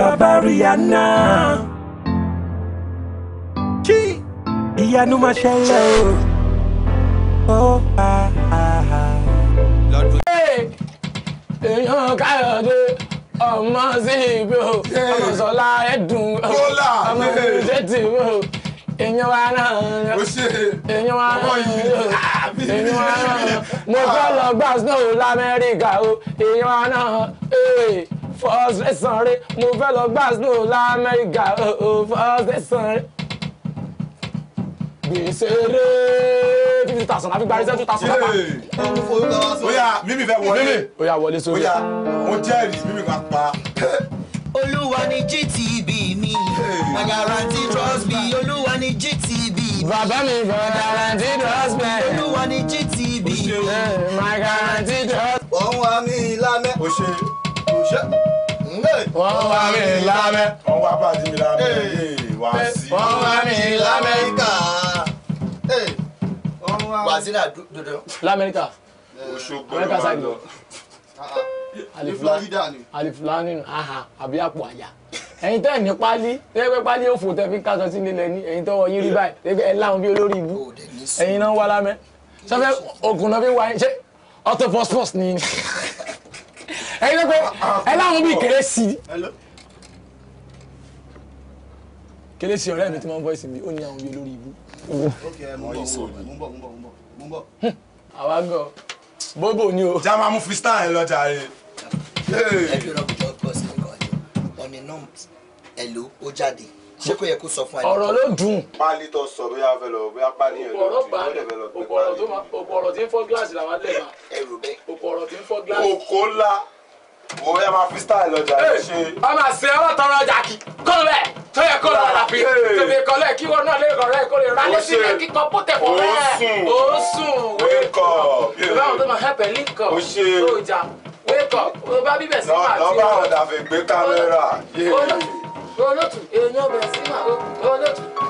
Babariana, Rihanna. Kí ìyanu máa ṣẹlẹ̀ o. Ó ha ha ha. Èèyàn Káyọ̀dé ọmọ sí ibi o, ọmọ Sọlá Ẹ̀dùn o, ọmọ Ìṣètì o, èèyàn wa náà ah, èèyàn wa náà èèyàn wa náà mo ah. fẹ́ lọ gbà snow l'Amẹ́ríkà o, èèyàn wa náà first lesson re mo fẹ́ lọ gbà snow lamẹ́ríkà ooo oh, oh, first lesson re. gbèsè re fifty thousand àfi gbarí two thousand lápá. oya mímì fẹ́ wọlé oya wọlé sórí. oya mo jẹ́rìí mímì kan pa. olúwa ni GTB mi àgàràǹtì trọ́sbì olúwa ni GTB mi. bàbá mi fọ́ àgàràǹtì trọ́sbì. olúwa ni GTB mi. màgàràǹtì trọ́sbì. wọ́n wá mí lámẹ́. o ṣe ṣe. wọ́n wá mi lábẹ́. wọ́n wá bá mi lábẹ́. wọ́n wá mi lámẹ́ríkà. wàsílà dodo. lamẹ́ríkà. Òṣogbo ló lọ. alifulani àbí àpò àyà ẹ̀yin tẹ́ ní pálí tẹ́ pálí òfò tẹ́ fi kásọ sí nílẹ̀ ní ẹ̀yin tọ́wọ́ yín rí báyìí tẹ́ ẹ láwọn bí olórí ìbú ẹ̀yin náà wá lámẹ́ sọfẹ́ ogun náà fi wá ṣé autophosphorus ni ẹ̀yin ló pé ẹ láwọn bíi kérésì kérésì ọ̀rẹ́ mi tí wọ́n ń voice mi ó ní àwọn bíi olórí ibú. àwa gọ bóbò ni o. já máa mú freestyle ẹ lọ́jà rẹ. ẹ fi rọ́ọ̀bù jọ gbọ́ sí nǹkan ẹ̀jọ̀ ọ̀nì náà ẹ̀lò ó jáde ṣé kò yẹ kó sọ fún ẹ. ọ̀rọ̀ ló dùn. pálí tó sọ bí a fẹ́ lọ bí a pálí yẹn lọ bí wọ́n dẹ̀ fẹ́ lọ gbé pálí. òpòrò tí ń fọ́ gíláàsì làwọn lẹ́ẹ̀ma. ẹrù bẹ́ẹ̀. òpòrò tí ń fọ́ gíláàsì. òkó ńlá o yẹ máa freestyle lọ́jà yìí ṣe. ọmọ àṣẹ ọlọ́tọ̀ọ̀rọ̀ ọjà kì kọ́ bẹ́ẹ̀ tó yẹ kó lọ rà fi tèmi kọ́lẹ̀ kí wọn náà lè rọ̀ rẹ̀ kó lè rà lẹ́sí rẹ̀ kíkọ́ bótẹ̀ pọ̀ rẹ̀ o sùn wake up. báwo ló máa hẹ́pẹ̀ link up ọjà wake up o bá bíbẹ̀ sí máa ti rọ̀. lọ́ba ọ̀dà fi gbé kámẹ́rà. olótù èèyàn bẹ̀ sí máa olótù.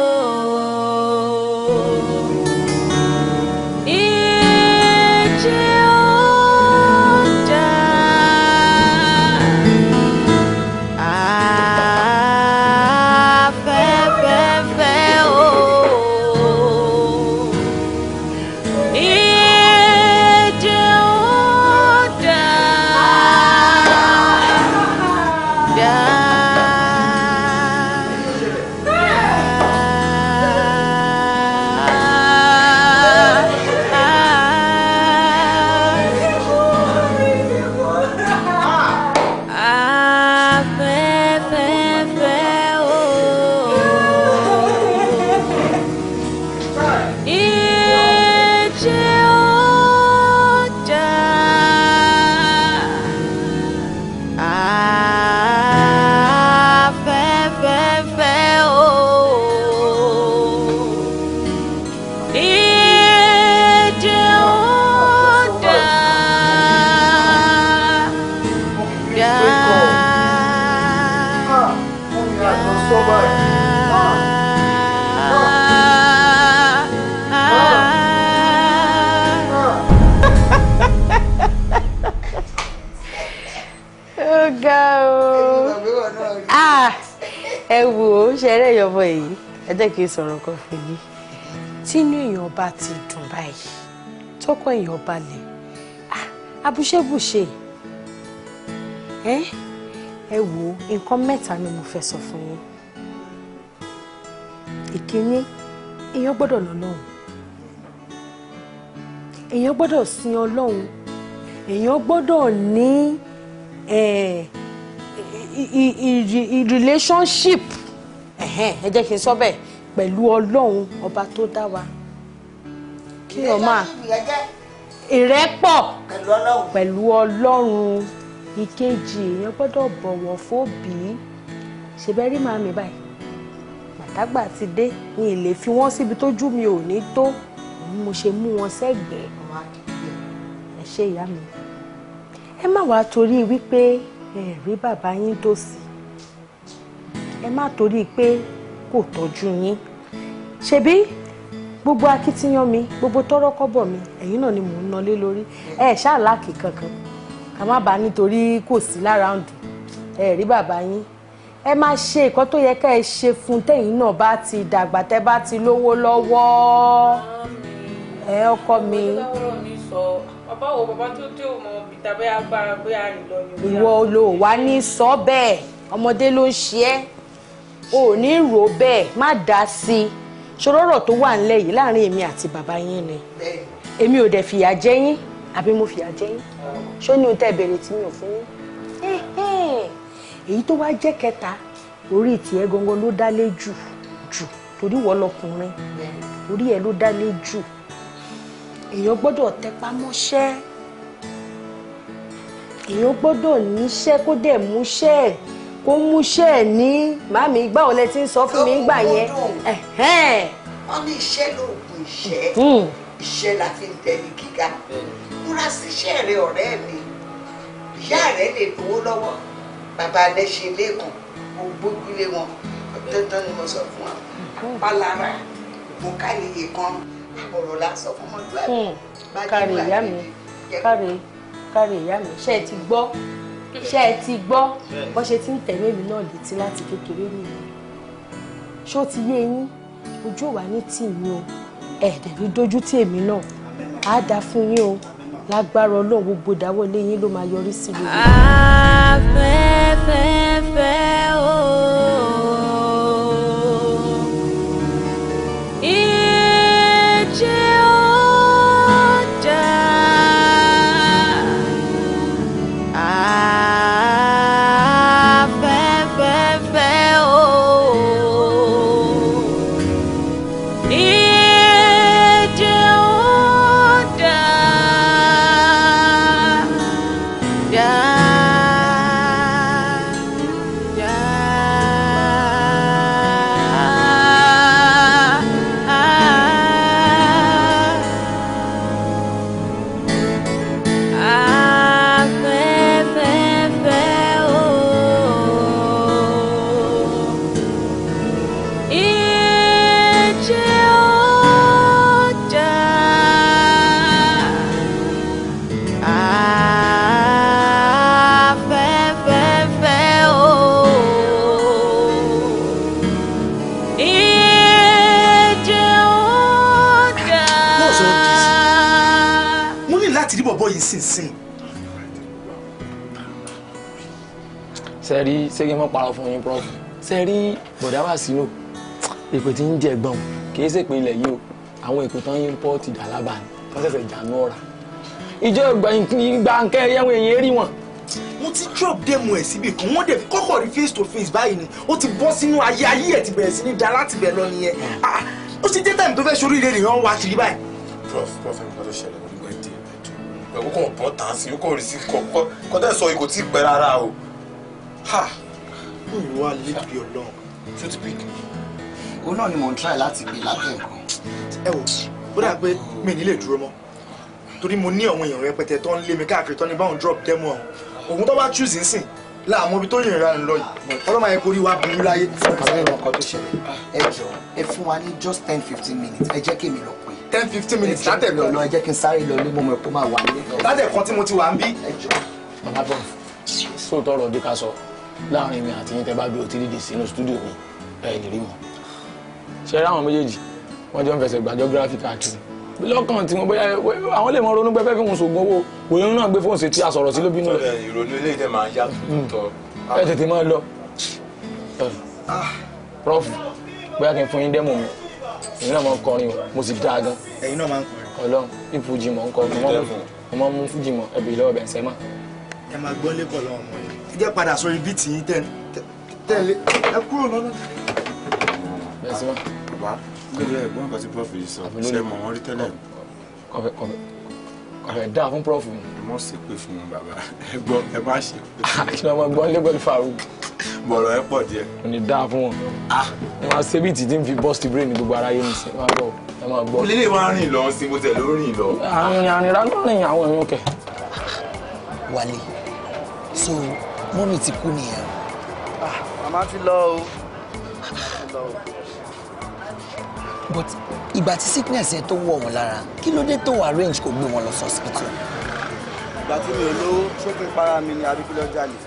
ṣẹ̀rẹ̀ yọ̀bọ yìí ẹ jẹ́ kí n sọ̀rọ̀ kan fún yín tínú èèyàn bá ti dùn báyìí tọkọ èèyàn balẹ̀ ah, abúṣẹ́bùṣe ẹ ẹ wo nǹkan mẹ́ta ni mo fẹ́ sọ fún yín ìkíní èèyàn gbọ́dọ̀ lọ́lọ́run èèyàn gbọ́dọ̀ sin ọlọ́run èèyàn gbọ́dọ̀ ní eh, relationship ẹ jẹ́ kí n sọ bẹ́ẹ̀ pẹ̀lú ọlọ́run ọba tó dá wa kí o máa ìrẹ́pọ̀ pẹ̀lú ọlọ́run ìkejì èèyàn gbọ́dọ̀ bọ̀wọ̀ fóbì ṣèbẹ́rí máa mi báyìí màtágbà ti dé ní ilé fi wọ́n síbi tójú mi ò ní tó mo ṣe mú wọn sẹ́gbẹ̀ẹ́ ẹ ṣe ìyá mi ẹ má wàá torí wípé ẹ rí bàbá yín tòsí ẹ má torí pé kò tọ́jú yín ṣebí gbogbo akitiyan mi gbogbo tọ́rọ́ kọ́bọ̀ mi ẹ̀yin náà ni mò ń nọlé lórí ẹ ṣáà láàkì kankan ká má bàa nítorí kò sí lára ń dùn ẹ rí bàbá yín ẹ máa ṣe nǹkan tó yẹ ká ẹ ṣe fún tẹ̀yin náà bá ti dàgbà tẹ́ bá ti lówó lọ́wọ́ ẹ ọkọ mi. bàbá wo bàbá tó dé òmò bìtà agbára bóyá àrìn lọ ni. ìwọ ló wà ní sọ bẹ́ẹ̀ ọmọdé ló ń ṣe é o ò ní rò bẹ́ẹ̀ má dá sí i ṣòrọ̀rọ̀ tó wà ńlẹ̀ yìí láàrin èmi àti bàbá yín ni èmi ò dẹ̀ fìyà jẹ yín àbí mo fìyà jẹ yín ṣó ní o tẹ́ bèrè tí mi ò fún yín èyí tó wá jẹ́ kẹta orí tiẹ̀ gangan ló dá lé jù jù torí wọ́n lọkùnrin orí ẹ̀ ló dá lé jù èèyàn gbọ́dọ̀ tẹpá mọ́ṣẹ́ èèyàn gbọ́dọ̀ níṣẹ́ kó dẹ̀ múṣẹ́ kó múṣẹ́ ẹ̀ ní màmí ìgbà wo lẹ ti ń sọ fún mi ìgbà yẹn. wọ́n ní iṣẹ́ lóògùn ìṣẹ́ hmm. iṣẹ́ la fi ń tẹ̀lé gíga múra síṣẹ́ rẹ ọ̀rẹ́ mi ìyá rẹ lè lówó lọ́wọ́ bàbá alẹ́ ṣe lẹ́kùn mo gbójúlé wọn dandan ni mo sọ fún wa pálára hmm. mo ká iye kan ọ̀rọ̀ la sọ fún ọmọdé. Hmm. kárí ìyá mi kárí kárí ìyá mi ṣe ti gbọ́ ṣé ẹ ti gbọ́ bó ṣe ti ń tẹ̀lé mi náà létí láti kékeré nìyẹn ṣó ti yé yín ojú ò ní tì yín o ẹ̀ẹ́dẹ̀ ló dojú tì èmi náà á dá fún yín o lágbára ọlọ́run gbogbo ìdáwọ́lé yín ló máa yọrí sí gbogbo. afẹ́fẹ́fẹ́ o. ṣé kí n mọ̀ parọ́ fún yín prof ṣe rí bọ̀dá Bàsírò èpè tí ń jẹ gbọ̀n kì í ṣèpè ilẹ̀ yìí o àwọn èpè tán yín pọ́ọ̀tì dàlábà ni wọ́n ṣẹ̀ṣẹ̀ jànú ọ̀rà ìjọ gbàǹkẹ́ ẹ̀yẹ́wọ̀n èèyàn rí wọn mo ti drop dem ẹ síbi kan wọn dẹ kọ́kọ́ rí face to face báyìí ni ó ti bọ́ sínú ayé ayé ẹ ti bẹ̀rẹ̀ sí ní da láti bẹ lọ nìyẹn hmm. ah, ó ti dé time tó fẹ́ sórí ilé nìyẹn wá kiri báyìí. prof prof ẹ nǹkan tó ṣẹlẹ̀ wọ́n gbé dé ẹ̀jọ̀ ẹ̀ kókò bọ́ tàn sí kókò rí sí kọ́ kọ́ tẹ́ sọ ikò tí ì pẹ́ rárá o bó ni wàá lè bí ọlọ́run. toothpick òun náà ni mò ń try láti gbé lábẹ́ nǹkan. ẹ wò ó dà pé mi nílé dúró mọ́ torí mo ní àwọn èèyàn rẹpẹtẹ tó ń lé mi káàkiri tó ní báwọn drop demo ọ̀hún òun tó bá choose ń sìn láàmú ibi tó yìn ìran lọ yìí ọlọ́mọ ayé kórìí wa burú láyé. àbẹ̀rẹ̀ nǹkan tó ṣẹlẹ̀ ẹ jọ ẹ fún wa ní just ten fifteen minutes ẹ jẹ́ kí èmi lọ pé. ten fifteen minutes látẹ̀ lọ lọ ẹ jẹ́ kí n sáré lọ lé mọ́mọ́ ẹ kó máa wà nílé. látẹ̀ kan tí mo ti wà ń bí. ẹ jọ bàbá bọ̀. sóòótọ́ ọ̀rọ̀ ọdún ká sọ láàrin mi àti yín tẹ́ bá gbé òtí dídì sínú stúdíò mi ẹ̀ lè rí wọn. ṣe é ráwọn méjèèjì wọ́n jọ ń fẹsẹ̀ gbàjọ́ gíráfì káàkiri lọ́kàn tí wọ́n bóyá àwọn lè mọ ronú pé fẹ́ fi wọn sògùn owó wòye náà gbé fóònù sí tí a sọ̀rọ̀ sí lóbinú rẹ̀. ìrònú ilé ìtẹ̀ máa yá tó. ẹ tètè máa lọ prof bóyá kí n fún yín dẹ́mọ̀ mi èyí náà máa ń kọrin o mo sì dáa gan. ẹ̀yin náà máa ń kọrin. ọlọ́run ìfújì mọ̀ ń kọ mo máa ń mú jẹ́ padà sórí bíìtì yín tẹ́lẹ̀ ẹ kúrò lọ́nà. bẹ́ẹ̀ sọ wá lórí ẹ̀gbọ́n kan prof yìí sọ ṣe mọ̀ wọ́n rí tẹ́lẹ̀. kọfẹ kọfẹ kọfẹ dáa fún prof ẹ mọ̀ sí pé fún bàbá ẹ gbọ́ ẹ má ṣe pé. àti ọmọ ẹ̀gbọ́n lé pẹ̀lú Farouk. bọ̀rọ̀ ẹ pọ̀ díẹ̀. kò ní dáa fún wọn. Ah. ẹ máa ṣe bíìtì tí ń fi bọ́ọ̀sì brain ní gbogbo aráyé mi sí ẹ gbọ́ ẹ so mọ́mì ti kú nìyẹn. Ah, màmá ti lọ o. but ìgbà tí sickness yẹn tó wọ̀ wọ́n lára kí ló dé tó arrange kó gbé wọn lọ sí hospital. ìgbà tí mi ò lówó ṣókè para mi ni abikilọ jalè.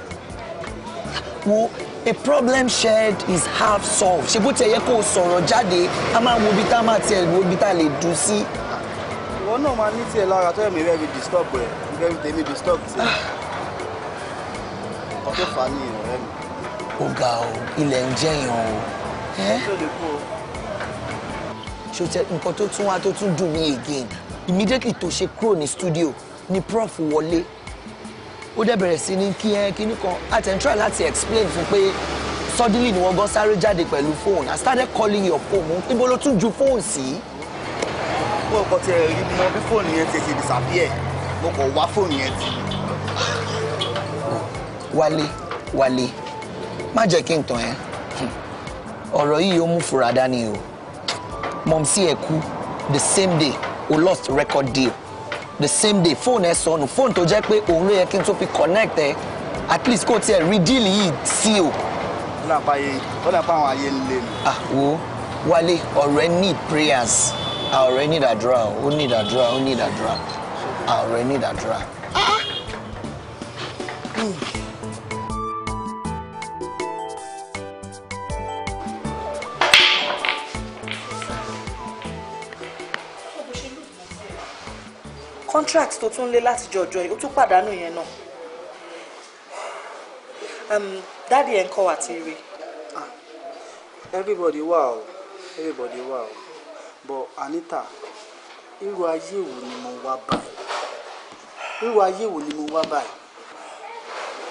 wo a problem shared is half solved ṣe bó tiẹ̀ yẹ kó o sọ̀rọ̀ jáde a máa wo ibi tá a máa tiẹ̀ wo ibi tá a lè dùn sí. ìwọ náà máa ní tiẹ̀ lára tó yẹ mi rẹ́ mi disturb ẹ̀ mi rẹ́ mi tèmi disturb tiẹ̀. Ah nǹkan tó fà á ní mi. ó ga o ilẹ̀ ń jẹ́yàn o. ṣó tẹ nǹkan tó tún wá tó tún dùn mí again immediately tó ṣe kúrò ní studio ni prof wọlé ó dẹ̀ bẹ̀rẹ̀ sí ní kí ẹ kíní kan àti ẹ̀ ń try láti explain fún pé suddenly ni wọ́n gan sáré jáde pẹ̀lú phone I started calling your phone níbo ló tún ju phone sí. mo kàn tẹ rí mọ bí fóònù yẹn ti ṣe disappear mo kàn wá fóònù yẹn ti wálé wálé má jẹ́ kí n tàn ẹ́ ọ̀rọ̀ yìí ó mú fura dání o mọ̀mísí ẹ̀ kú the same day o lost record deal the same day fóònù ẹ sọnù fóònù tó jẹ́ pé òun ló yẹ kí n tó fi connect ẹ at least kó tiẹ̀ rí díìlì yìí sí o. ó dà pa ayé ó dà pa àwọn ayé ń lé mi. ah wo wálé ọ̀rẹ́ need prayers ọ̀rẹ́ need àdúrà ó need àdúrà ó need àdúrà ọ̀rẹ́ need àdúrà. ah. Mm. contract tó tún lé láti jọjọ yìí ó tún pàdánù yẹn náà um, dáàdi ẹ̀ ń kọ́ wa ti rí. Ah, everybody wà o everybody wà o but Anita irú ayé wo ni mo wá báyìí irú ayé wo ni mo wá báyìí.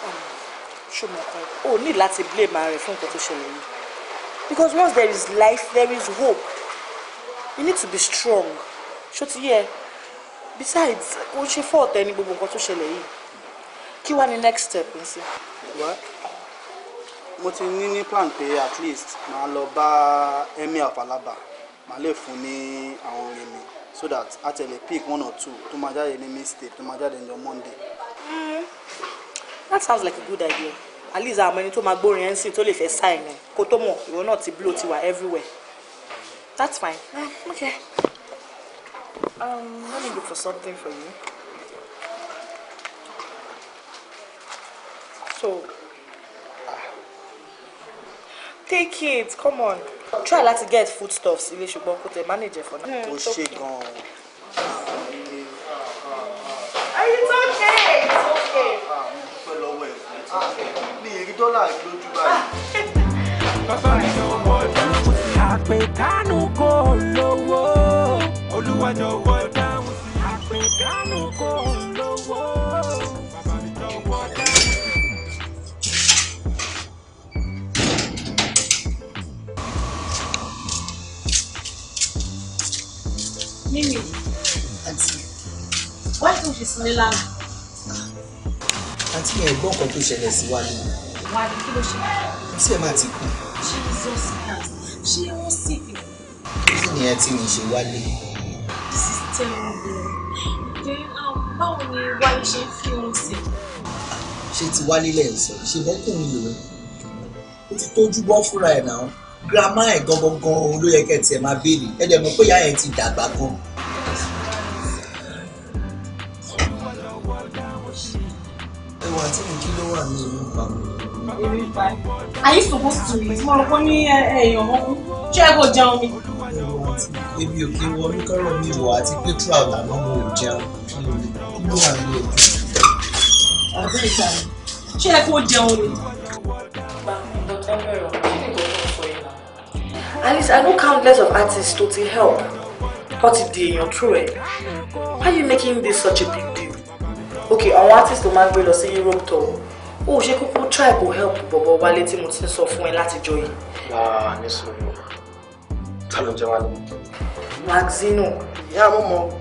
Um, ṣùgbọ́n Oh, ní láti blame my rẹ fún nǹkan because once there is life there is hope you need to be strong ṣó ti yẹ besides kò ń ṣe fọ́ọ̀tẹ ní gbogbo nǹkan tó ṣẹlẹ̀ yìí kí wá ní next step ń sí. mo ti ní ní plan pé at least màá lọ bá emir of Alaba màá lè fún ní àwọn orin mi so that a pick one or two tó máa jáde ní mistake tó máa jáde ní Monday. Mm. that sounds like a good idea at least àwọn ẹni tó máa gbórin ẹ̀ ń sìn tó lè fẹ́ sign ẹ̀ kó tó mọ̀ ìwọ náà ti blow ti wà everywhere that's fine. Mm, okay. Um, let me look for something for you. So, ah. take it, come on. Try to get foodstuffs ilé ṣùgbọ́n kò tẹ manager for now. Kò hmm, ṣe gan-an. Are you okay? It's okay. Ah, Pẹ́ lọ́wọ́ ẹ̀. Mi ì rí dọ́là lójú olúwa jọ̀wọ́ dáhùn sí. àpèkánú kò ń lówó. bàbá mi jọ̀wọ́ dáhùn sí. Mimi, auntie, why don't you smell? lánàá? Àǹtí yẹn gbọ́ nǹkan tó ṣẹlẹ̀ sí wa you Wà á ní kí Jesus Christ, she wọ́n sick. kí? Kí ni ẹ ti ní tẹ́ ń bèrè báwo ni wálé ṣe ń fi ohun sí. ṣé ti wálé lẹ́yìn sọ ṣe bọ́kùnrin lòun ó ti tójú bọ́ fúnra ẹ̀ náà girama ẹ̀ gangan òun ló yẹ kẹ́ tiẹ̀ máa béèrè ẹ̀ dẹ̀ pé ìyá ẹ̀ ti dàgbà gan. ẹwà tí mo kí ló wà ní ìlú pa mi. Are you supposed to eat? Mo rò pé ní ẹ̀yàn eh, eh, ọkùnrin ṣé ẹ kò jẹun ni pé mi wọ oníkọ́rọ̀ mi wọ̀ àti pé throughout àná mo ò jẹun kí ló wà ní ojú. ọ̀dọ́ ìta ni ṣé ẹ kó jẹun ni. Alice, I know countless of artists to ti help but it dey yan true ẹ why you making this such a big deal. okay àwọn artist tó máa ń gbé lọ sí Europe tour o ṣe kúkú try go help bọ̀bọ̀ wálé tí mo ti ń sọ fún ẹ látijọ́ yìí. wàá ní sùúrù Ta ló Maxino. Yeah, momo.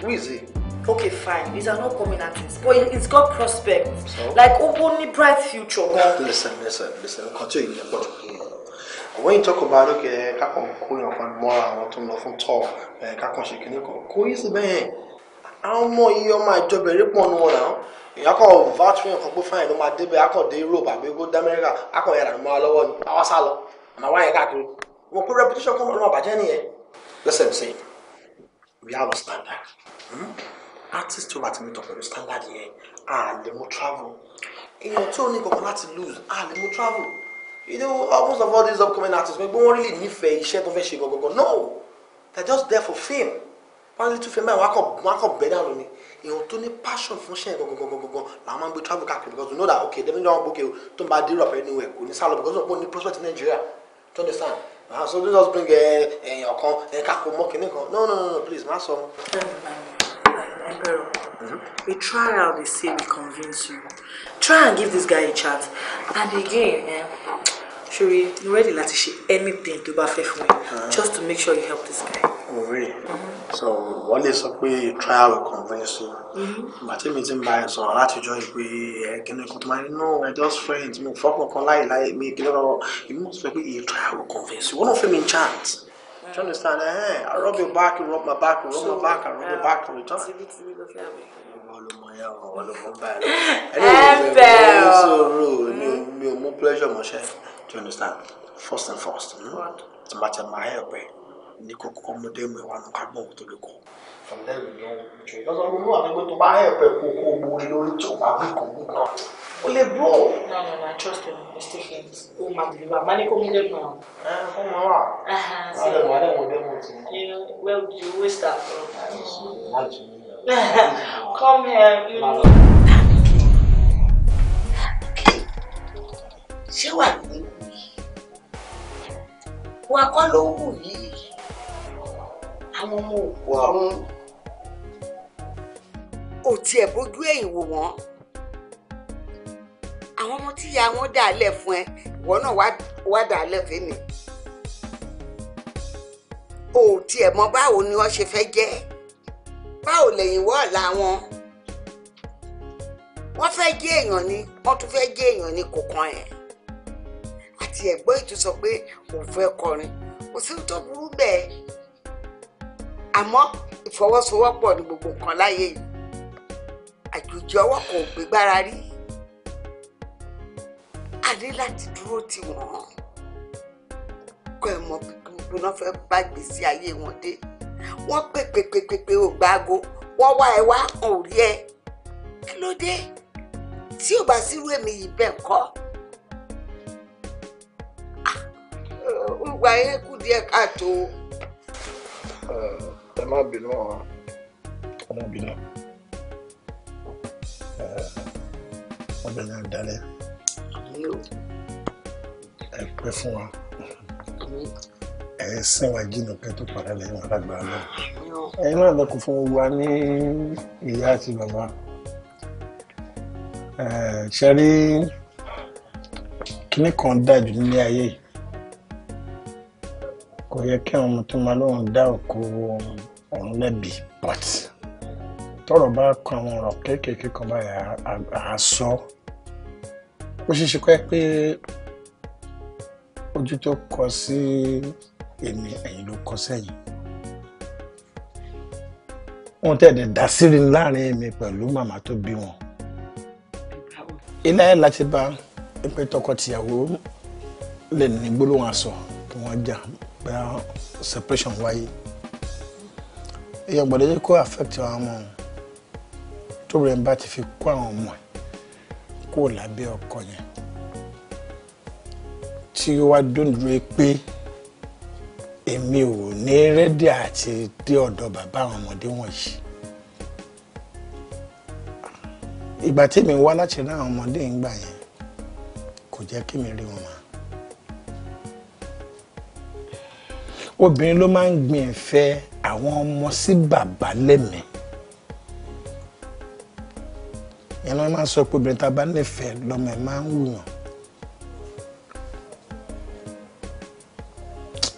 Who is he? Okay, fine. These are not coming at this. but it's got prospect. So? Like, ó bright future. Well, listen, listen, listen. Continue your point. When you talk about, okay, kakon kó yàn fún mọ́ra àwọn tó from lọ fún eh, kakon ṣe kìíní is kó yí sí bẹ́ẹ̀. Àwọn ọmọ iye ọmọ ìjọba èrè pọ̀ nù wọn náà. Èèyàn kọ̀ vat fún yàn kan pé fáìn ló máa débẹ̀, akọ̀ dé America, akọ̀ yàrá mi máa lọ́wọ́ I was sá My wife got káàkiri wọ́n pé reputation kọ́ ọlọ́run àbàjẹ́ nìyẹn listen say we have a standard hmm? artist tó bá ti meet up pẹ̀lú standard yẹn a lè mú travel èèyàn tí ò ní kankan láti lose a lè mú travel you know almost of all these upcoming artists gbogbo wọn really nífẹ̀ẹ́ iṣẹ́ tó fẹ́ ṣe gangan no they just there for fame wọ́n lè tún fẹ́ báyìí wọ́n á kọ̀ bẹ́ẹ̀ dànù ni èèyàn tó ní passion fún ṣẹ́yìn gangan làwọn máa ń gbé travel káàkiri because you know that okay definitely wọn gbókè tó ń bá dé Europe anywhere kò ní sálọ because wọn kò ní prospect in Nigeria to understand ah so don't just bring ẹyàn kan ẹka kò mọ kinní kan no no no please má sọ. Mm-hmm. We try out the say we convince you. Try and give this guy a chance. And again, eh, Shuri, you ready láti ṣe anything to buy fẹ́ fún ẹ ah. just to make sure you help this guy ovary so wọ́n lè sọ pé trial will convince you mm-hmm. bàtí mi ti ń bá ẹ sọ̀rọ̀ látijọ́ ìpè ẹ kíni kan tó máa ní no i just friends mo fọ́pọ̀ kan láì láì mi kíni lọ́wọ́ èmi mọ̀ sọ pé a trial will convince you wọ́n náà fẹ́ mi chance you understand eh, eh i rub your back you rub my back you rub my back i rub your back you turn. ẹbẹ o mi ò mú pleasure mọ́ṣẹ́ do you understand first and first. Mm? What? tí n bá ti máa help ẹ niko kọ́kọ́ mu dé mu ẹwà nù ká gbọ́ òtò lè kọ. from there we know okay lọ́sọ̀ ọdún wà nígbà tó bá ẹ̀pẹ̀ kó kó owó lórí tó o lè bro. no no no I trust your mistaken o ma deliver ma ní kó mi dẹ́nu àwọn. ẹ fún mi wà. wàlẹ̀ wàlẹ̀ mo dẹ́mu ti. well you waste that. come here you know. ṣé wà ní àwọn ọmọ òkú ọ̀run ò tiẹ̀ bójú ẹ̀yìn wò wọ́n àwọn ọmọ tíya wọn dà á lẹ̀ fún ẹ ìwọ náà wá dà á lẹ̀ fẹ́mi ò tiẹ̀ mọ báwo ni wọ́n ṣe fẹ́ jẹ́ báwo lẹ́yìn wọ́ọ̀ la wọn wọ́n fẹ́ jẹ́ èèyàn ni wọ́n tún fẹ́ jẹ́ èèyàn ni kò kan ẹ̀ àti ẹ̀gbọ́n ìtú sọ pé òun fẹ́ kọrin kò sí tó burú bẹ́ẹ̀ àmọ́ ìfọwọ́sowọ́pọ̀ ni gbogbo nǹkan láyé yìí àjòjì ọwọ́ kan gbé gbára rí a ní láti dúró tì wọ́n kọ́ ẹ̀ mọ́ gbogbo náà fẹ́ bá gbèsè ayé wọn dé wọ́n pè pè pè pè pé ò gbáago wọ́n wá ẹ wá hàn ò rí ẹ kí ló dé tí ò bá sírú èmi yìí bẹ́ẹ̀ kọ́ ah, olùgbà yẹn kù díẹ̀ káàtó ẹ má bínú ọ̀hún ẹ má bínú ọbẹ̀ náà dalẹ̀ ẹ pẹ́ fún wa ẹ sìn wá jìnnà pé tó padà lẹ́yìn alágbà náà ẹ̀yin náà lẹ́kùn fún wa ní ìyá àti bàbá ṣe rí kíní kan dájú nílé ayé yìí kò yẹ kí àwọn ọmọ tó máa lóun dá òkú òun lẹ́bi but tọ́rọ̀ bá kan àwọn ọ̀rọ̀ kéékèèké kan báyà á sọ ó ṣeé ṣe pé ojú tó kọ sí èmi ẹ̀yìn ló kọ sẹ́yìn wọn tẹ̀lé dá sírin láàrin èmi pẹ̀lú màmá tó bí wọn iná ẹ̀ láti bá pípẹ́ tọkọ tìyàwó lè ní gbólóhùn àṣọ kí wọ́n jà pé separation wáyé èyí ọgbọ́dọ̀ yẹ kó affect àwọn ọmọ òun tóbi rẹ̀ bá ti fi kó àwọn ọmọ ẹ̀ kó lábẹ́ ọkọ yẹn tí ó wá dúndúró pé èmi ò ní rẹ́dí àti dé ọ̀dọ̀ bàbá àwọn ọmọdé wọ̀nyí ìgbà tí mi wá láti rí àwọn ọmọdé ń gbà yẹn kò jẹ́ kí mi rí wọn mọ́. obìnrin ló máa ń gbìn ẹ̀fẹ́ àwọn ọmọ sí bàbá lẹ́mìí ìyẹn ló máa ń sọ pé obìnrin tá a bá nífẹ̀ẹ́ lọ́mọ ẹ̀ máa ń wùyàn.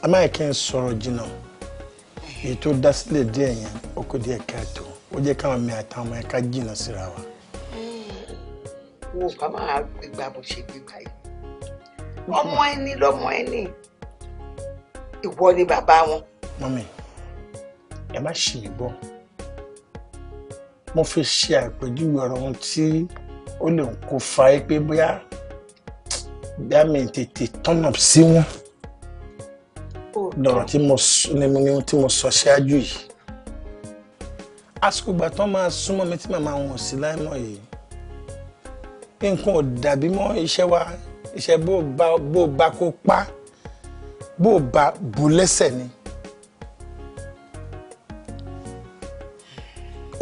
amáyẹ̀kẹ́ ń sọ̀rọ̀ jìnnà èyí tó dá sílẹ̀ díẹ̀ yẹn ó kó díẹ̀ káàtó ó jẹ́ káwọn mi àtàwọn ọmọ ẹ̀ka jìnnà síra wa. wo ká máa gbégbá bó ṣe gbégbá yìí ọmọ ẹni lọmọ ẹni ìwọ ni bàbá wọn. mọ́mí ẹ má ṣì mí gbọ́ mo fi ṣe àpèjúwe ọ̀rọ̀ ohun tí ó lè kó fa é pé bóyá bóyá mi tètè tọ́nà sí wọn lọ́rọ̀ tí mo ní tí mo sọ ṣáájú yìí àsìkò ìgbà tán máa súnmọ́ mi tí màmá wọn ò sí láìmọ̀ yìí nǹkan ò dàbí mọ́ iṣẹ́ wa iṣẹ́ bó bá kó pa bó bá bu lẹ́sẹ̀ ni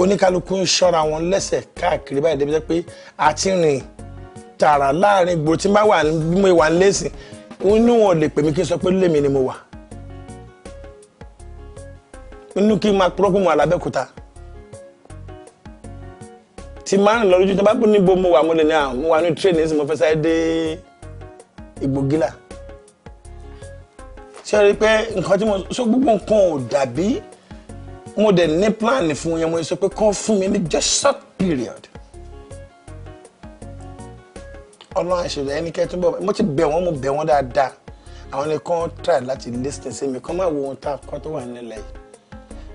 oníkálukú ń ṣọ́ra wọn lẹ́sẹ̀ káàkiri báyìí débi jẹ́ pé àti rìn tààrà láàrin gbòòrò tí má wà bí mo wà lẹ́sìn inú wọn lè pè mí kí n sọ pé lèmi ni mo wà inú kí n máa purọ́ pé mo wà lábẹ́kúta tí máa ń lọ lójú tí wọ́n bá pín níbo mo wà mo lè ní àwọn mo wà ní tírénì sí mo fẹ́ sáré dé Igbògìlà ṣe rí i pé nǹkan tí mo sọ gbogbo nǹkan ò dàbí mo dẹ̀ ní plan fún yẹn mo sọ pé kàn fún mi ní just short period ọlọ́run àṣẹlẹ̀ ẹnikẹ́ni tó bọ̀ mo ti bẹ̀ wọ́n mo bẹ̀ wọ́n dáadáa àwọn nìkan try láti listen sí mi kàn máa wo ohun tá a kọ́ tó wà nílẹ̀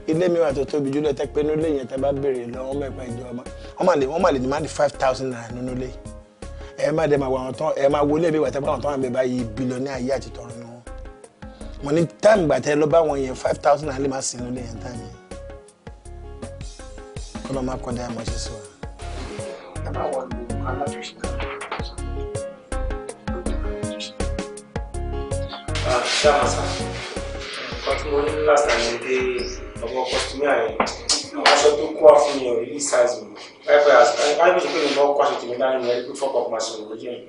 yìí ilé mi wà tó tóbi jùlọ tẹ́ pé nílé yẹn tẹ́ bá béèrè lọ́wọ́ mẹ́pa ìjọba wọ́n máa lè wọ́n máa lè demand five thousand naira nínú ilé ẹ má dẹ̀ máa wọ àwọn tán ẹ máa wọlé mi wà tẹ́ pé àwọn tán wà bẹ́ẹ̀ báyìí bílíọ̀nì ayé àti tọ̀run ni mo ní táìmù gbàtẹ́ lọ bá wọn yẹn five thousand naira lima má sí lóde yẹn táìmù yẹn kó lọ má kọjá àmọ́ ṣe sọ. Ah, mo ní last time ni pé ọmọ kọsítúmíà yẹn aṣọ tó kó wá fún mi ò rí ní size mi láìpẹ́ àṣà ní pé mo kọ́ aṣọ tèmi dání rẹ̀ pé fọ́pọ̀ máa ṣòro lójú ẹ̀.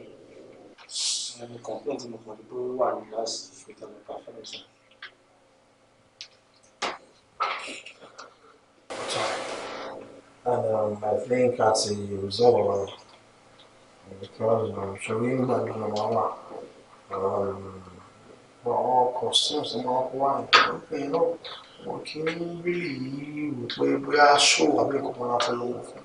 mo complain tí mo kàn ní pé ó wà ní láti. Escuchame el café, ¿sabes? And um, I think as a result of because um, Sharim and Mama, um, were all consumed and all blind. You know, wọ́n kì í rí i wò pé bóyá ṣó àbí nǹkan kan láti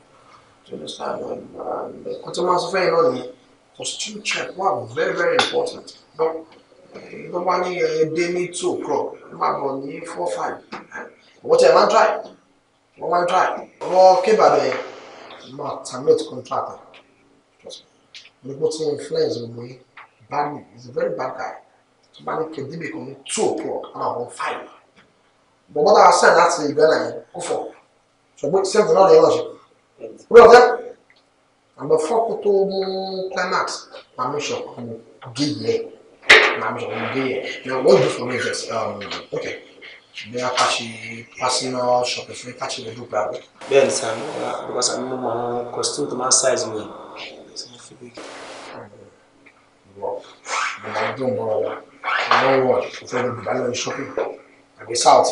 Do you understand? And the wọ́n sọ fẹ́ Costume check wà very very important. But, uh, tó bá ní ẹdẹ eh, ní two o'clock I'm about bọ̀ ní four five What am I máa ń try wọ́n máa ń try ọwọ́ kébàdàn yẹn máa terminate contract ní bó ti influence gbogbo yìí bad man he He's a very bad guy Somebody can ní me kan two o'clock I'm about wọ five bọ̀bọ́ I a send láti ìgbẹ́lẹ̀ yẹn kó fọ̀ ṣùgbọ́n sẹ́ǹtì náà lè yọ̀ ṣe wíwọ̀ tẹ́ àgbẹ̀fọ́ kó tó to climax permission kò give yẹ. Miami in there. Now, what you do for me is um, okay. Bí a kàṣe personal shopping fún kàṣe lè dúpẹ́ àgbẹ̀. Bẹ́ẹ̀ni sá, because àmì mo mọ àwọn não tó máa ń size mi. Wọ́n mo máa ń dùn não ọ̀la. Àwọn wọ̀ fẹ́ lọ Dubai lọ shopping. Àbí South.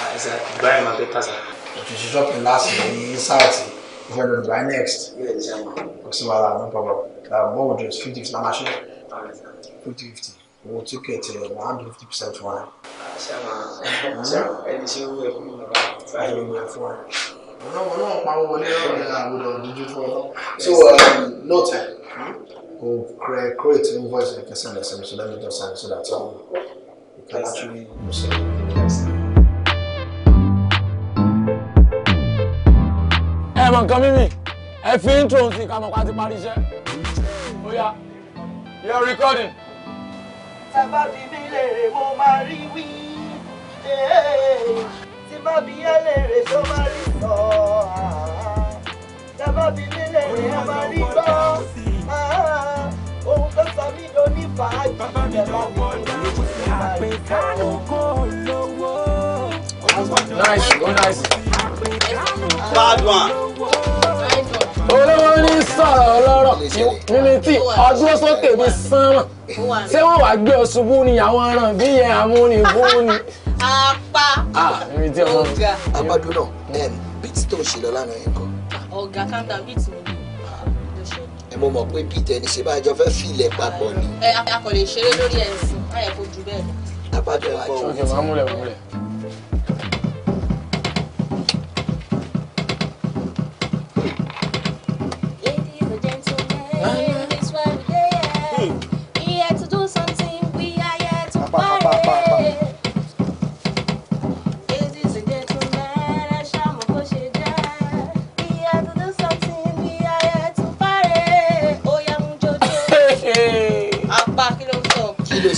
Ah, Ẹ̀sẹ̀ Dubai máa bẹ́ tàṣà. Òtútù shopping last ní South. Mo fẹ́ lọ Dubai next. Bẹ́ẹ̀ni sá. Kò sí wàhálà, no problem. Um, não would you do? 50 50 na machine? 50 50 owó tíkẹ́ẹ̀tì one hundred fifty percent wa. so um, no time go create invoice and send it to so let me just sign so that um, you can actually use it. ẹ mọ nǹkan mímì ẹ fi ń tòun sí ká mọ pa ti parí iṣẹ́ ó yá you're recording tá bá bí mi léèrè mo máa rí wí tí bá bí yẹn léèrè tó máa rí sọ tá bá bí mi léèrè a máa rí gbọ́ ohun tó sọ mí ló ní fàájì ìjọba mi ló ní fàájì ìjọba. Nice, go oh, nice. Bad one olówó ní sọ̀rọ̀ lọ́rọ̀ níbi tí ọdún sókè bí sánmà ṣé wọ́n wàá gbé ọṣubú ni àwọn ọ̀ràn bí yẹn amúnibú ni. apá ọ̀gá abádúrà bíi tí tó ń ṣe lọ lánàá yẹn kan. ọ̀gá kanda bíi tí mo ẹ mo mọ̀ pé bíi tẹni ṣe bá jọ fẹ́ filẹ̀ papọ̀ ni. ẹ akọ̀lẹ̀ ìṣeré lórí ẹ̀sìn láyẹ̀ fojú bẹ́ẹ̀ lọ. abádúrà jọ ọjọ́ máa múlẹ̀ múlẹ̀.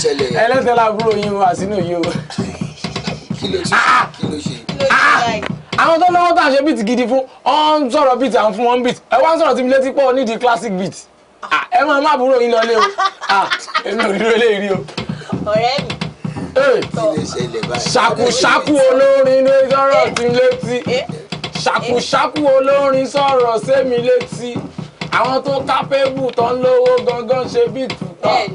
ṣẹlẹ̀. ẹlẹ́sẹ̀ làbúrò yín wà sínú yìí o. Ah! kí ló ṣe kí ló ṣe. Ah! àwọn tó lọ́wọ́ tó àṣẹ bíìtì gidi fún ọ̀n sọ̀rọ̀ bíìtì àwọn fún wọn bíìtì ẹ wá ń sọ̀rọ̀ tí mi létí pọ̀ nídìí classic beat ah! ẹ máa má àbúrò yín lọlé o èmi ò dúró lè rí o. ọ̀rẹ́ mi ṣàkùṣàkù olórin ló sọ̀rọ̀ sí mi létí eh? eh? ṣàkùṣàkù olórin sọ̀rọ̀ sí mi létí àwọn tó kápẹ́bù tó ń lówó gangan ṣe bíìtì tán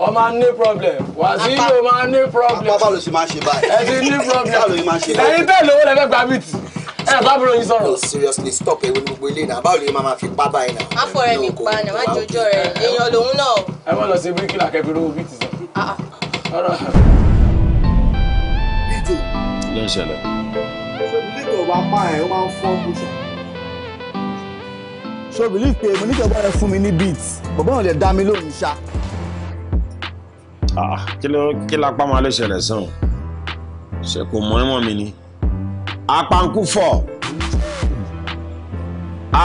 ọ máa ní problem Wàsíù máa ní problem. apá báwo ṣe máa ṣe báyìí. ẹ ti ní problem. báwo ṣe máa ṣe báyìí. ẹ̀yin bẹ́ẹ̀ lówó lẹ fẹ́ gba bìtì. ẹ bá bùrọ̀ yín sọ̀rọ̀. no seriously stop ewu ní gbogbo ilé náà báwo lè máa fi pa báyìí náà. má fọ rẹ mi pa náà má jọjọ rẹ èèyàn lòun náà. ẹ má lọ sí bíríkìlà kẹfì rówó bìtì sọ. Ah, ah. ló ń ṣẹlẹ̀. ṣé o believe pé mo ní kí ọgbọ́n rẹ fún mi ní beat bọ̀bọ́n rẹ dá mi lóhùn ṣá. Ah, kí ló kí lápá máa ló ṣẹlẹ̀ sàn ṣe kò mọ ẹ̀wọ̀n mi ni apankú fọ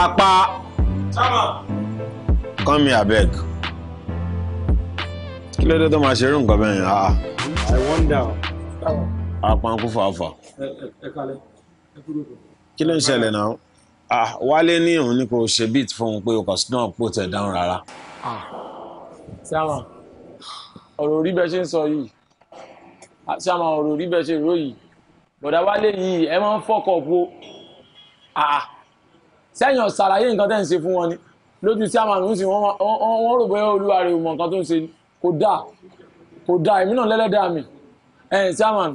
apá come here abeg kí ló dé tó máa ṣe irú nǹkan bẹ́ẹ̀ ah. i wonder. apankú fọ àfà. kí ló ń ṣẹlẹ̀ náà ah wálé ní òun ni kò ṣe beat fún un pé o kò sí náà pò tẹ̀ dáhùn rárá. Ah. sáwọn ọ̀rọ̀ orí bẹ́ẹ̀ ṣe ń sọ yìí àti àmọ́ ọ̀rọ̀ orí bẹ́ẹ̀ ṣe rò yìí bọ̀dá wálé yìí ẹ máa ń fọ́kọ̀ po àà sẹ́yìn ọ̀sàlàyé nǹkan tẹ́ ń ṣe fún wọn ni lójú tí àmọ́ àrùn sí wọn wọ́n rò bóyá olúwa rẹ̀ mọ̀ nǹkan tó ń ṣe kò dáa kò dáa èmi náà lẹ́lẹ́dàá mi ẹ̀yìn tí àmọ́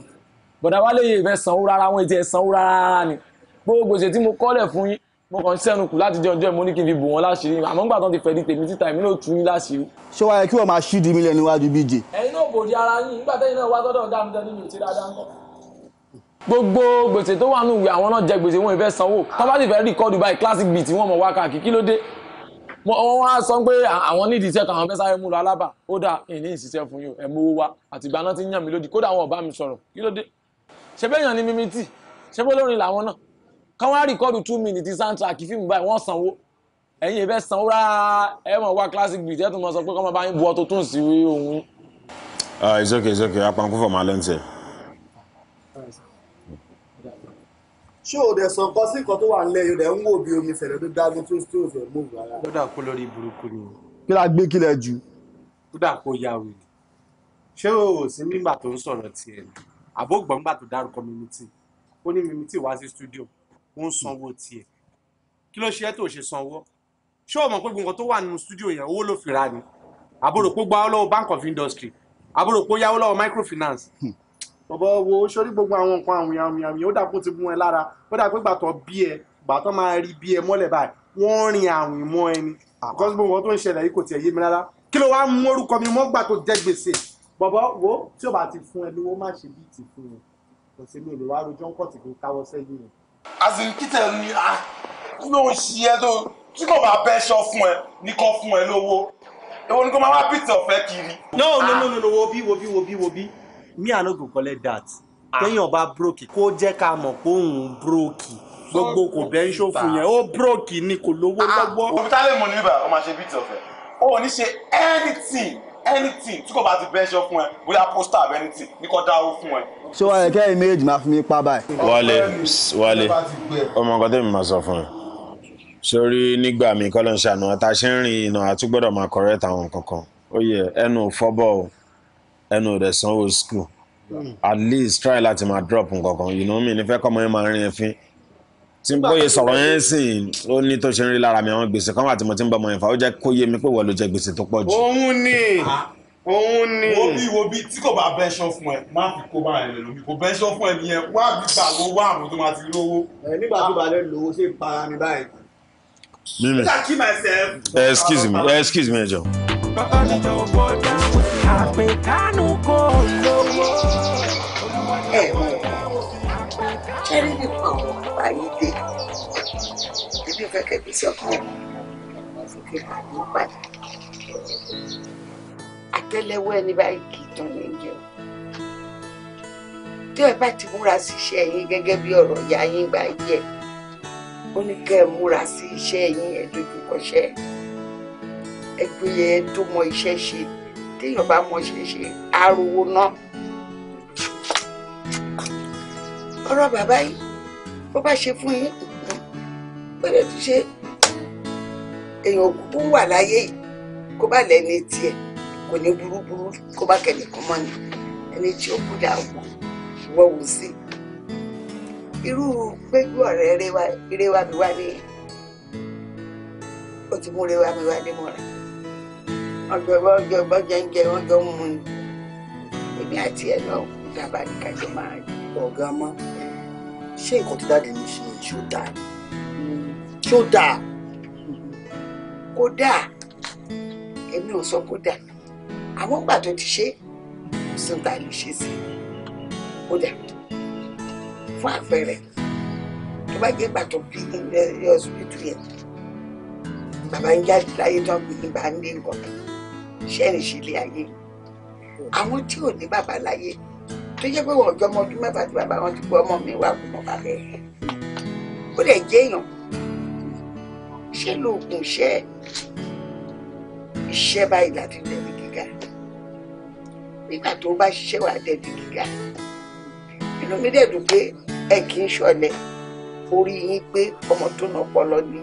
bọ̀dá wálé yìí fẹ́ sanwó rárá wọn ti ẹ̀ sanwó rárá ni gbogbo gbèsè tí mo kọ́lẹ̀ fún yín mo kàn sẹ́nu kù láti jẹ́ ọjọ́ ìmọ̀ ní kí n fi bò wọ́n láṣìírí àmọ́ ńgbà tán ti fẹ́ di tèmi títa èmi náà tú yín láṣìírí. ṣé wàá yẹ kí wọ́n máa ṣí di mílíọ̀nù níwájú bíje. ẹ̀yin náà bòde ara yín nígbà tẹ́yin náà wá sọ́dọ̀ dáàmú tẹ́ni mi ò ti dáadáa ń kọ́ gbogbo gbèsè tó wà nùwé àwọn náà jẹ gbèsè wọn ìfẹ́ sanwó tó bá sì fẹ́ rìkọọdù báyìí classic beat wọn mọ wákà kí kí ló dé wọn wá sọ pé àwọn nídìí iṣẹ́ kan àwọn fẹ́ sáré múra alábà ó dà ìní ìṣiṣẹ́ fún yín ẹ mówó wá àtìgbà náà ti ń yàn mí lódì kódà àwọn ọba mi sọ̀rọ̀ mímí tì ṣe bó làwọn náà kán wá rìkọ́dù two minutes soundtrack fíìmù báyìí wọ́n sanwó ẹ̀yin ìfẹ́ sanwó rárá ẹ mọ̀ wá classic beat ẹ̀ tún mọ̀ sọ pé kọ́ máa bá yín bu ọtọ tó ń sì wí òun. it's okay it's okay apanko for my lens here. ṣé o dẹ̀ sọ nǹkan sí nǹkan tó wà nílẹ̀ yìí rẹ̀ ń wò bí omi fẹ̀rẹ̀ tó dáná tó tó fẹ̀ mú rárá. lọ́dà kó lórí burúkú ni. kí la gbé kílẹ̀ jù. lọ́dà kó ya wèrè ṣé o sí nígbà tó ń sọ̀rọ̀ tiẹ̀ àbó gbọ̀ngbà tó dárúkọ mímítì ó ní mímítì wá sí stúdíò ó ń sanwó tiẹ̀ kí ló ṣe ẹ́ tó ṣe sanwó ṣé o mọ̀ pé gbogbo nǹkan tó wà nínú studio yẹn owó ló fi ra ni àbúrò pé gbáwó lọ́wọ́ bank of industry àbúrò yáwó lọ́wọ́ microfinance bọ̀bọ̀ wo sórí gbogbo àwọn nǹkan àwọn àmì àmì ó dàpọ̀ ti mú ẹ lára ó dà pé gbàtọ̀ bí ẹ gbàtọ̀ máa rí bí ẹ mọ́lẹ̀ báyìí wọ́n rin àwìn mọ́ ẹni àkọ́sí gbogbo nǹkan tó ń ṣẹlẹ̀ yìí kò tiẹ̀ yé mi rárá kí ló wá mú orúkọ mi mọ́ gbà tó jẹ́ gbèsè bọ̀bọ̀ wo tí o bá ti fún ẹ lówó má ṣe bíi ti fún ẹ kò sí mi ìlú wa rojọ́ ń pọ̀ tì káwọ́ sẹ́yìn rẹ̀ azin peter ni a ló ń ṣe ẹ tó tí kò bá bẹ́ ṣọ fún ẹ ní kò fún ẹ lówó èwo ni kò máa wá peter ọ̀fẹ́ kiri. no no no ah. no wo wobi, wobi, wobi. wo bí wo bí me i no go collect that kẹ́yìn ah. ọba brókì kó jẹ́ ká mọ̀ pé òun brókì gbogbo kò bẹ́ ń ṣòfò yẹn ó brókì ni kò lówó ah, lọ́gbọ́. òbí tá lè mú níbà ó máa ṣe peter ọ̀fẹ́ o ní ṣe anything anything tí kò bá ti bẹ́ ṣọ fún ẹ bóyá poster of anything ní kò dáwó fún ẹ ṣé wàá yẹ kẹ́yìn méjì máa fi mí pa báyìí. wálé wálé ọmọ nǹkan tẹ́mi máa sọ fún ẹ sórí nígbà mi kọ́ ló ń ṣàánú ata ṣe ń rìn iná àti gbọ́dọ̀ máa correct àwọn kankan ó yẹ ẹnu ò fọ́bọ̀ o ẹnu ò sanwó school at least try láti máa drop nǹkan kan you know mi ní fẹ́ kọ́ ọmọ yẹn máa rìn ẹfin tí n bóye sọ̀rọ̀ yẹn sìn ó ní tó ṣe ń rí lára mi àwọn gbèsè kan wà tí mo ti ń bọ́ ọmọ yẹn fà ó jẹ́ kó mi pé wọ́n ló jẹ gbèsè tó pọ̀ jù. òun ni òun ni. wo bí wo bí tí kò bá bẹ́ṣọ́ fún ẹ má fi kó bá ẹ lómi kò bẹ́ṣọ́ fún ẹ nìyẹn wá bí gbà wá àwọn tó máa ti lówó. nígbà tó bá lè lówó ṣé para mi báyìí. mímẹ excuse me excuse me ẹ jọ. ẹ mọ ṣẹ́rí nípa àwọn ọba dé ẹbí kẹ̀kẹ́ bí sọ́kàn ọ̀hún fún kí n bá yín àtẹ́lẹwọ́ ẹni báyìí kì í tán ní jẹ o tí ẹ bá ti múra sí iṣẹ́ yín gẹ́gẹ́ bí ọ̀rọ̀ ìyá yín gbà yẹ ó ní kẹ́ ẹ múra sí iṣẹ́ yín ẹ dojúkọṣẹ́ ẹ gbé e, ẹ tó mọ iṣẹ́ ṣe téèyàn bá mọ iṣẹ́ ṣe ariwo náà ọ̀rọ̀ bàbá yìí bó bá ṣe fún yín pẹ̀lẹ́ tó ṣe èèyàn òkú wà láyé yìí kó bá lẹ́ni tiẹ̀ kò ní burúburú kó bá kẹ̀ nìkan mọ́ ni ẹni tí ó kú dà wọ́n wọ́n wò sí. irú péjú ọ̀rẹ́ rẹwà mi wá ní ó ti mú rẹwà mi wá ní mọ́ra ọjọ́ ọjọ́ ọjọ́ jẹ́ńjẹ́ wọ́n jọ mú un èmi àti ẹ̀ náà dábàá ní kájọ máa rí. ọ̀gá mọ́ ṣé nǹkan tí dáàdì mi ṣe ṣó dáa ṣó dáa kó dáa èmi ò sọ kó dáa àmọ́ gbà tó ti ṣe sọ́tà lè ṣe sí ó dà fún àpẹẹrẹ tó bá jẹ́ gbà tó bí ní hospital yẹn bàbá ń jáde láyé tó ń gbé nígbà ń lé nǹkan ṣẹ́rìn sí ilé ayé àwọn tí ò ní bàbá láyé tó jẹ́ pé wọ́n ọjọ́ ọmọ ọdún mẹ́fà tí bàbá wọn ti gbọ́ ọmọ mi wà kùnà bàbá ẹ̀ ó dẹ̀ jẹ́ èèyàn ṣé lóògùn iṣẹ́ iṣẹ́ báyìí láti lẹ́nu gíga nígbà tó bá ṣiṣẹ́ wà tẹ̀lé gíga inú mi dẹ̀ dùn pé ẹ kì í ṣọ̀lẹ orí yín pé ọmọ tó nà ọpọlọ ni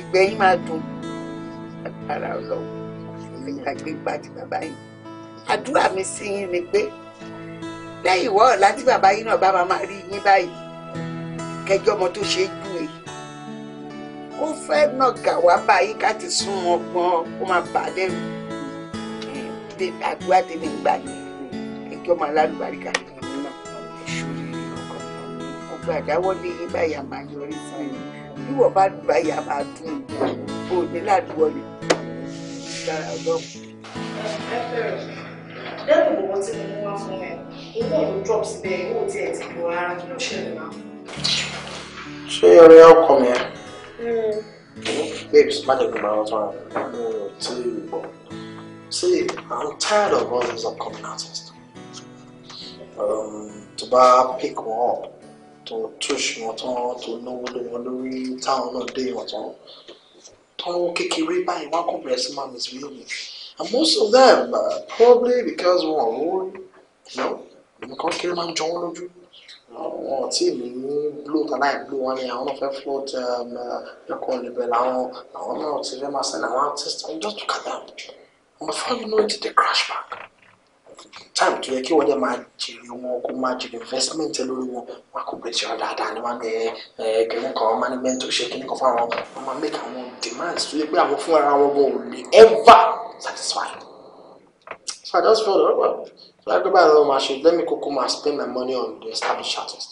ìgbẹ́yìn máa dùn agbára ọlọ́wọ́ nígbà gbégbá ti bàbá yín àdúrà mi sí yín ni pé lẹ́yìn ìwọ́ ọ̀la bàbá yín náà bá máa máa rí yín báyìí kẹjọ ọmọ tó ṣe é jù é ó fẹ́ nàgà wá báyìí ká ti sún ọgbọ́n kó máa bà á lẹ́rù àdúrà tèmi ń gbà ní kí ọmọ alálùbáríkà tèmi náà ìṣòro ọkọ ọgbà àdáwọlé yín báyà máa yọrí sí i bí wọ́n bá lù báyà máa dùn ò ní ládùúwọlé dára ọlọ́run. lẹ́nu gbogbo tí mú wá fún ẹ owó ìlú drop síbẹ̀ owó tí ẹ ti lò rárá kí ló ṣẹlẹ̀ náà. ṣé ọ̀rẹ́ ọkọ mi ẹ. Hmm. babes má jẹ́ kí n máa rántí wọn mo ò tí ì gbọ́. See, I'm tired of all these upcoming artists. Um, tó bá pick one, up tó tush wọn tán tó náwó lé wọn lórí táwọn náà dé wọn tán tán kékeré báyìí wọn kò bẹ̀rẹ̀ sí máa misbehave me and most of them uh, probably because we're ò you know. nǹkan kéré máa ń jọ wọn lójú wọn ò tí blue tonight, blue one. àìblow wọn ni àwọn náà fẹ́ float I libẹ̀ làwọn àwọn náà ti fẹ́ máa send àwọn artist just look at them before you know it they crash back time to make kí wọ́n dẹ̀ máa jèrè wọn kó máa investment lórí wọn wọn kò bẹ̀rẹ̀ sí wọn dáadáa ni wọn bẹ̀rẹ̀ ẹ̀ management tó ṣe kìnnì kan fún àwọn wọn máa make àwọn demands To be able àwọn fún ara wọn wọn ever satisfied. so I just felt well oh, well so I go buy another machine let me koko ma spend my money on the established artist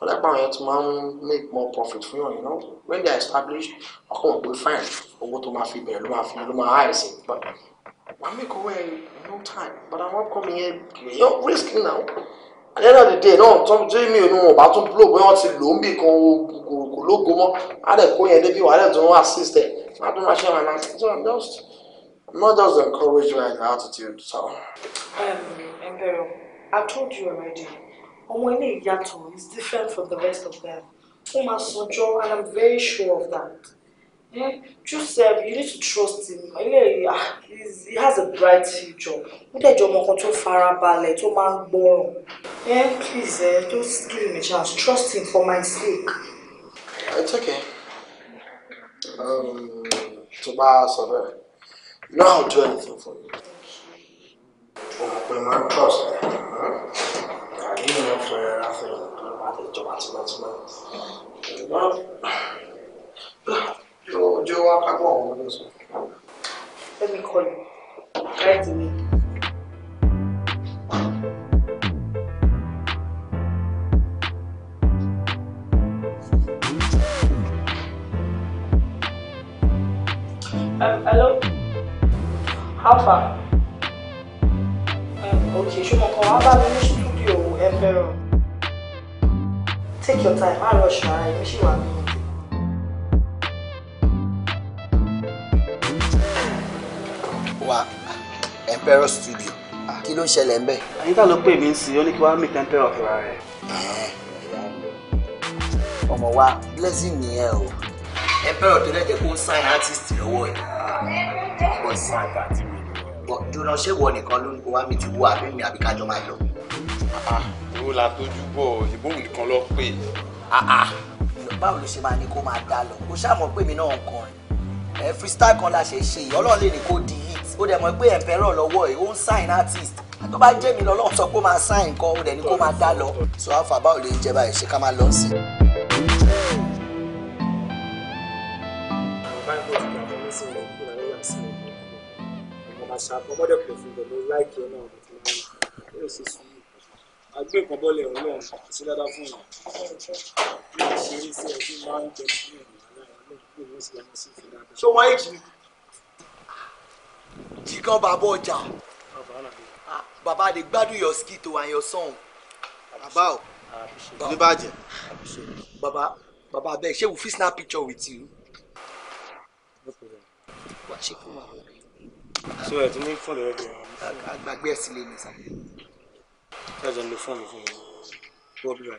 wọ́n dẹ́pọ̀ àwọn yẹn tó make more profit for you. you know when they're are established ọkọ̀ wọn pé fine I go to my bẹ̀rẹ̀ ló máa fi ló máa high I make away in no time, but I'm not coming here. You're risking now. At the end of the day, no. tó ń jẹ́ mi ò nu blow bóyá wọ́n ti lumbi ó ń bì kan kò I don't Á dẹ̀ kó yẹn débi wàá dẹ̀ I don't assist ẹ̀. Má tó So I'm just I'm not just encouraging by the attitude. So. Um, Mbero, um, I told you already, ọmọ ilé ìyàtọ̀ is different from the rest of them. Oma sojo, and I'm very sure of that. Eh? True you need to trust him. Ah, he's, he has a bright future. Ó dẹ̀ jọ ọmọ kan tó farabalẹ̀ tó máa ń eh, please, eh, just give him a chance. Trust him for my sake. It's okay. Um, tó bá you know I'll do anything for you. Ọmọ pé máa ń trust ẹ̀. Àdéhùn náà fẹ́ ra fẹ́ lọ́pàá àti ìjọba Well. Yo, yo a pago a uno de esos. Let me call you. Try to Um, hello? How far? Um, okay, Shumon, come. How about the studio, Emperor? Take your time. I'll rush my. She will be. wa emperor studio kí ló ń ṣẹlẹ̀ ńbẹ̀. anita ló pè mí sí i ó ní kí wàá mìtẹ́ emperor fúnra rẹ̀. ọmọ wa blessing nìyẹn o emperor tó lẹ́jẹ̀ kó ń sign artist lọ́wọ́ ẹ̀. ọmọ sign àti mi nìyẹn. jọ̀nà ṣé wọ nìkan ló ń kó wá mi ti wú àbí mi àbí kájọ máa lọ. owó ah, la tójú bọ̀ ìbòhùn nìkan lọ pé. Ah, ah. báwo ló ṣe máa ní kó máa dá lọ kó ṣáà mọ̀ pé mi náà ń kọrin ẹ freestyle kan la ṣe ṣe yìí ọlọ́run lè ní kó di hit ó dẹ̀ mọ̀ pé emperor lọ́wọ́ ẹ̀ ó ń sign artist tó bá jẹ́ mi lọ́lọ́run sọ pé ó máa sign nǹkan ó dẹ̀ ní kó máa dá lọ so alpha báwo lè jẹ báyìí ṣe ká máa lọ sí. àgbẹ̀ ìkànbọ̀lẹ̀ ọ̀rọ̀ náà dáadáa fún yìí so wọn èjì ni jigan bàbá ọjà bàbá dey gbádùn your skill and your song bàbá o ní bàjẹ́. bàbá bàbá abeg ṣé we fit snap picture with you. wà á ṣe fún wa. so ẹ ti ní fọ́ọ̀lù rẹ bí. àgbàgbé ẹ sílé ní sàlẹ̀. ṣé ẹ̀jẹ̀ ń lo fóònù fún mi? wọ́n bí wà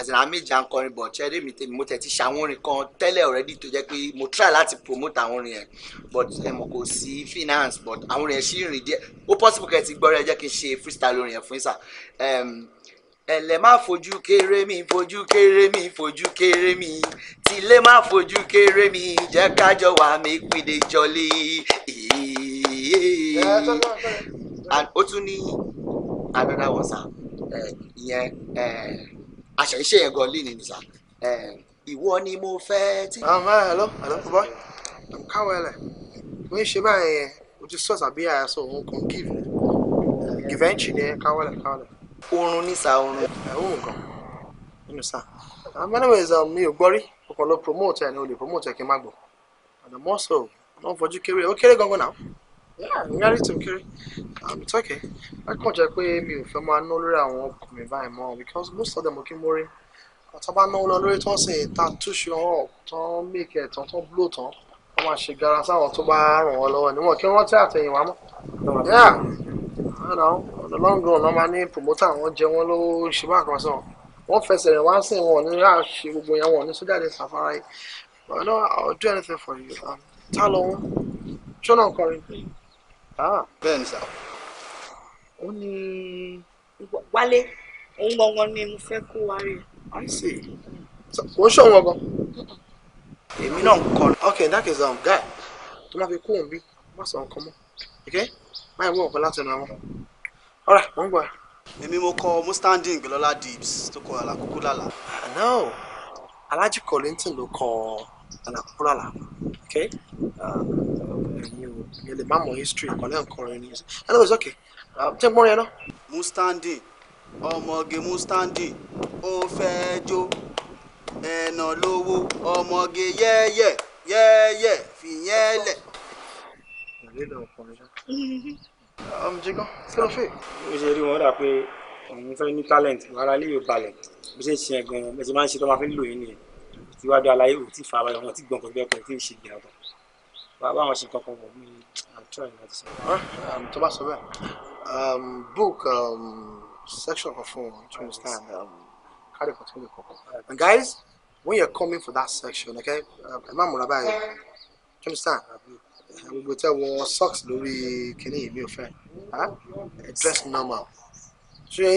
àti àwọn méjì à ń kọrin bọ̀ ṣẹ́ rémi tèmi mo tẹ̀ ṣàwọn orin kan tẹ́lẹ̀ already tó jẹ́ pé mo try láti promote àwọn orin yẹn but ẹ mọ̀ kò sí finance but àwọn orin yẹn ṣì ń rìn díẹ̀ ó possible kẹ́ ẹ ti gbọ́ rẹ̀ jẹ́ kí n ṣe freestyle orin yẹn fún yín ẹlẹ má fojú kéré mi fojú kéré mi fojú kéré mi tilé má fojú kéré mi jẹ́ kájọ wà mí pídé jọlé ó tún ní another one sir ìyẹn aṣọ iṣẹ́ yẹn gan lè nìyí sá ìwọ ni mo fẹ́ tí. ọmọ ẹ lọ ẹ lọ bọ káwọn ẹlẹ mo ń ṣe báyìí yẹn o ti sọ tàbí àyàsọ òun kan give gìvẹ́ǹchì ni káwọn ẹlẹ káwọn ẹlẹ. oorun ní sa oorun. ẹ ó nǹkan nínú sá amẹ́nàmẹ́sà ah, um, mi ò gbọ́rí ọkàn lọ promote ẹ̀ ni o lè promote ẹ̀ kí n má gbọ́ àdàmọ́sọ̀ náà fojú kéré ó kéré gangan náà yeah it's okay um, it's okay ẹ kàn jẹ́ pé mi ò fẹ́ máa ná lórí àwọn ọkùnrin mi báyìí mọ́ because most of them ò kí ń mórí àtàbá náwó lọ lórí tó ń sìn ta túṣu ọ̀hún tán mèkì ẹ̀ tán tán blow tán wọ́n máa ṣe gara sáwọn tó bá ràn wọ́n lọ́wọ́ níwọ̀n kí wọ́n tẹ́ àtẹ̀yìnwá mọ́ yeah I know on the long run wọ́n máa ní promoter àwọn jẹ wọ́n ló ṣe bá kan sàn wọ́n fẹsẹ̀ rìn wá sí wọn ní àṣe gbogbo yẹn wọn ní sójà dé sàfárà yìí but I know I will do anything for you um, ta ló ń ṣọ́nà kọrin. Ah, bẹ́ẹ̀ ni sà. ó ní wálé òun gangan ni mo fẹ́ kó wa rí. i see kò ń ṣọ̀wọ́n gan. èmi náà ń kọ́ ọ. ok that is um, guy tó máa fi kó òun bí má sọ nǹkan mọ́ okay máa wọ ọ̀pọ̀ láti ọ̀nà wọn. ọ̀rà mò ń gbà. èmi mo kọ mustandin gbẹlọla dibs tó kọ alakoko lala. no alhaji collington ló kọ alakoko lala okay. Uh, mi o history ìkànlẹ̀ nkọrin ni uh, ẹ lọ́wọ́ ìsọ́kè tẹ́ ń gbọ́rin ẹ náà. mustandi ọmọge mustandi ó fẹ́ jó ẹ̀nà lówó ọmọge yẹ́yẹ́ yẹ́yẹ́ fìyẹn lẹ̀. ọmọjìgán um, kí ló fẹ́. ó ṣe rí you dà pé òun to ní talent ara ilé yóò balẹ̀ bó ṣe ń ṣe ẹ̀ gan-an bó ṣe máa ń ṣe tó máa fi ń lò yín nìyẹn tí wàá bí aláyé ò tí bàbá àwọn ṣe kankan wọ̀ mí i'm trying not to say. Um, tó bá sọ bẹ́ẹ̀ um, book um, section kan fún wọn to understand carry continue kankan and guys when you're coming for that section okay um, ẹ má múra báyìí to understand gbogbo tẹ wọ socks lórí kìnìún yìí mi ò fẹ́ dress normal ṣé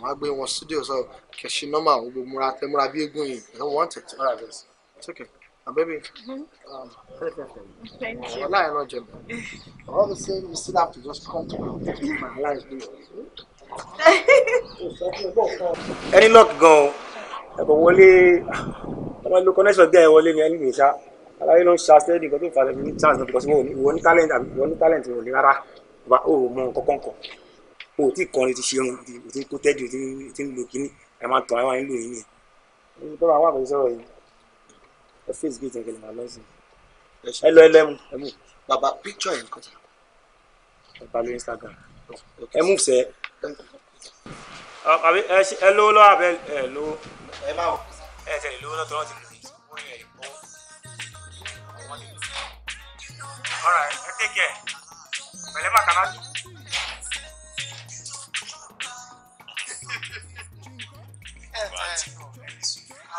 wọn á gbé wọn studio sọ kẹsì normal gbogbo múra tẹ múra bí eégún yìí i don't want it. All right, it's okay. Uh, baby, mm-hmm. um, thank you. Lie, not Jim. All the same, you still have to just come to my life, do Any luck gan-an, ẹ̀bọ̀ wọlé ọmọ ìlú connection bí ẹ wọlé ni ẹni nìyí sá. Aláyé ló ń ṣàṣẹ́ nìkan tó ń falẹ̀ ní chance because because ìwọ ní talent àbí ìwọ ní talent ìwọ ní rárá. Bàbá ò mọ kọ́kọ́ nǹkan. O tí kọrin ti ṣeun, o ti kó tẹ́jú, o ti ń lo kínní. Ẹ máa tọ̀ ẹ máa ń lò yín ni. Ẹni tó máa wà kò sọ̀rọ̀ yìí ẹ face gate ẹ kẹlẹ máa lọ sí ẹ lọ baba picture in kọjá. ẹ bá instagram ẹ mú sẹ. àbí hello. ẹ lówó lọ àbẹ ẹ lówó. ẹ má wò. all right take care pẹ̀lẹ́ màkàlá tù.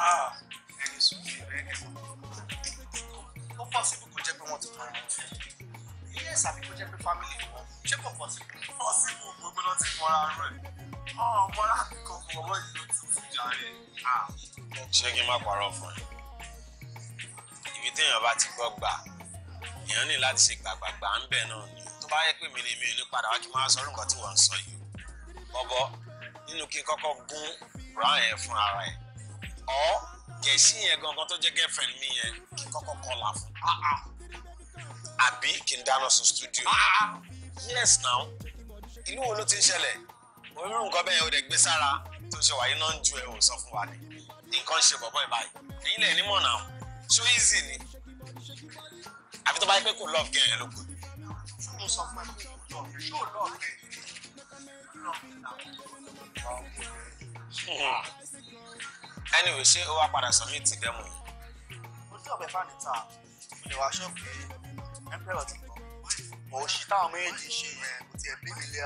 Ah, é isso ó possible kó jẹ́ pé wọ́n ti fara wọn fẹ́ yes àbí kó jẹ́ pé family wọn ṣé kò possible. possible gbogbo náà ti mọra rẹ ọmọlá kíkọ fún ọmọ yìí ló tún fún jàre. ṣé kí n má parọ́ fún ẹ ibi téèyàn bá ti gbọ́ gbà èèyàn ní láti ṣe gbàgbàgbà ń bẹ̀ náà ni tó bá yẹ pé mi ni mi ò ní padà wá kí n máa sọ nǹkan tí wọ́n ń sọ yìí bọ́bọ́ nínú kí n kọ́kọ́ gún ràn yẹn fún ara ẹ̀ ọ kẹ̀sí yẹn gangan tó jẹ́ girlfriend mi yẹn kí n kọ́kọ́ kọlà fún ah, ah. àbí kí n dáná sun studio ah, yes now ìlú wo ló ti ń ṣẹlẹ̀ onírú nǹkan bẹ́ẹ̀ o dẹ̀ gbé sára tó ṣe wáyé náà ń ju ẹ̀ sọ fún wa ni nǹkan ṣe bọ̀bọ̀ ìbáyìí èyí lẹ̀ ní mọ̀nà so easy ni àfi tó bá yẹ pé kò love gẹ̀ ẹ́ ló kù. mo sọ fún ẹ pé kò love yóò love lọ́ọ̀kì náà anyway ṣé ó wá padà submit demo yìí. mo ní ọ̀bẹ fáàní ta mo lè wá aṣọ pé emperor ti bọ̀ mo ṣí táwọn méjèèjì ṣe yẹn kò tiẹ̀ bí mi lé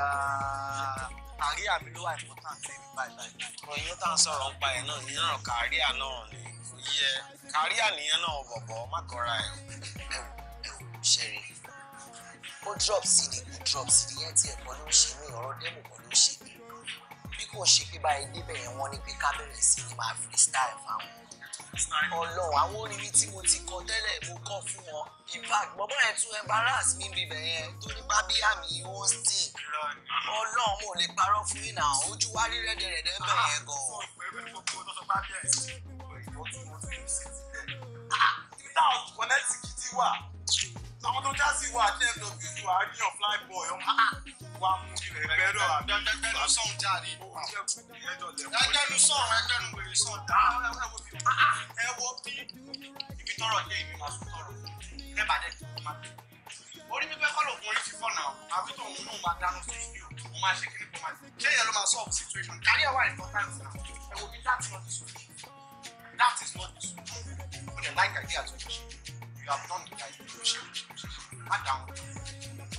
àríyá mi ló wà important ní ìgbà ìgbà ìgbà. òyìn tá à ń sọ̀rọ̀ nípa ẹ̀ náà nínú ọ̀rọ̀ kàríà náà ni kò yẹ kàríà nìyẹn náà bọ̀bọ̀ má kọ́ra ẹ̀. ẹ wò ẹ wò ṣẹ́rí ó drop cd kò drop cd yẹn tiẹ̀ kọ́ ló ń ṣe mí ọ̀rọ̀ demo kọ́ ló ń ṣe mí bí kò ṣe pé báyìí débẹ̀ yẹn wọ́n ní pé ká bẹ̀rẹ̀ sí ni máa freestyle fáwọn ọlọ́run àwọn orin tí mo ti kọ tẹ́lẹ̀ mo kọ́ fún wọn in fact bọ́bọ́ yẹn tún embarrass mi bíbẹ̀ yẹn tó ní bá bí àmì ìwọ́n stay ọlọ́run mo lè parọ́ fún yín náà ojú wa rí rẹ́dẹ̀rẹ́dẹ́ bẹ̀ yẹn gan. Ah, àwọn tó já sí wa àti fw wa àríyàn flyboy wa mú ẹgbẹ́ rẹ̀ àbí ẹgbẹ́ ló sọ̀hún jáde ẹgbẹ́ ló sọ̀hún ẹgbẹ́ ló wèrè sọ̀hún dá ẹ wo bí ah, ah, ibi tọrọ dé ibi máa sùn tọrọ ẹ bá dẹ tó máa dé orí pípẹ́ kọ́ lóògùn orí fífọ́ náà àbí tó òun náà máa dáná sí ìlú òun máa ṣe kí nípa máa ṣe ìyẹn ló máa solve situation kárí ẹ̀ wà ní four times ẹ wo bí that is not the solution that is not the solution ó dẹ̀ láìka kí àtúnṣe have done the right thing má dáhùn.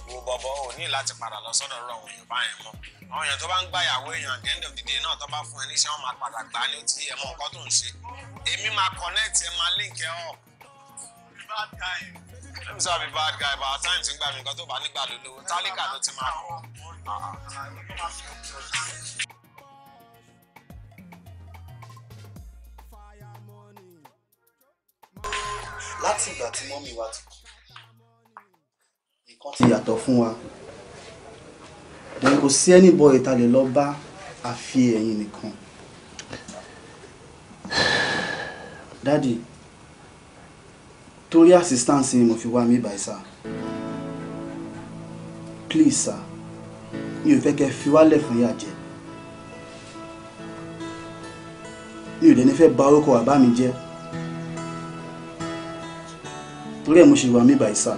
wo bọ̀bọ̀ ò ní láti padà lọ sọ́dọ̀ ọ̀rọ̀ òyìn báyìí mọ́ àwọn èèyàn tó bá ń gba ìyàwó èèyàn at end of the day náà tó bá fún ẹ níṣẹ́ wọn máa padà gbá ní ti ẹ̀mọ́ nǹkan tó ń ṣe èmi máa connect ẹ máa link ẹ up. bad guy. let me stop be bad guy but at times nígbà nǹkan tó bá nígbà lólówó tálíkà ló ti máa kọ́. láti ìgbà tí mọ́mí wa ti kú nǹkan ti yàtọ̀ fún wa kò sí anybody ta lè lọ bá àfi ẹ̀yin nìkan dádì torí assistance ni mo fi wá mi báyìí sá please sá mi ò fẹ́ kẹ́ fi wálẹ̀ fún yà jẹ́ mi ò dẹ̀ ní fẹ́ bà orúkọ bàbá mi jẹ́ torí ẹ̀ mo ṣe wà mí báyìí sá.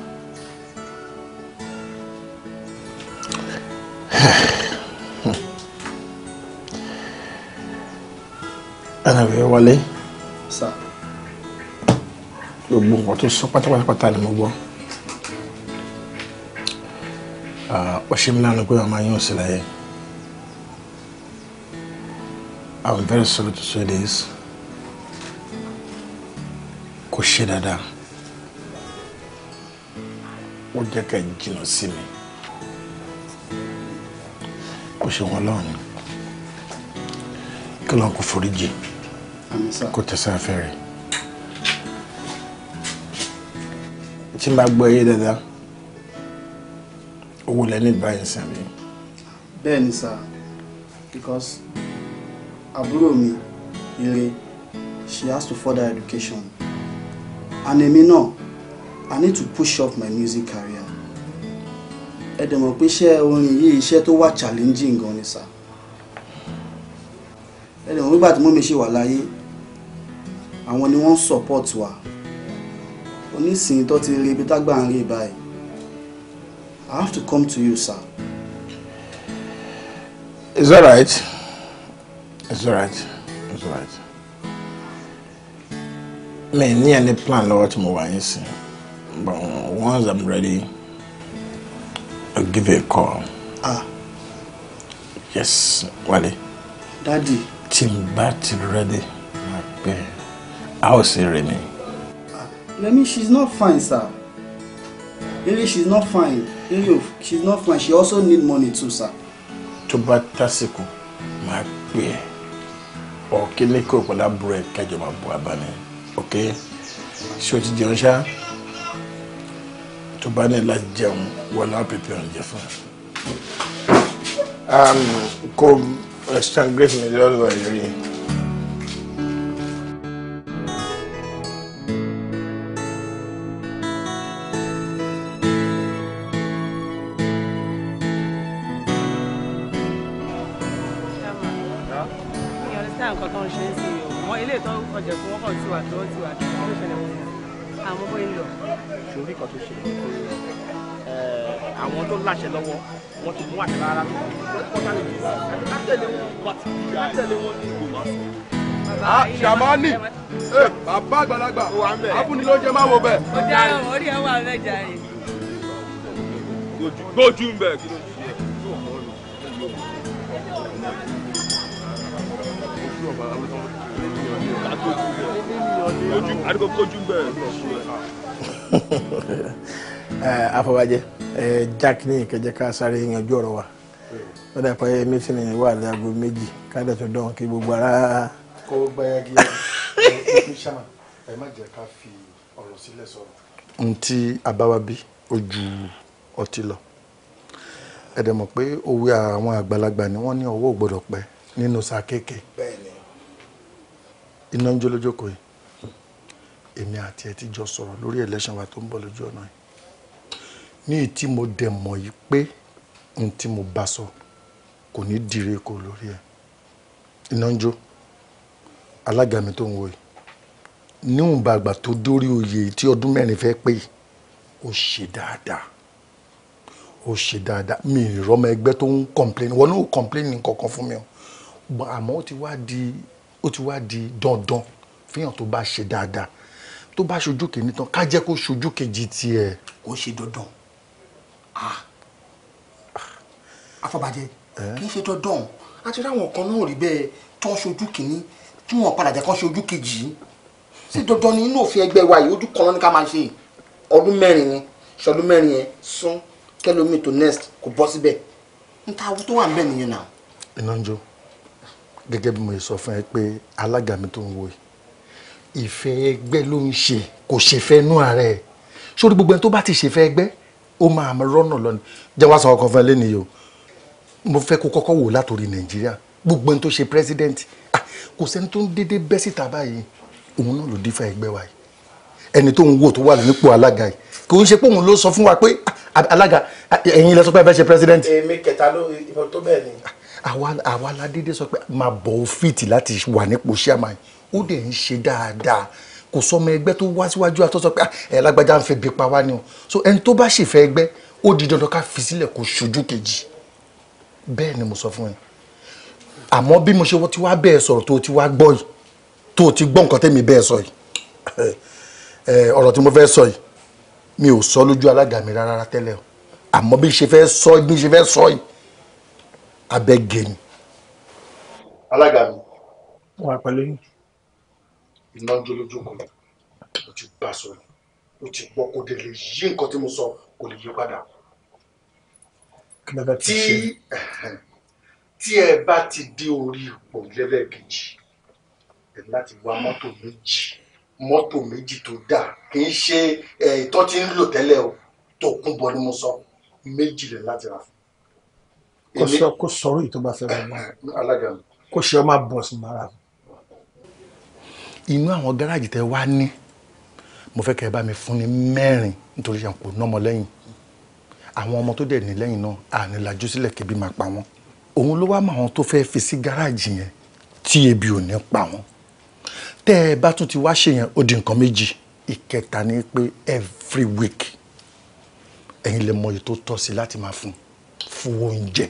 ẹnìwé wọlé gbogbo nǹkan tó sọ pátápátá ni mo gbọ́ ó ṣe mí lánàá pé màmá yín ò láyé I'm very sorry to say this kò ṣe dáadáa ó jẹ́ kẹ́ jìnnà sí mi kò ṣe wọn lọ́rùn ni kí lóun kò foríjì kò tẹ̀sán afẹ́ rẹ̀ tí n bá gbọ́ eyé dáadáa owó lẹ ní ìbáyìí sàmì. bẹ́ẹ̀ ni sir because àbúrò mi ire she has to further education and èmi náà. No I need to push up my music career. Ẹ dẹ̀ mọ̀ pé iṣẹ́ orin yìí iṣẹ́ tó wà challenging gan ni sà. Ẹ dẹ̀ mọ̀ nígbà tí mọ́mi ṣe wà láyé, àwọn ni wọ́n ń support wa. Onísìnyí tó ti rí ibi tágbà ń rí báyìí. I have to come to you, sir. It's all right. It's all right. It's all right. Mi ní ẹni plan lọ́wọ́ tí mo wà yín sí. But once I'm ready, I'll give you a call. Ah. Yes, Wale. Daddy. Tí n bá ready, my babe. How is Remy? Ah, Remy, she's not fine, sir. Really, she's not fine. Really, she's not fine. She also need money too, sir. Tó bá My máa Okay, é. Ọ̀kẹ́lẹ́kọ̀ọ́ for that ẹ̀ kẹjọ máa bọ̀ abàmì. Okay? Ṣé o ti jẹun tó bá ní láti jẹun wọlé àpèpè oúnjẹ fún un kó ẹ ṣàǹgbé mi lọ́dọ̀ ẹ̀rí. ṣàmánì eh, bàbá àgbàlagbà afúnilóúnjẹ má wo bẹ. ọjà orí ẹ wà mẹjà yìí. gbójú ń bẹ kí ló ṣe é. afọwájẹ jack ní ìkẹjẹ ká sáré yanjú ọ̀rọ̀ wa lọdà pé mítìnì wà láago méjì ká dẹ̀ tó dán kí gbogbo ara kó gbáyàgí ṣàmà ẹ má jẹ́ ká fi ọ̀rọ̀ sílẹ̀ sọ̀rọ̀. ohun tí abáwá bí ó ju ọtí lọ ẹ dẹ̀ mọ̀ pé òwe àwọn àgbàlagbà ni wọ́n ní ọwọ́ ò gbọ́dọ̀ pẹ́ nínú sa kéèké iná ń jó lójókòó yìí èmi àti ẹ ti jọ sọ̀rọ̀ lórí election wa tó ń bọ̀ lójú ọ̀nà yìí ní ìtí mo dẹ̀ mọ̀ yìí pé ohun tí mo bá sọ kò ní dire kò lórí ẹ iná ń jó alága mi tó ń wọ yìí níwọ̀nba àgbà tó dórí oyè tí ọdún mẹ́rin fẹ́ pé ó ṣe dáadáa ó ṣe dáadáa mi ìrọmọ ẹgbẹ́ tó ń complain wọn náà complain kankan fún mi o àmọ́ ó ti wá di ó ti di dandan fihàn tó bá ṣe dáadáa tó bá ṣojú kìíní tán ká jẹ́ kó ṣojú kejì tiẹ̀. kò ṣe dandan afọbajẹ kì í ṣe dandan àti ráwọn kan náà rí bẹ́ẹ̀ tó ṣojú kìíní tí wọ́n padà jẹ́ kán ṣe ojú kejì yìí ṣé dandan ni inú òfin ẹgbẹ́ wa yìí ojú kan lọ́ni ká máa ṣe ọdún mẹ́rin yẹn ṣọdún mẹ́rin yẹn sún kẹlómi tó next kò bọ́ síbẹ̀ n ta tó wà níbẹ̀ nìyẹn náà. iná ń jó gẹ́gẹ́ bí mo sọ fún ẹ pé alága mi tó ń wo ìfẹ́ ẹgbẹ́ ló ń ṣe kò ṣe fẹ́ nú ààrẹ ẹ̀ sórí gbogbo ẹni tó bá ti ṣe fẹ́ ẹgbẹ́ ó máa rọ́nà lọ́ni jẹ́ wá sọ fún ẹ lẹ́nìí o mo fẹ́ kó kọ́kọ́ wò látòrí nàìjíríà gbogbo ẹni tó ṣe pírẹ́sídẹ́ǹtì kò sẹ́ni tó ń dédé bẹ́ síta báyìí òun náà ló dé fa ẹgbẹ́ wa yìí ẹni tó ń wò tó wà nípò alága yìí kò ń ṣe pé òun ló sọ fún wa pé ah, alága ẹ̀yin lẹ sọ pé ẹ fẹ́ ṣe president. èmi kẹta ló ìbọn tó bẹ́ẹ̀ ni. àwa aládédé sọ pé máa bọ̀ ó fìtì láti wà nípò chairman ó dẹ̀ ń ṣe dáadáa kò sọmọ ẹgbẹ́ tó wá síwájú àtọ́sọ pé ah, ẹ̀ alágbájá ń fẹ́ bí pa wá ni o so ẹni tó bá ṣèfẹ́ ẹgbẹ́ ó di dandan ká fi sílẹ̀ kó ṣojú kejì bẹ́ẹ̀ ni mo sọ fún yín àmọ́ bí mo ṣe wọ́n ti wá bẹ́ẹ̀ sọ̀rọ̀ tó ti wá gbọ́ yìí tó ti gbọ́ nǹkan tẹ́mi bẹ́ẹ̀ sọ yìí eh, ọ̀rọ̀ tí mo fẹ́ sọ yìí mi ò sọ lójú alága mi rárá tẹ́lẹ̀ o àmọ́ bí ṣe fẹ́ sọ bí ṣe fẹ́ sọ yìí abẹ́ gé mi. alága mi. wà á pẹ̀lú iná ń kan ló ti bá sọ̀rọ̀ ló ti gbọ́ kó dé lè yí nǹkan tí mo sọ kò lè yí padà. kí ló fẹ́ ti ṣe. tí ẹ bá ti dé orí ipò lẹ́lẹ́kejì ẹ láti wá mọ́tò méjì mọ́tò méjì tó dáa kì í ṣe ìtọ́ tí ń lò tẹ́lẹ̀ o tó kún bọ ni mo sọ méjì lẹ̀ láti rà fún. kò sọ kò sọ̀rọ̀ yìí tó bá fẹ́ mọ alága kò ṣe ọmọ bọ̀ sí mara. inú àwọn gáràjì tẹ wá ní mo fẹ́ kẹ́ ẹ bá mi fún ní mẹ́rin nítorí àpò nọ́mọ lẹ́yìn àwọn ọmọ tó dẹ̀ ní lẹ́yìn náà àní lajú sílẹ̀ kébí máa pa wọ́n òun ló wá mọ àwọn tó fẹ́ẹ́ fi sí gáràjì yẹn tí ebi ò ní pa wọn tẹ́ ẹ bá tún ti wá ṣe yẹn ó nǹkan méjì ìkẹta ni pé every week ẹ̀yin lè mọ èyí tó tọ́ sí láti máa fún fún oúnjẹ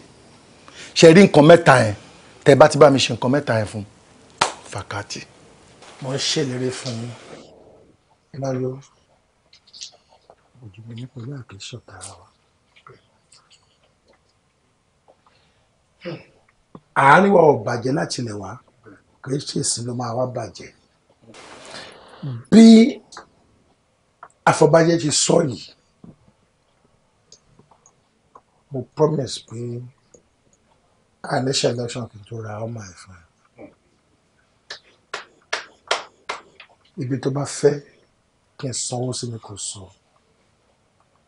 ṣe rí nǹkan mẹ́ta yẹn tẹ́ ẹ bá ti bá mi ṣe nǹkan mẹ́ta yẹn fún fàkàtì. mo ń ṣèlérí fún yín lọ́yọ́ òjò mi ní pẹ̀lú àkẹ́sọ̀ tààrà wa. àárín wa ò bàjẹ́ láti ilẹ̀ wá kì í ṣèṣì ló máa wá bàjẹ́ bí àfọ̀bàjẹ́ ti sọ yìí mo promise pé àníṣe election kì í tó ra ọmọ ẹ̀fọn ibi tó bá fẹ́ kí n sanwó sí ni kò sọ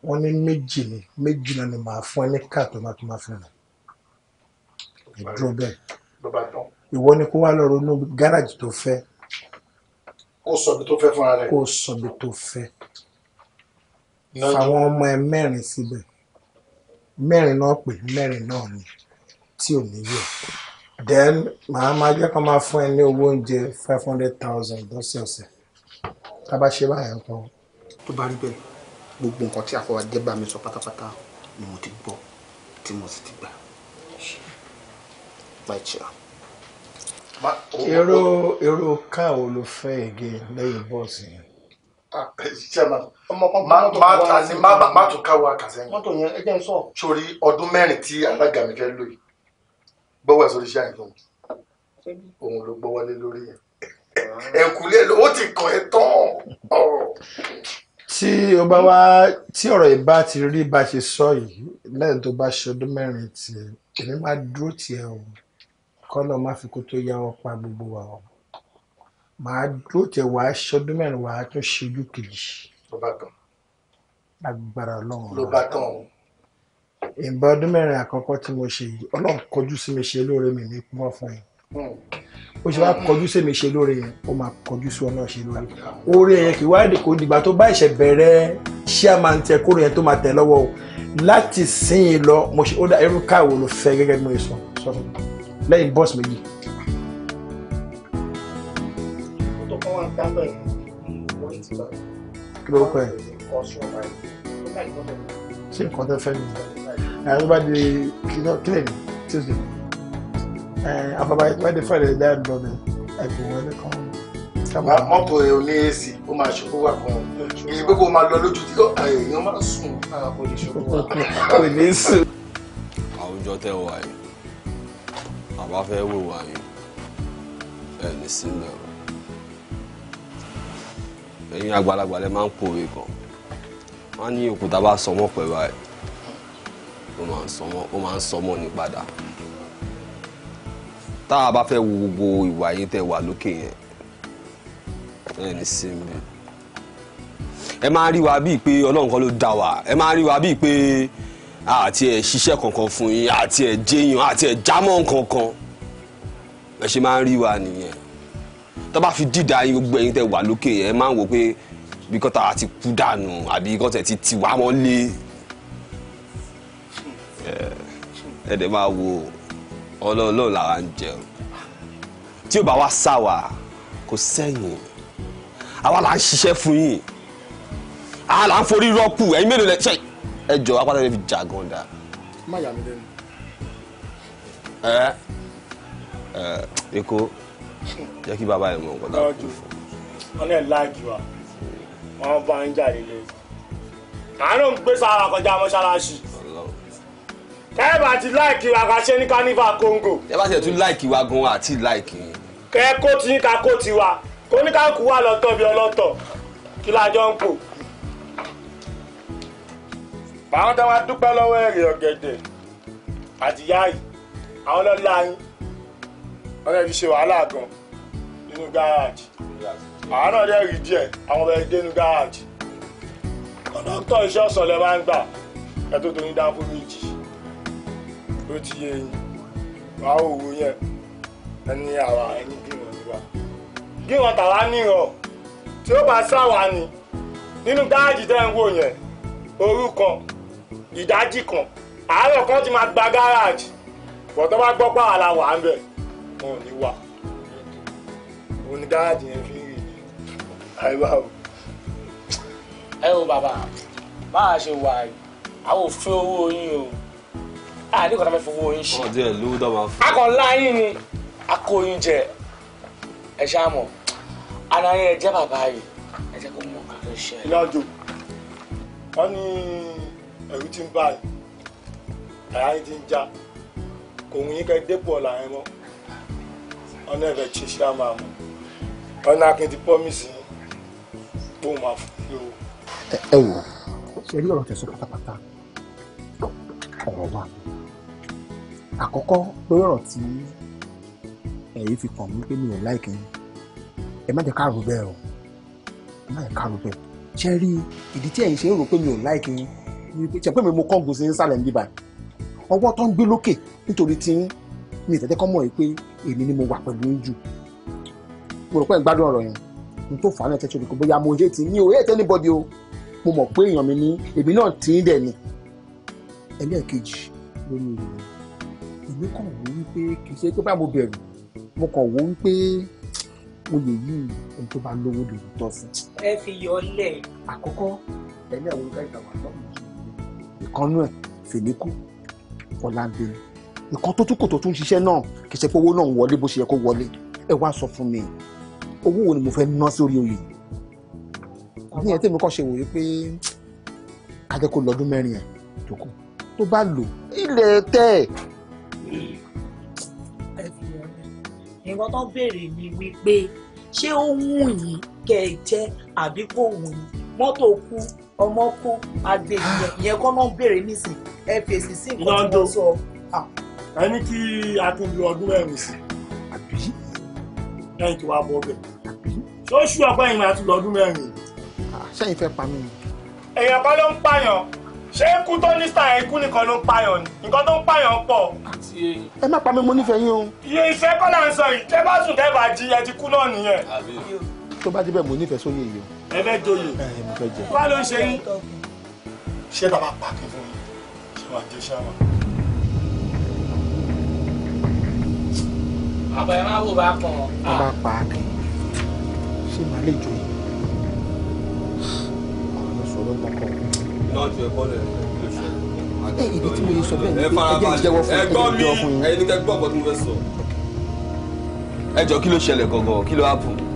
wọ́n ní méjì ni méjì náà ni màá fún ẹ ní káàtó máa tó máa fún ẹ ẹ dúró bẹ́ẹ̀ ìwọ ni kó wá lọ ronú gáràjì tó fẹ́ kó sọbi tó fẹ́ fúnra rẹ̀ kó sọbi tó fẹ́ fàwọn ọmọ ẹ mẹ́rin síbẹ̀ mẹ́rin náà pè mẹ́rin náà ni tí ò ní yọ then màá máa jẹ́ kó máa fún ẹ ní owó oúnjẹ five hundred thousand lọ́sẹ̀ọ̀sẹ̀ tá a bá ṣe báyẹn kan. tó bá rí bẹ́ẹ̀ gbogbo nǹkan tí àfọwọ́jẹ́ bá mi sọ pátápátá ni mo ti gbọ́ tí mo sì ti gbà my chair. èrò èrò káà wo ló fẹ́ ege lẹ́yìn bọ́ọ̀sì yẹn ah, eh, má tún káwọ àkàsẹ́yìn mọ́tò yẹn ẹ jẹ́ n sọ. sórí ọdún mẹ́rin tí alága mi fẹ́ lò yìí gbọ́wọ́ ẹ̀sọ́ iṣẹ́ àyìnbó òun ló gbọ́wọ́ lé lórí yẹn ah. ẹ̀kúlé lówó ti kàn ẹ́ tán. Oh. tí o bá wá tí ọ̀rọ̀ yìí bá ti rí bá ṣe sọ yìí lẹ́yìn tó bá ṣe ọdún mẹ́rin tí èmi máa dúró tiẹ̀ o kọ́lọ̀ má fi kó tó yá ọ pa gbogbo wa ọ màá dúró tẹ wàá ṣọdún mẹ́rin wàá tún ṣojú kejì. ló bá tán. lágbára ọlọ́run ló bá tán o. ìbọn ọdún mẹ́rin àkọ́kọ́ tí mo ṣe yìí ọlọ́run kọjú sí mi ṣe lóore mi ní púpọ̀ fún yín hmm. ó ṣe wá kọjú sí mi ṣe lóore yẹn ó máa kọjú sí ọ̀nà ṣe lóore oore yẹn kì í wáyé kò dìgbà tó bá ìṣẹ̀ bẹ̀rẹ̀ ṣé a máa ń tẹ kóró yẹn tó máa tẹ̀ lọ́wọ́ o láti sìn yín lọ mo ṣe ó dá irú káàwó ló fẹ́ gẹ́gẹ́ bí mo ṣe sọ fún mi lẹ́yìn bọ́ọ̀sì méjì. tó kọ́ wá ń dá lọ́ọ̀ wọ́n ti bá kí ló kọ́ ẹ̀. ṣé nǹkan tẹ́ fẹ́ mi ẹ̀ ló bá di kílẹ̀ ní tuesday ẹ̀ àbábá ẹ̀ tó bá di friday ẹ̀ dáhùn lọ́ọ̀bẹ ẹ̀gbọ́n wọn ní kan mọ́tò ẹ̀ ò ní èsì ó máa ṣòkó wà kan èyí pé kó máa lọ lójú tí èèyàn máa sùn ah, kò lè ṣòkó wà. kò ní sùn. àwùjọ tẹ wà yìí àbá fẹ́ wò wá yìí ẹ ní sílẹ̀ o ẹ̀yin àgbàlagbà lẹ máa ń pòwe gan wọ́n ní òkúta bá sọmọ pẹ̀lú ẹ̀ ó máa ń sọmọ ó máa ń sọmọ ní padà tá a bá fẹ́ wo gbogbo ìwà yín tẹ̀ wà lókè yẹn ẹ ní sílẹ̀ ẹ máa rí wa bíi pé ọlọ́run kan ló dá wa ẹ máa rí wa bíi pé àti ẹ̀ ṣiṣẹ́ kankan fún yín àti ẹ̀ jẹyàn àti ẹ̀ jámọ́ kankan ẹ ṣe máa ń rí wa nìyẹn tó bá fi dídá yín gbogbo ẹ̀yin tẹ́ wà lókè ẹ máa ń wò pé bí kọ́ta ti kú dànù àbí kọ́ta ti ti wá mọ́lé ẹ dẹ̀ máa wo ọlọ́ọ̀lọ́ làwa ń jẹun tí ò bá wá sá wa kò sẹ́yìn àwa là ń ṣiṣẹ́ fún yín àwa là ń forí rọ́pù ẹ̀yin mélòó lẹ́sẹ̀ ẹ jọ apá tẹ́lẹ̀ fi jà gan da. má yà mí lẹ́nu. ẹ ẹ èkó jẹ́ kí bàbá ẹ̀ mọ̀ nǹkan náà kú fún. wọ́n lè láàgì wa wọ́n bá ń jà nílé àánú ń gbé sára kọjá mọ́ṣáláṣí kẹ́ẹ̀ bá ti láìkì wa ká ṣe ní kánífà kóńgò. ẹ bá ṣe tún láìkì wa gan àti láìkì. kẹ́ẹ̀ kó ti yín ká kó tiwa kóníkàkú wà lọ́tọ̀ bí ọlọ́tọ̀ kí lájọ ń pò báwọn tó wá dúpẹ́ lọ́wọ́ èrè ọ̀gẹ̀dẹ̀ àti yáàyì àwọn lọ́la yín wọ́n lè fi ṣe wàhálà gan nínú gáràjì àwọn náà lè rí díẹ̀ àwọn ọmọ ẹgbẹ́ nínú gáràjì kọ́ńdọ́tọ̀ iṣẹ́ ọ̀sán lẹ máa ń gbà ẹ tó torí dá fún méjì ó ti yé yín wàá òwò yẹn ẹni àwa ẹni gíran níwà gíran tàwa níran tí ó bá sáwà ni nínú gáràjì tẹ́ ń wò yẹn orúkọ ìdájí kan àárọ̀ kan ti máa gba gáràjì bọ̀ tó bá gbọ́ pé àlà wà ń bẹ̀ wọn ò ní wà òun ni gáràjì yẹn fi ń rìn ní o. ẹ wo bàbá máa ṣe wà àwọn òfin owó yín o àdé kọ́ta fẹ́ fowó yín ṣe. ọ̀dẹ lówó dá máa fún. akọ̀ọ́lá yín ni akóyin jẹ ẹ ṣáà mọ̀ ara yẹn ẹ jẹ́ bàbá yìí ẹ jẹ́ kó mọ̀ kàfẹ́ ṣe. ìyá wọn ni ẹ̀rù ti ń bà yín àyà yín ti ń já kò ń yín kẹ́ dépò ọ̀la yẹn mọ́ ọ̀nà ẹ̀fẹ̀ ṣe ṣe àmà mọ́ ọ̀nà akin ti pọ́mìsì kó o máa fún yín o. ẹ wò ṣe rí ọ̀rọ̀ tẹ̀sán pátápátá ọ̀rọ̀ wa àkọ́kọ́ lórí ọ̀rọ̀ tí ẹ̀yìn fi kàn mí pé mi ò láìkí yín ẹ má jẹ́ ká rò bẹ́ẹ̀ o ẹ má jẹ́ ká rò bẹ́ẹ̀ ṣe rí ìdí tí ẹ̀yin ṣe ń rò pé mi ò láìkí yín ṣe pé mi mo kọ́ gòsè nsàlẹ̀ níbí báyìí ọwọ́ tó ń gbé lókè nítorí tí mi ìtẹ́jẹ́ kọ́ mọ̀ ẹ́ pé èmi ni mo wà pẹ̀lú yín jù mo rò pé ń gbádùn ọ̀rọ̀ yẹn n tó fà á náà tẹ́tí orí kò bóyá mo ṣe ti ní òye ẹ̀tẹ́ níbọ̀dì o mo mọ̀ pé èèyàn mi ní èmi náà tí ń dẹ̀ ni ẹlẹ́ẹ̀kejì lórí òye èmi kàn wò wípé kì í ṣe pé báyìí mo bẹ̀rù mo kàn wò wípé oyè yìí ohun tó bá lówó lòdì tọ́ ẹ fi yọ ọ lẹ. àkọ́kọ́ ẹ̀mí àwọn olùkọ́ ìtàwọn àtọ́kùn ìkan nú ẹ̀ fèníkù ọ̀làǹdè ìkan tó tún kò tó tún ṣiṣẹ́ náà kì í ṣe pé owó náà wọlé bó ṣe yẹ kó wọlé ẹ wá sọ fún mi owó wo ni mo fẹ́ ná sórí oyè yìí ní ẹ̀ tèmi kọ́ ṣe wòye pé kájẹ́ kó lọ́dún mẹ́rin ẹ̀ tó kù tó bá lò ilẹ̀ tẹ̀. nǹkan tó béèrè ni wípé ṣé ó wù yín kẹ́ ẹ jẹ́ àbí kò wù yín mọ́tò kú ọmọ kú àgbè ìyẹn kọ́ náà ń béèrè nísìn ẹ fèsì sí nǹkan tí wọ́n sọ. ẹni kí a tún lu ọdún mẹ́rin sí àbí ẹni tó wá bọ́ bẹ̀ ṣó ṣú ọgbọ́n ìrìn àti lọ́dún mẹ́rin. sẹ́yìn fẹ́ pa mí ni. èèyàn kan ló ń pààyàn ṣé ikú tó ní sáà ikú nìkan ló ń pààyàn ni nǹkan tó ń pààyàn pọ̀. ẹ má pa mí mo nífẹ̀ẹ́ yín o. iye iṣẹ́ kọ́lá ń sọ yìí tẹ́ bá sùn tẹ́ bá jí ẹ ti kú náà nìyẹn. tó bá débẹ̀ mo nífẹ̀ẹ́ sóyè yìí o ẹ fẹ́ joyè wá ló ń ṣe yín. ṣé bàbá pàkín fún mi ṣé wàá jẹ ṣáà wà. bàbá ẹ wò bá kàn. bàbá pàkín ṣé màá lè joyè. ọ̀rọ̀ sọ̀rọ̀ gbọ̀ngàn. náà ju ẹ̀kọ́ rẹ̀ lóṣù ẹ ìdí tí mo yẹ sọ bẹ́ẹ̀ ni pé ẹjẹ ìjẹ́wọ́ fún ẹjẹ ìjẹ́wọ́ fún yín. ẹ jọ kí ló ṣẹlẹ̀ gangan kí ló happen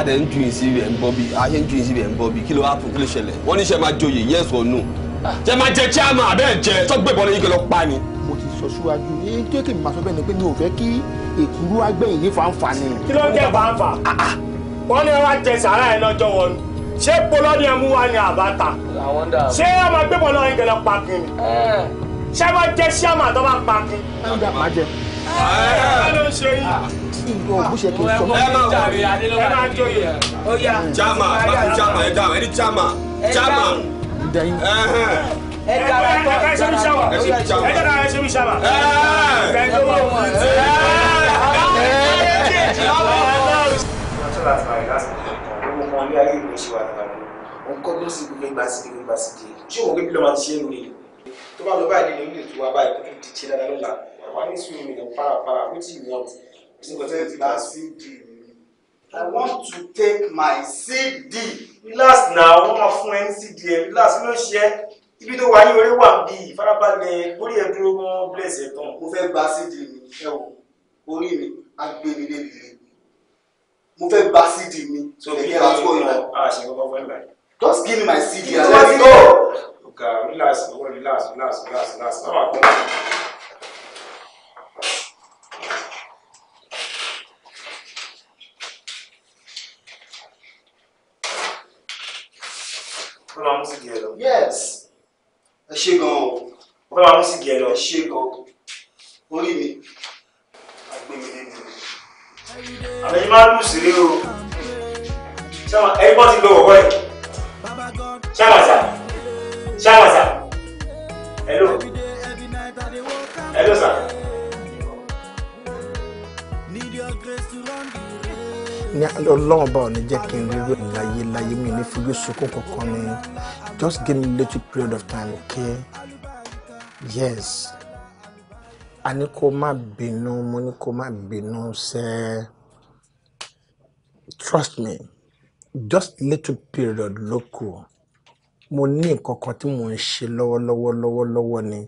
adẹ̀ ń tún ìsí rẹ̀ ń bọ́ bí ayé ń tún ìsí rẹ̀ ń bọ́ bí kí ló hàpù kí ló ṣẹlẹ̀ wọ́n ní ṣe máa joyè yes or no. Ah. ṣe máa jẹ chairman abẹ́ ẹ̀ jẹ tọ́gbẹ̀bọ̀ lẹ́yìn kí lọ pa ni. mo ti sọ síwájú èyí tó kì í máa sọ bẹ́ẹ̀ ni pé mi ò fẹ́ kí èkúrú agbẹ̀yìn ní fanfa ni. kí ló ń ah, ah, jẹ fanfa wọn ní wàá jẹ sàrà ẹ lọ́jọ́ wọn ṣé polọ́ ni ẹ mú wa ni àbáta ṣé ọmọ gbẹ̀bọ̀ náà ń gẹ̀lẹ́ pa kí ni eh. ṣé wọ́n jẹ sí àmà tó bá pa eh, kí. ẹ ẹ ló ń ṣe yìí sí ìgbọ́ òkúṣe kì í sọ. ẹ máa wọ ẹ máa jó yẹ. jama jama ẹ dáhùn ẹ ní jama jama. ẹ dára tó ẹ ṣe mi ṣàwà ẹ dára ẹ ṣe mi ṣàwà. ẹ ẹ ẹ nǹkan ló sì gbé gbà sí gbé gbà sí di ṣé òun gbé bí lọ́mọ ti ṣe é nìyí tó bá lọ báyìí nínú ilé ìtura báyìí tó ti ṣe dáadáa lọ́la wà ní sùúrù nìkan párapàra ó ti yàn i want to take my cd relax now wọ́n máa fún ẹ ní cd ẹ relax kí ló ṣe ẹ́ ibi tó wà ní orí wà bí ìfarabalẹ̀ orí ẹ̀ dúró gan bless ẹ̀ tán. mo fẹ́ gba cd mi ẹ wò orí mi á gbé mi débi rẹ̀ mo fẹ́ gba cd mi ẹ̀yẹ́ àtúwò ah, ìlà. just give me my cd and let's go. ọ̀gá relax relax relax relax relax. fẹ́ máa mú sí gẹ̀ẹ́ lọ. yes ẹ ṣe gan o. mo fẹ́ máa mú sí gẹ̀ẹ́ lọ. ẹ ṣe gan o. orí mi agbèmí lẹ́nu. àmì yìí máa ń lù sílé o. ṣé ẹ bọ́ ti lo ẹ̀. ṣé àwọn àṣà ṣé àwọn àṣà. ní ọlọ́run bá ò ní jẹ́ kí n rí ròyìn láyé láyé mi ní fojú sunkún kankan ni just give me little period of time okay yes a ní kó má bínú mo ní kó má bínú ṣe trust me just little period ló kù mo ní nǹkan kan tí mò ń ṣe lọ́wọ́lọ́wọ́ lọ́wọ́lọ́wọ́ ni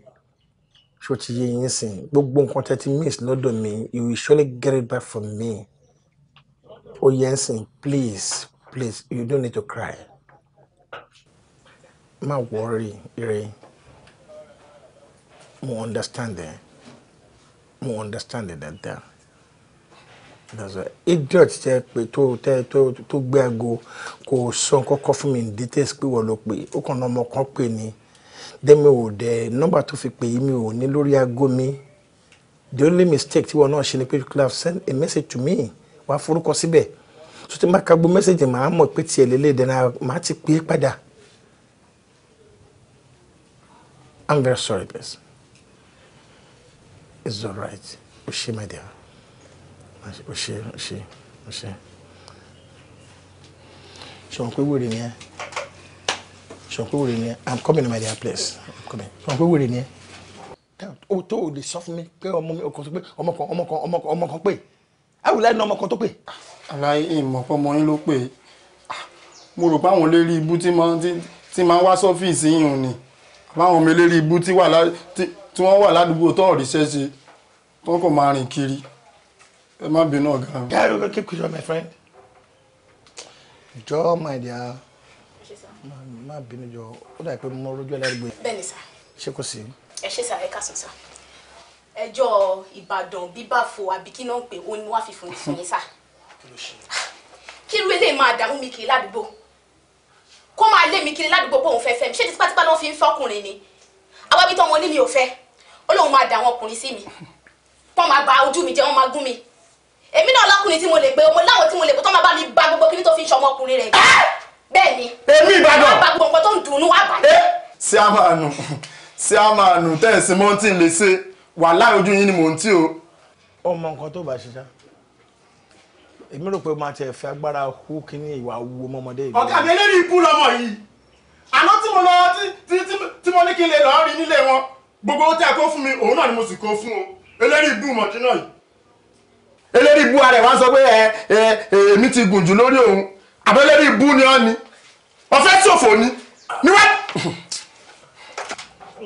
ṣó ti yé yín sìn gbogbo nǹkan tẹ́ ti miss lọ́dọ̀ mi you will surely get it back from me. Oh yẹ please please you don't need to cry má wọrí ire mo understand ẹ mo understand ẹ dáadáa that's idiot tẹ pé tó tẹ tó tó gbé aago go. sọ kọkọ fún mi ní details pé wọ́n ló pè ó kàn ọmọ kan pè ní dẹ́mi ò dẹ nọ́mbà tó fi pè yí mi ò ní lórí aago mi the only mistake tí wọn náà ṣe ni pé you could have sent a message to me wàá forúkọ síbẹ̀ tó ti máa ka gbọ́ mẹ́sẹ̀gì màá mọ̀ pé tiẹ̀ lélẹ̀ dẹ́nà màá ti pè é padà. I'm very sorry, please. It's all right. O ṣe, my dear. O ṣe, o ṣe, o ṣe. Ṣọ̀n pé wèrè ni ẹ́. Ṣọ̀n pé wèrè ni ẹ́. I'm coming, my dear, please. I'm coming. Ṣọ̀n pé wèrè ni ẹ́. O tó o lè sọ fún mi pé ọmọ mi ọkọ̀ sọ pé ọmọ kan ọmọ kan ọmọ kan ọmọ kan ẹ wù lẹ́nu ọmọ kan tó pè. aláì ìmọ̀ pọ́mọ yín ló pè mo rò páwọn lérí ibú tí máa ń wá sọ́fíìsì yìnyín ni àbáwọn ọmọ elérí ibú tí wọ́n wà ládùúgbò tó ọ̀rìṣẹ́ ṣe tó kò máa rìn kiri ẹ má bínú ọ̀gá. gary oge keep quiet my friend jọ my dear má bínú jọ ó dà pé mo rójú ẹlẹ́rìí gbé. bẹ́ẹ̀ ni sà. ṣé kò sí. ẹ ṣe sà ẹ ká sùn sà ẹjọ́ ìbàdàn bíbáfo àbí kí náà ń pè òun ni wọ́n á fi fún ti fún yín sá. kí irú eléyìí máa dààmú mi kiri ládùúgbò kó máa lé mi kiri ládùúgbò pé òun fẹ́ fẹ́ mi ṣé tipátipá ni wọ́n fi ń fẹ́ ọkùnrin ni àwa bí tọ́mọ ní mi ò fẹ́ ó lóun máa dà àwọn ọkùnrin sí mi wọ́n máa bà ojú mi jẹ́ wọ́n máa gún mi èmi náà lọ́kùnrin tí mo lè gbé ọmọ láwọn tí mo lè gbé tó máa bá mi bà gbogbo kí ni tó fi ń ṣọmọ ọkùnrin rẹ̀ bẹ́ẹ̀ èmi ìbàdàn wọ́n bá gbogbo nǹkan tó ń dùn ún wá bàjẹ́. sí àmàánù sí àmàánù tẹ̀sí mọ́tì lè ṣe wàláhì ojú yín ni mò ń tì o. ọmọ nǹkan tó bá ṣiṣẹ́ èmi rò pé o máa tiẹ̀ fẹ́ agbára hú kínní ìwà wo mọ́mọdé yìí. ọ̀gá mi eléyìí bú lọ́mọ yìí àná tí mo lọ tí mo ní kí n lè lọ́ọ́ rí nílé wọn gbogbo owó tí a kó fún mi òun náà ni mo sì kó fún o eléyìí bú mọ̀jínà yìí eléyìí bú ara ẹ̀ wá sọ pé ẹ ẹ èmi ti gùn jù lórí òun àbẹ́ eléyìí bú ni ọ́ ni ọ̀fẹ́ tí òfò ni níwájú.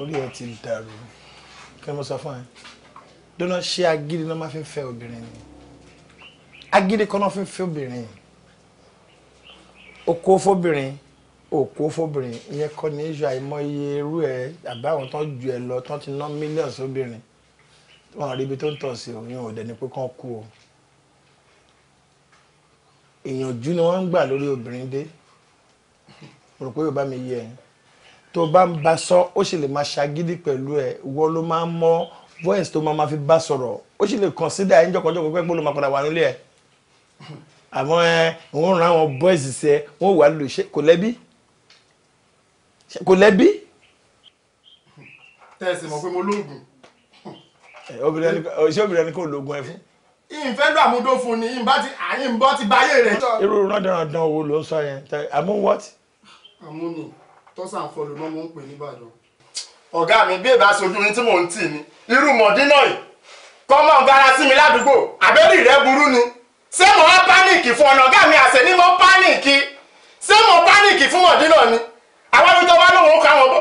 orí ẹ ti dàrú kí ni mo sọ fún ẹ dọ́nà ṣé agídí náà máa fi fẹ́ obìnrin ni agídí kan náà fi fẹ́ obìnrin okó fóbìnrin òkú fóbìnrin ìyẹn kọ́ ní ìṣù àìmọye irú ẹ àbáwọn tán ju ẹ lọ tán ti ná mílíọ̀nù sóbìnrin wọn rí ibi tó ń tọ̀ sí òyìn òdẹ ni pé kán kú o ìyànjú ni wọ́n ń gbà lórí obìnrin dé rò pé yóò bá mi yé ẹ tó bá ń bá sọ ó sì lè máa ṣàgídí pẹ̀lú ẹ̀ ìwọ ló máa ń mọ voice tó máa ma fi bá sọ̀rọ̀ ó sì lè consider ẹ̀ ńjọkọ̀jọkọ̀ pé gbọ́dọ̀ máa padà wà nílé ẹ̀ àmọ́ ẹ wọ́n ran àwọn boys sẹ wọ́n wà lò ṣe kò lẹ́bí kò lẹ́bí. tẹ̀sí mọ̀ pé mo lóògùn. ṣé obìnrin ẹni kò lóògùn ẹ fún. ìfẹ́ ló àmúdó fún ni ìbá ti àyìn bọ́ ti báyé rẹ̀. irú rọ́dọ̀rọ̀dọ̀ wo ló ń sọ yẹn àmú what. àmú ni tọ́sà ń náà mò ń pè nìbàdàn. ọ̀gá mi bí èbá sojú ni tí mò ń tì ní irú mọ̀dínà yìí kọ́mọ̀ ń sí mi ládùúgbò àbẹ́rì rẹ burú ni ṣé mo wá pánìkì fún ọ̀nà ọ̀gá mi àṣẹ ni mo pánìkì ṣé mo pánìkì fún mọ̀dínà ni àwọn ibi tó wá lóun ó káwọn bọ́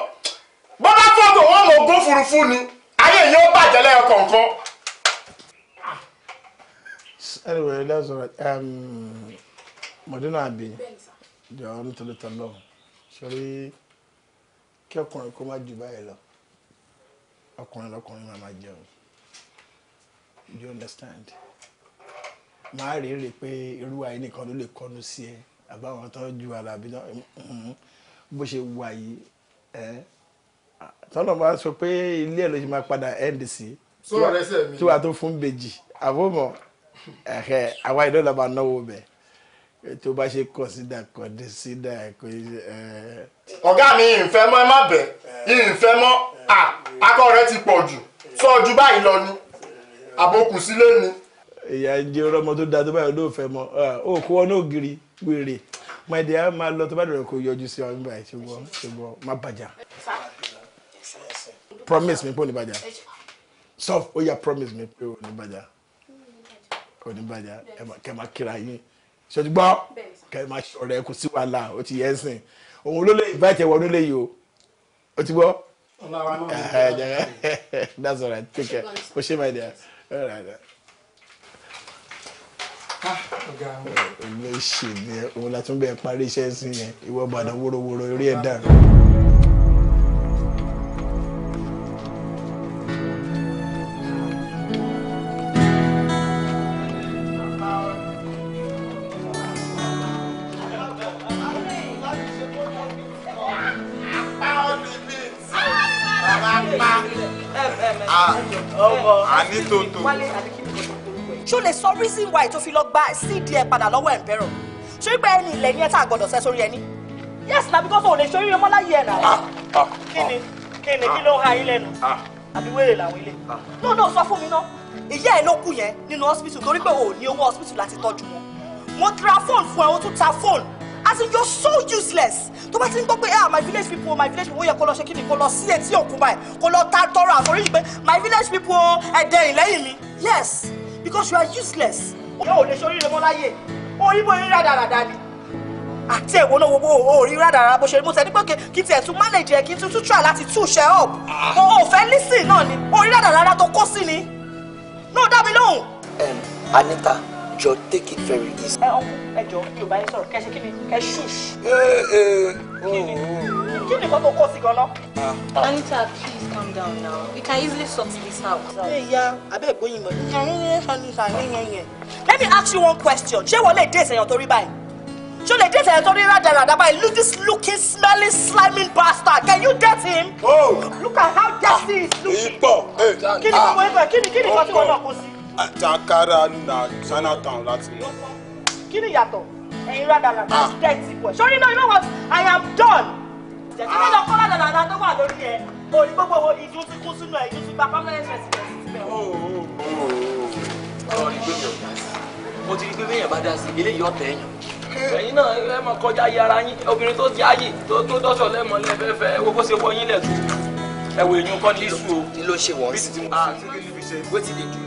bọ́ bá fọ́ọ̀gù wọn mọ̀ ogún furuufú ni ayé yìí ó bàjẹ́ lẹ́yọ kọ̀ọ̀kan. anyway that's all right um, mọ̀dínà àbí jọ̀ọ́ nítorí tọ́lọ́ sórí. Sorry kí ọkùnrin kó má jù báyìí lọ ọkùnrin lọkùnrin máa máa jẹun you understand máa rí rí pé irú wa yìí nìkan ló lè kọnu sí ẹ àbáwọn tó ju ara àbí mm-hmm, bó ṣe wà yìí ẹ tọ́nà bá sọ pé ilé ẹ̀ ló ṣe máa padà ndc tí wàá tó fún bèjì àbọ̀mọ̀ ẹ̀hẹ̀ àwa ìdọ́là máa náwó bẹ́ẹ̀. Eh, tó bá ṣe consider consider ẹ̀kọ́ ẹ̀. Eh. ọ̀gá mi ìfẹ́ mọ́ ẹ má bẹ̀ ìfẹ́ mọ́ akọ rẹ ti pọ̀ jù sọ ojú báyìí lọ ni àbòkù sílé ni. ìyá jẹ́ ọlọ́mọ tó dáa tó báyìí ló fẹ́ mọ́ ó kó wọn náà giri wèrè my dear máa lọ tó bá dọ̀rọ̀ kó yọjú sí ọ nígbà ṣùgbọ́n ṣùgbọ́n má bàjá promise mi pé ò ní bàjá sọ ó yá promise mi pé ò ní bàjá ò ní bàjá kẹ́ máa kíra yín ṣètùgbọ́ kẹ́ ẹ máa ṣọ̀rẹ́ kò sí wàhálà ó ti yẹ ẹ̀sìn òun ló lè invite ẹ̀ wọnú lè yìí o ó ti gbọ́. that's all right take care kò ṣe my dear. olóṣèlú ah, òun la tún bẹ́ẹ̀ parí iṣẹ́ sí yẹn ìwọ Ìbàdàn wórówóró orí ẹ̀ dàrú. tó ń tó. ṣó lè sọ reason why tó fi lọ gba cd ẹ padà lọ́wọ́ ẹ̀ ń bẹ̀rọ̀ ṣé pé ẹni ilẹ̀ ni ẹ tá a gbọ́dọ̀ sẹ́ sórí ẹni yes na because òun lè ṣe oríire mọ́ láyé ẹ̀ náà. Ah, ah, ah. kí ni kí ni kí ló ń ha ilé nu àbí wéèrè làwọn ilé náà náà sọ fún mi ná ìyá ẹ ló kú yẹn nínú hospital torí pé òun ní owó hospital láti tọ́jú wọn mo tra fóònù fún ẹ o tún ta fóònù as in you're so useless tó bá ti ń gbọ́ pé ah, my village people my village people ó yẹ kó lọ ṣe kí ni kó lọ sí etí òkun báyìí kó lọ ta tọrọ àforíjì pé my village people o ẹ̀dẹ̀ ìlẹ́yìn mi yes because you are useless. ìyá ò lè ṣorí rẹ mọ́ láyé orí bó rí rádaràda ni àti èwo náà wo orí rádaràda bó ṣe rí mo tẹ̀ ní pé kí tiẹ̀ tún manage ẹ̀ kí n tún try láti tún ṣe up mo ò fẹ́ lísìn náà ni orí rádaràda tó kó sí ni náà dá mi lóhùn. Anita jọ take it very easy. ẹ ọkùn ẹ jọ yorùbá yẹn sọ̀rọ̀ kẹ ṣe kí ni kẹ ṣùṣ. kí ni kí ni kó tó kó sí ganan. anita ah. please calm down now we can easily sort this out. ṣé ìyá abẹ́ ìgbóyin mọ̀ ní. ẹ̀yin ní sani sani yẹn yẹn. let me ask you one question ṣé wọ́n lè dé ìsẹ̀yàn torí báyìí ṣé o lè dé ìsẹ̀yàn torí rádaràdà báyìí look this looking smelling sliming bastard can you date him. oh look at how dirty he is looking. Eh, ipò ah. kí ni kí ni kí ni kí ni kí ni kí ni àjàkárá na Chinatown láti mú. kí ni ìyàtọ̀ ẹ̀yin rádàlà náà ah. jẹ́ ti pọ̀ sórí náà you know what I am done. jẹ̀jẹ̀rẹ̀ lọ ah. kọ́lá dàdà tó wà lórí ẹ̀ orí gbogbo wo ìdún ti kú sínú ẹ̀ ti gba permanent residence síbẹ̀. Oh, oh, oh. ọ̀rọ̀ ni gbẹ̀yìn ọ̀gá sí mo ti rí pé bẹ́yẹn bá dá sí eléyìí ọ̀tẹ̀ èèyàn eh. ẹ̀yin náà ẹ máa kọjá ayé ara yín obìnrin tó ti ayé tó tó dọ́sọ̀ lẹ́mọ̀ lẹ́fẹ̀ẹ́fẹ́ ẹ wo ṣe wọ yín lẹ̀ tó ẹ èèyàn kọ́ ní ìṣù o. kí ló ṣe wọ́n sí. bí ti ti mú sí. wetin dey do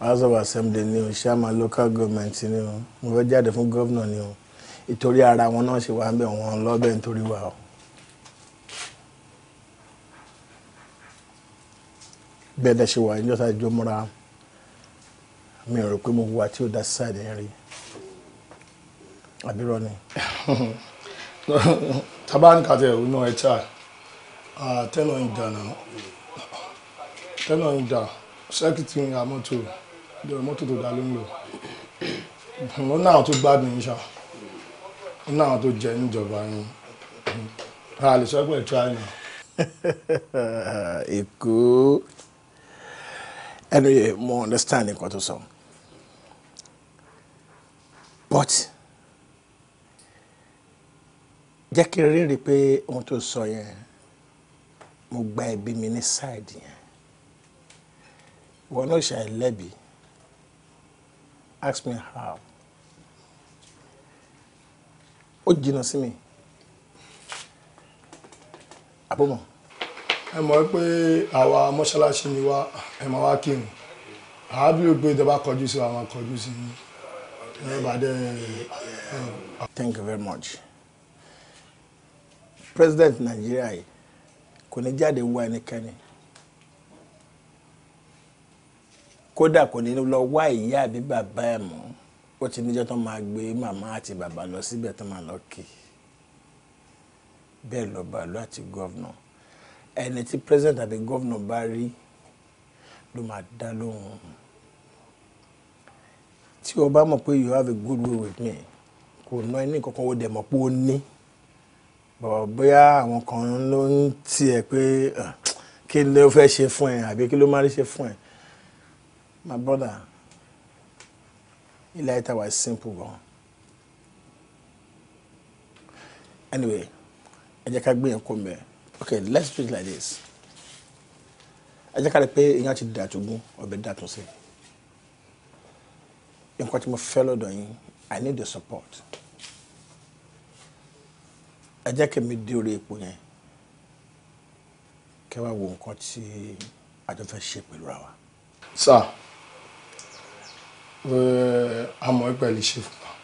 house of assembly ni o chairman local government ni o mo fẹ́ jáde fún gómìnà ni o ìtorí ara wọn náà ṣe wà ń bẹ̀ wọ́n lọ́bẹ̀ nítorí wa o. bẹ́ẹ̀ dẹ̀ ṣe wà níjọ́ tá a jọ múra mi rò pé mo wà tí ó dá sáàdì ń rí àbírọ̀ ni. tabanka tẹ ò ná ẹ chá tẹ́lọ̀ ń dà náà tẹ́lọ̀ ń dà sẹ́kìtì àmọ́tò lórí mọ́tò tó dá ló ń lò ó náà tó gbádùn yín ṣá ó náà tó jẹ níjọba yín a lè sọ pé ẹ̀ but jẹ́ kí n rí rí pé ohun tó sọ yẹn mo gba ẹbí mi ask me how ó jìnnà sí mi àbọ̀mọ̀. ẹ mọ̀ pé àwa mọ́ṣáláṣí ni wá ẹ máa wá kírun àádúró pé ìjọba kọjú sí wa máa sí i thank you very much president Nigeria yìí kò ní jáde wá ẹnikẹ́ni. kódà kò ní lọ wá ìyá àbí bàbá ẹ̀ mọ́ ó ti níjọ́ tó máa gbé màmá àti bàbá lọ síbẹ̀ tó máa lọ kì í bẹ́ẹ̀ lọ́ba ìlú àti gọ́vnà ẹni tí president àbí gọ́vnà bá rí ló máa dá lóhùn tí o bá mọ̀ pé you have a good way with me kò ná ẹni kankan ó dẹ̀ mọ̀ pé ó ní bọ̀ bóyá àwọn kan ló ń tiẹ̀ pé kí ló fẹ́ ṣe fún ẹ àbí kí ló máa rí ṣe fún ẹ my brother ilé ayé tàwa simple gan anyway ẹ jẹ́ ká gbé yẹn kó mẹ́ okay let's do it like this ẹ jẹ́ ká rí pé ìyá ti dàtú gún ọbẹ̀ dàtú sí nǹkan tí mo fẹ́ lọ́dọ̀ yín i need the support ẹ jẹ́ kí mi dé orí epo yẹn kẹ́ wá wo nǹkan tí a jọ fẹ́ ṣe pẹ̀lú ra wa. sir. So, àmọ́ ẹgbẹ́ lè ṣe fún wa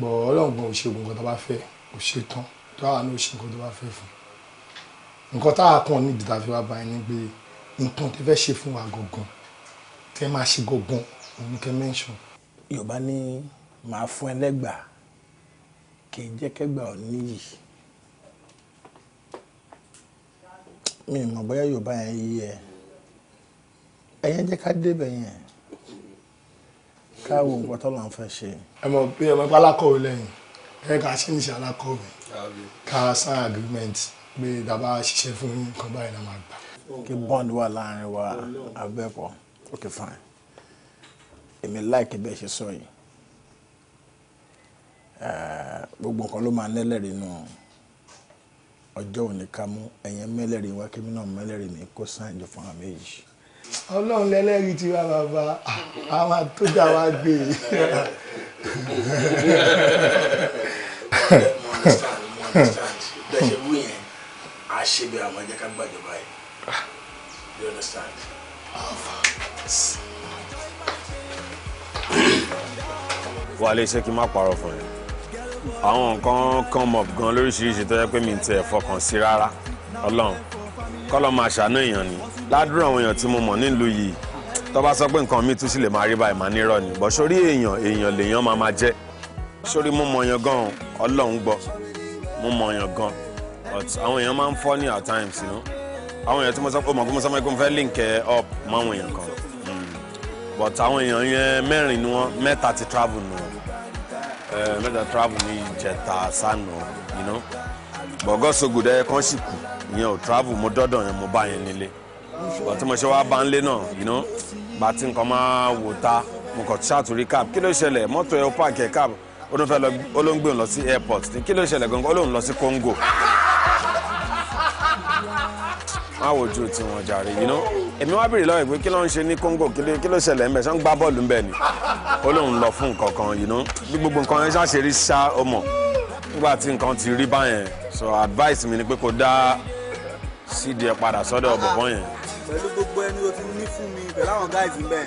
bọ̀ ọlọ́run gbọ́n òṣègùn nǹkan tó bá fẹ́ òṣètàn tó àwọn náà ṣe nǹkan tó bá fẹ́ fún nǹkan tá a kàn ní ìdìtà fi wá bá ẹni gbé nǹkan tó fẹ́ ṣe fún wa gangan tẹ́ máa ṣe gangan òun ni kẹ́ mẹ́ńsàn. yorùbá ní màá fún ẹlẹ́gbàá kì í jẹ́ kẹ́gbà ọ̀ níyì mi ò mọ̀ bóyá yorùbá yẹn yí ẹ ẹ̀yẹn jẹ́ ká débẹ̀ yẹn káwọ nǹkan tó lọ́n fẹ́ ṣe. ẹ mọ̀ bí ọmọ ẹgbẹ́ alákọ̀wé lẹ́yìn ẹ ká ṣe ń ṣe alákọ̀wé ká sign agreement pé dábàá ṣiṣẹ́ fún nǹkan báyìí náà máa gbà. kí bond wà láàrin wa abẹ́pọ̀ ok fine èmi láìkí bẹ́ẹ̀ ṣe sọ yìí gbogbo nǹkan ló máa nẹ́lẹ̀rí nù ọjọ́ òní ká mú ẹ̀yẹn mẹ́lẹ̀rí wá kí mi náà mẹ́lẹ̀rí mi kó sáǹjọ fún àwọn méjì ọlọ́run lẹ́lẹ́rìí ti wá bàbá àwọn tó dá wa gbé dẹ̀sẹ̀ wú yẹn a ṣe bí àwọn ẹ̀jẹ̀ ká gbàjọba yìí you understand. wálé iṣẹ́ kí n má parọ́ fún ẹ àwọn nǹkan come up gan lóríṣiríṣi tó yẹ pé mi ń tẹ̀ fọkàn sí rárá ọlọ́run kọ́lọ́ máa ṣàánú èèyàn ni ládùúrà àwọn èèyàn tí mo mọ̀ nílùú yìí tó bá sọ pé nǹkan mi tún sì lè máa rí báyìí máa nírọ̀ ni bọ́ sórí èèyàn èèyàn lèèyàn máa máa jẹ́ sórí mo mọ̀ yàn gan ọlọ́run gbọ́ mo mọ̀ yàn gan but àwọn èèyàn máa ń fọ́ ní at times you know àwọn èèyàn tí mo sọ pé mo kí mo sọ pé mo fẹ́ link ẹ up mọ́ àwọn èèyàn kan hmm. but àwọn èèyàn yẹn mẹ́rin ni wọ́n mẹ́ta ti travel nù wọ́n mẹ́ta travel ní ìjẹta sànù you know bọ̀gọ́sọ̀gùdẹ́ kan sì kù ìyẹn ò travel mo dọ́dọ̀ yẹn mo bá yẹn nílé but mo ṣe wá bá ń lé náà you know bá ti nǹkan máa wò ta mo kàn ṣàtúrí cab kí ló ṣẹlẹ̀ mọ́tò ẹ̀ ó pààkì ẹ̀ cab ó ló fẹ́ lọ ó ló ń gbé òun lọ sí airport ní kí ló ṣẹlẹ̀ gangan ó lóun lọ sí Congo má wojú tiwọn jàre you know èmi wá bèrè lọ́wọ́ ìpè kí ló ń ṣe ní Congo kí ló ṣẹlẹ̀ ńbẹ̀ ṣé ń gbá bọ́ọ̀lù ńbẹ̀ ni ó lóun lọ fún nǹkan kan you know bí gbogbo nǹkan yẹn ṣàṣe rí ṣá ó mọ̀ nígbà tí nǹkan ti rí báyẹn so advice mi ni pé kó dá sídìí ẹ e padà sọ́dọ̀ bọ̀bọ̀ yẹn pẹ̀lú gbogbo ẹni o ti ní fún mi pẹ̀lú àwọn guys bẹ́ẹ̀.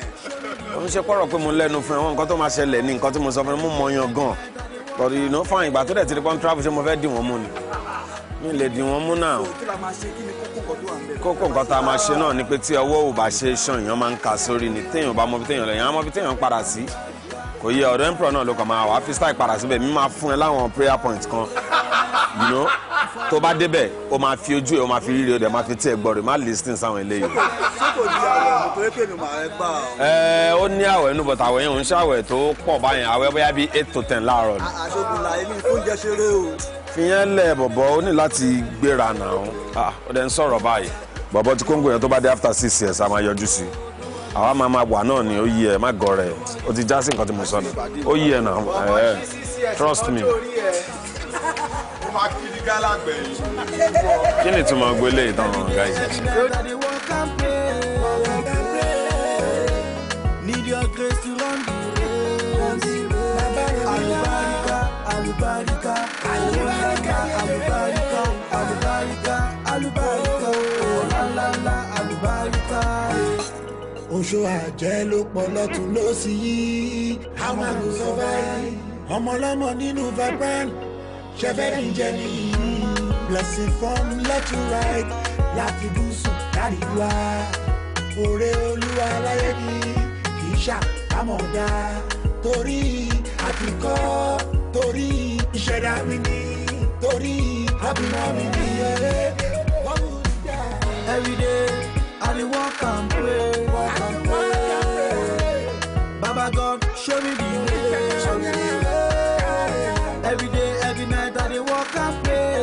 ó ń ṣe pọ̀rọ̀ pé mo lẹ́nu fún ẹ wọn nǹkan tó máa ṣẹlẹ̀ ní nǹkan tí mo sọ fún ẹ mo mọ yan gan but you know fine ìgbà tó dẹ̀ ti di pọ́n travel ṣé mo fẹ́ dì wọ́n mú ni mi lè dì wọ́n mú náà. kókó nǹkan tá a máa ṣe náà ni pé tí ọwọ́ ò bá ṣe ṣan èèyàn máa ń ka sórí ni téèyàn bá mọ bí téèyàn lọ kò yẹ ọ̀dọ̀ emperor náà ló kàn máa wà á fi style padà síbẹ̀ mi máa fún ẹ láwọn prayer point kan you know tó bá débẹ̀ o máa fi ojú ẹ o máa fi ríre o dẹ̀ máa fi tí ẹ gbọ́ rẹ̀ má sáwọn eléyìí. ṣé kò di àwẹ̀ ọ̀hún torí pé mi máa rẹ gbà ọ́. ẹ ó ní àwẹ̀ nù bọ̀tà àwẹ̀ yẹn òun ṣàwẹ̀ tó pọ̀ báyẹn àwẹ̀ bóyá bíi eight to ten láàárọ̀ ni. àṣogùn làyè fún jẹ́ ṣeré o. fìyẹn lẹ bọ̀bọ̀ ó ní láti gbéra nà ah, ó ó ń sọ̀rọ̀ báyìí bọ̀bọ̀ ti kóńgò yẹn tó bá dé after six years a máa yọjú sí i àwa máa ma wà náà ni ó yí ẹ má gọ rẹ o ti já sí nǹkan tí mo sọ ni ó yí ẹ náà ẹ trust me. kí ni tí mo gbélé ìtàn ọ̀gá yìí. àgùnṣọ àjẹ́ ló pọ̀ lọ́tún ló sì yí àwọn àgùnṣọ báyìí ọmọ ọlọ́mọ nínú vibran ṣẹfẹ́rì ń jẹ nìyí blessing from left to right láti gúúsù láti wá òré olúwa láyé ni kì í ṣàkámọ̀dá torí àtìkọ́ torí ìṣẹ̀dá mi ni torí àbímọ mi ni ẹ̀rẹ́ everyday i dey work and pray show me the way. Show me the way. Every day, every night, I dey walk and pray.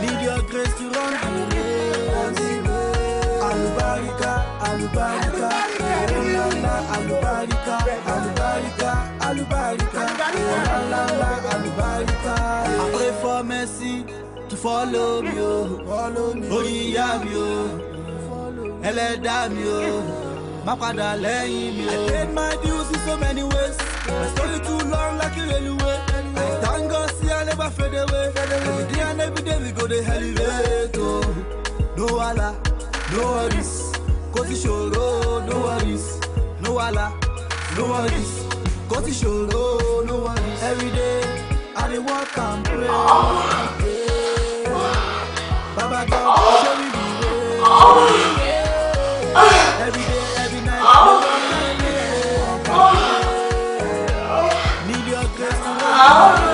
Need your grace to run the race. Alubarika, alubarika, alubarika, alubarika, alubarika, alubarika, alubarika. I pray for mercy to follow me, oh. follow me, oh yeah me, oh, ẹlẹ́dàá mi, oh má padà lẹ́yìn mi. I paid my dues in so many ways. My story too long like a railway. I thank God say I never fade away. Every day and every day we go dey elevate. Oh. No wahala, no worries. Kò sí ṣòro, no worries. No wahala, no worries. Kò sí ṣòro, no worries. Every day I dey work and pray. Baba God, show me the way. Ah, ah,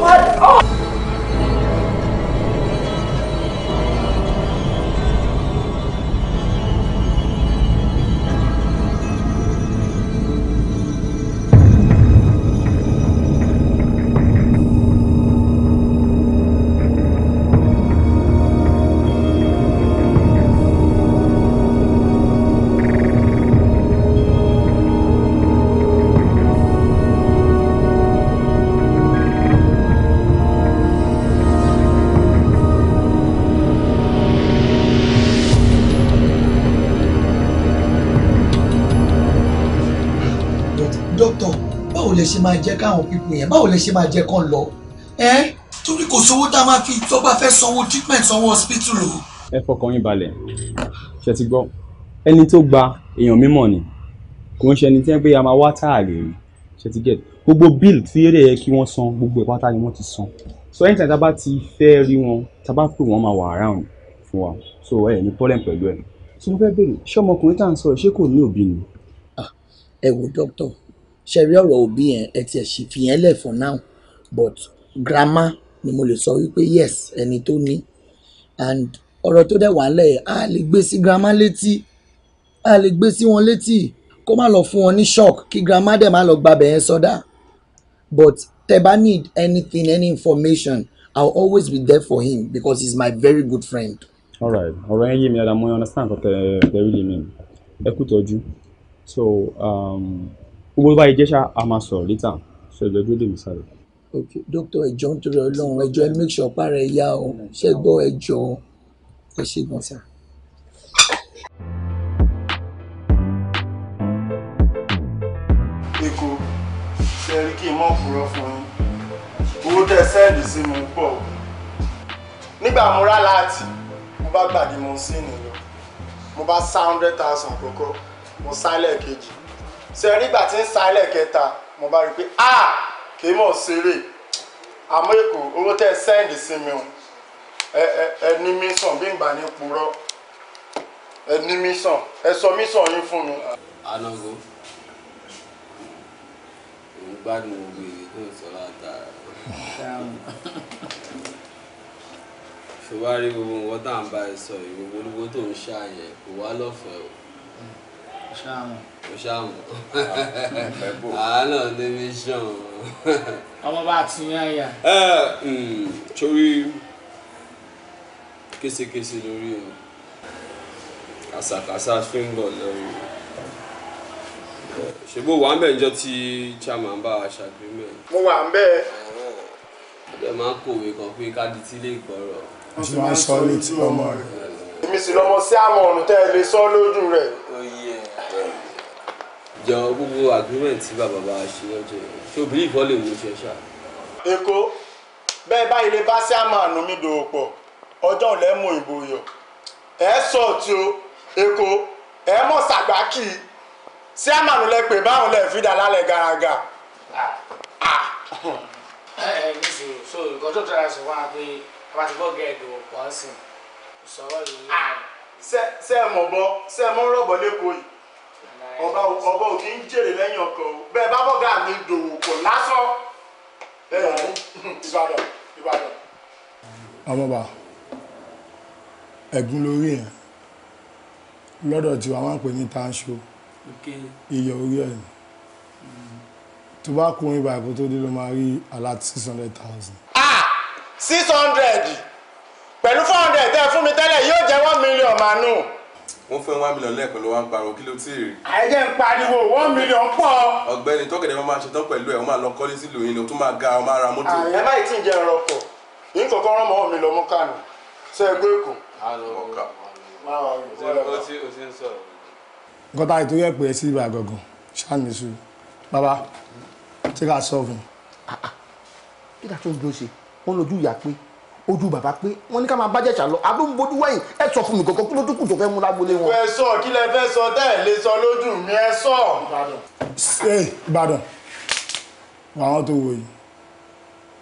what? Oh! báwo lẹ ṣe máa jẹ́ káwọn pípò yẹn báwo lẹ ṣe máa jẹ́ kán lọ ẹ́ torí kò sówó tá a máa fi tọ́gbà fẹ́ sanwó treatment sanwó hospital o. ẹ fọkàn yín balẹ̀ ṣe ti gbọ́ ẹni tó gba èèyàn mímọ̀ ni kò ń ṣe ẹni tí wọ́n pé a máa wá táàgì rí ṣe ti get gbogbo bill tí eré yẹ kí wọ́n san gbogbo ẹ̀ pátá ni wọ́n ti san so ẹni tí a bá ti fẹ́ rí wọn tá a bá pè wọ́n máa wà around fún wa so ẹ ní problem pẹ̀lú ẹ̀. tí mo fẹ́ béèrè ṣé ọmọkùnrin tá à ń sọ ṣé kò ní òbí ni. Ah, ẹ wo dókítà ṣẹ̀rí ọ̀rọ̀ òbí yẹn ẹ tiẹ̀ sì fi yẹn lẹ̀ for now but grandma, ni mo lè sọ wípé yes ẹni tó ní and ọ̀rọ̀ tó dẹ̀ wà lẹ̀ a lè gbé sí grandma létí a lè gbé sí wọn létí kó má lọ fún wọn ní shock kí grammar dẹ̀ má lọ gbàbẹ̀ yẹn sọ́dá but tẹ́ bá need anything any information I will always be there for him because he is my very good friend. alright ọ̀rọ̀ yẹn yé mi dáadáa mo understand what you really mean ẹ kú tọ́jú so. Um, gbogbo bá yẹ jẹ́ ṣá a máa sọ̀rọ̀ lítà ṣe ìjọ dúró dèmí sáré. ok dókítà ẹjọ ń torí Ọlọ́run ẹjọ ẹ make sure para ẹ yá o ṣé gbọ́ ẹjọ ẹ ṣe gbọn sá. èkó ṣe rí kí n mọ̀ fúrọ́ fún yín owó tẹ sẹ́ẹ̀lì sí mi pọ̀ nígbà mo rá láti mo bá gbàdí mo sí ìnìyàn mo bá sá hundred thousand àkọ́kọ́ mo sá lẹ́ẹ̀kejì ṣe rí ìgbà tí ń sa ilẹ̀ kẹta mo bá rí i pé a kì í mọ̀ ṣeré àmọ́ èkó owó tẹ́ sẹ́ǹdì sí mi o ẹni mi sàn bí n bá ní purọ́ ẹni mi sàn ẹ sọ mi sàn yín fún mi. anago òun gbádùn gbogbo èyí tó ń sọ látara ṣùgbọ́n rí gbogbo nǹkan tá à ń bá ẹ sọ ìwé olówó tó ń ṣàyẹ̀ kò wá lọ́fẹ̀ẹ́ o ṣáàmù. kò ṣáàmù àánà ní mission. ọmọ bá ti yan ẹyà. ẹ que se que se kàsàkàsà fi ń bọ̀ lórí o ṣègbó wà ń bẹ̀ níjọ́ tí chairman bá a ṣàgbémẹ̀. mo wà ń bẹ́ẹ̀. ọ̀dọ̀ máa ń kọ̀wé kan pé káàdì tí ilé ìgbọ́rọ̀. wọ́n ti máa ń sọ létí ọmọ rẹ̀. èmi sì lọ́mọ sí àwọn ọ̀run tẹ́ ẹ lè sọ lójú rẹ̀. oyè jọ gbogbo agreement tí bàbá bá ṣe lọ́jọ́ yẹn ṣé obìnrin ìfọ́ lè wo ṣe ṣá. èkó bẹ́ẹ̀ báyìí lè bá sáàmánù mi dòwò pọ̀ ọjọ́ òun lẹ́ mú ìbò yọ ẹ sọ ti o èkó ẹ mọ̀ sàgbá kì í sáàmánù lẹ pè báwọn lẹ fi dà lálẹ́ garaga. ẹ ẹ níṣẹ́ so nǹkan tó tẹ̀lé sọ wá pé abátibọ́ gẹ̀ẹ́dọ̀ pọ̀ ń sìn sọ̀rọ̀ yìí. sẹ́ẹ̀ mọ̀ bọ́ sẹ́ẹ̀ mọ̀ rọ̀bọ̀ lẹ́kọ̀ọ́ yìí ọba ọba ò kì í jèrè lẹ́yìn ọkọ̀ o bẹ́ẹ̀ bá bọ́gà mi dòwò pọ̀ lásán bẹ́ẹ̀ ni Ìbàdàn Ìbàdàn. ọmọọba ẹ̀gún lórí ẹ̀ lọ́dọ̀ tí wàá wọ́n pè ní tanṣo iyọ̀ orí ẹ̀ ni tó bá kú orin báyìí kó tó dé ló máa rí alert six hundred thousand. ah six hundred pẹ̀lú four hundred tẹ́ fún mi tẹ́lẹ̀ yóò jẹ́ one million màánù wọ́n fún one million lẹ́ẹ̀kan ló wá ń pariwo kí ló tí ì rí. àìjẹ́ ń pariwo one million pọ̀. ọ̀gbẹ́ni tọ́kẹ̀dẹ̀ máa ṣetán pẹ̀lú ẹ̀ wọ́n máa lọ kọ́lé sílùú yìí ni o tún máa ga ọmọ ara mọ́tò. àyẹ̀ máa tí ì jẹ́ ẹ̀rọ pọ̀ yín kọ̀ọ̀kan rán mọ́ mi lọ́mú kánú sọ ẹgbẹ́ èkó. nǹkan tá a tó yẹ pé sí ibà gangan ṣáàmì su bàbá tí ká sọ fún. Ah, ah. kí ojú bàbá pé wọ́n ní ká máa bájẹ̀ṣà lọ àbí ń bojú wẹ̀yìn ẹ sọ fún mi kọ̀ọ̀kan kí ló dúkùn tó fẹ́ mú lágbolé wọn. ẹ sọ kí lẹ fẹ́ sọ tẹ́ ẹ lè sọ lójú mi ẹ sọ. Ìbàdàn àwọn tó wò yìí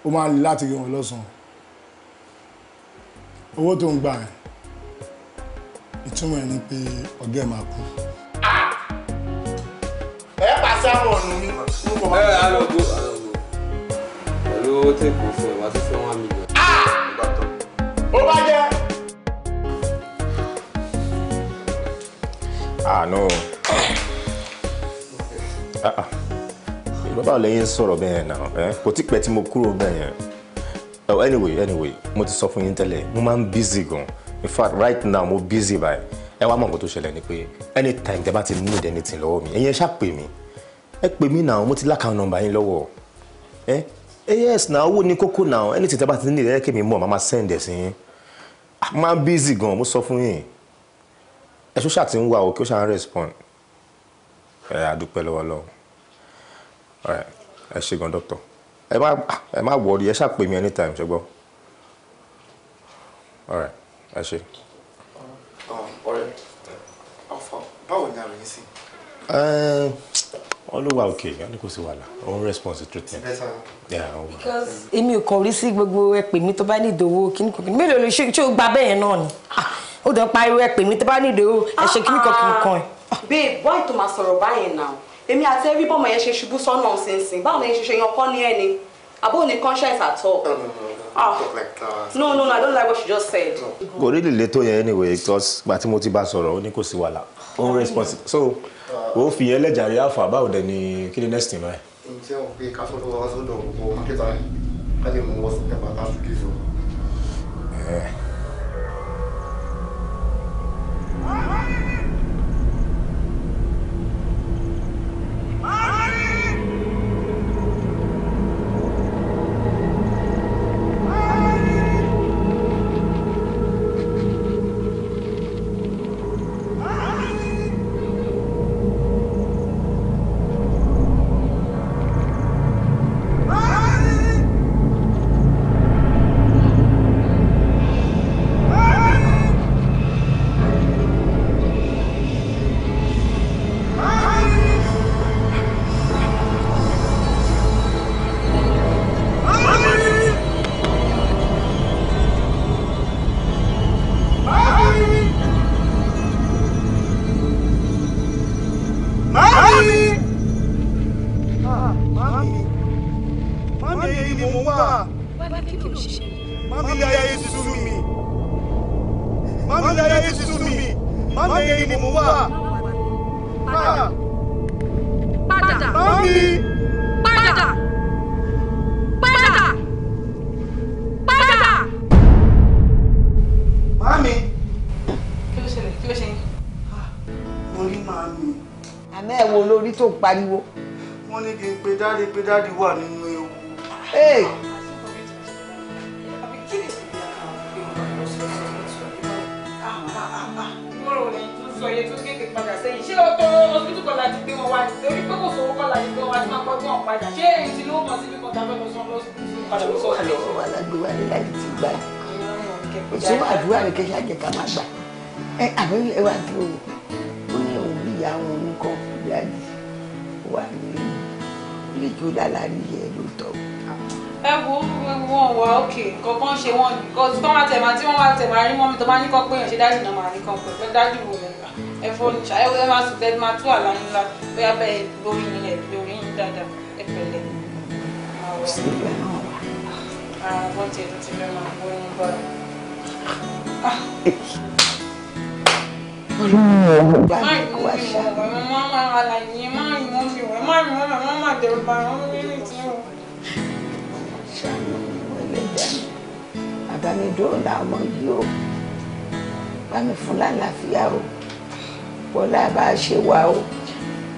ó máa ń le láti rí wọn lọ́sàn-án owó tó ń gbà ẹ̀ ìtumọ̀ ẹ̀ ni pé ọ̀gá ẹ̀ máa kú. ẹ pàṣẹ àwọn ọ̀nù mi. ẹ alọ́gbó alọ́gbó pẹ̀lú tẹ́ẹ̀pù fún ẹ̀ wá tó fẹ́ wá mílíọ̀nù ó bá jẹ́. àánú ah, ah, ah. ìlú báwo lẹ́yìn sọ̀rọ̀ bẹ́ẹ̀ náà now? Eh? pẹ́ tí mo kúrò bẹ́ẹ̀ yẹn oh anyway anyway mo ti sọ fún busy gan in fact right now mo busy báyìí ẹ wá mọ̀ nǹkan tó ṣẹlẹ̀ ni anytime tẹ́ bá ti need anything lọ́wọ́ mi ẹ̀yin ẹ ṣáà pè mí ẹ pè mí náà mo ti lákàá nọ́mbà yín lọ́wọ́ ẹ yes na owó ní kókó náà Anything tí tábà ti ní ìrẹ́lẹ́ kèmí mọ̀ máa send ẹ̀ sí yín ah, máa busy gan mo sọ fún yín ẹ ṣó ṣáà ti ń wá o kí ó ṣáà ń respond ẹ àdúpẹ́ lọ́wọ́ lọ́wọ́ ẹ ṣe gan dọ́tọ̀ ẹ má ah, ẹ má wọrí ẹ ṣáà pè mí anytime ṣùgbọ́n ẹ ṣe. ọ̀rẹ́ báwo ni àròyìn sí wọ́n ló wà òkè wọ́n ní kò sí wàhálà òun response treatment. because èmi ò kàn rí sí gbogbo ẹ pè mí tó bá ní ìdòwò kíní kò kíní mélòó lè ṣe tí ó gba bẹ́ẹ̀ náà ni ah, ó dẹ̀ pariwo ẹ pè mí tó bá ní ìdòwò ẹ ṣe kíní kan kíní kan. Ah. babe why tó máa sọ̀rọ̀ báyẹn náà èmi àti ẹbí bọ́mọ yẹn ṣe ṣubú sọ́nà ṣinṣin báwo ni yẹn ṣe ṣe yan kọ́ ní ẹni àbó ní conscience at all. Oh. No, no, no, I don't like what she just said. Kò rí lè le tó yẹn anyway because gbàtí mo ti bá sọ̀rọ̀ ó ní kò sí wàhálà. Ó ń responsible. So o fi yẹn lẹ́jàre àfà báwo dẹ̀ ni kí next time báyìí. ǹjẹ́ o pe ká sọ́dọ̀ wá sọ́dọ̀ gbogbo mákẹ́tà ká lè mú wọ́n sílẹ̀ bàtà sókè sọ. Mari! pariwo. wọ́n ní kí n pe dáàdi pé dáàdi wà nínú ewu. ṣé o tó hospital kan láti gbé wọn wá ní torí pé kò sówó kan láti gbé wọn wá ní máa pọ́jú wọn padà ṣé èyí ti ló mọ̀ síbi kan tàbí lọ sọ́n lọ́sùn padà lọ sọ́n. ọ̀rọ̀ wa la gbé wa ní láti ti gbà ní. kò sí àdúrà rẹ kẹ́kẹ́ àjẹká máa gbà ẹ àbẹ̀wò ẹ wá dúró ó ní òun bí ìyá wọn nǹkan lè jó lálàrí ẹ lóòótọ́. ẹ wo wọn wà òkè nǹkan ṣe wọn because tó máa tẹ̀mà tí wọ́n máa tẹ̀mà rí mọ́mi tó bá ní kọ́ pé èèyàn dájú náà máa ní kọ́ pé dájú wo lè gbà ẹ fọ́ ní ẹ máa sùn tẹ́lẹ̀ máa tú àlá ńlá bóyá bẹ́ẹ̀ lórí yín ẹ lórí yín dáadáa ẹ pẹ̀lẹ́. kò sí ìgbà náà wà. àwọn ah, ọmọ àbámidó làwọn yìí ó bámi fún lálàáfíà o bọ́lá bá a ṣe wá o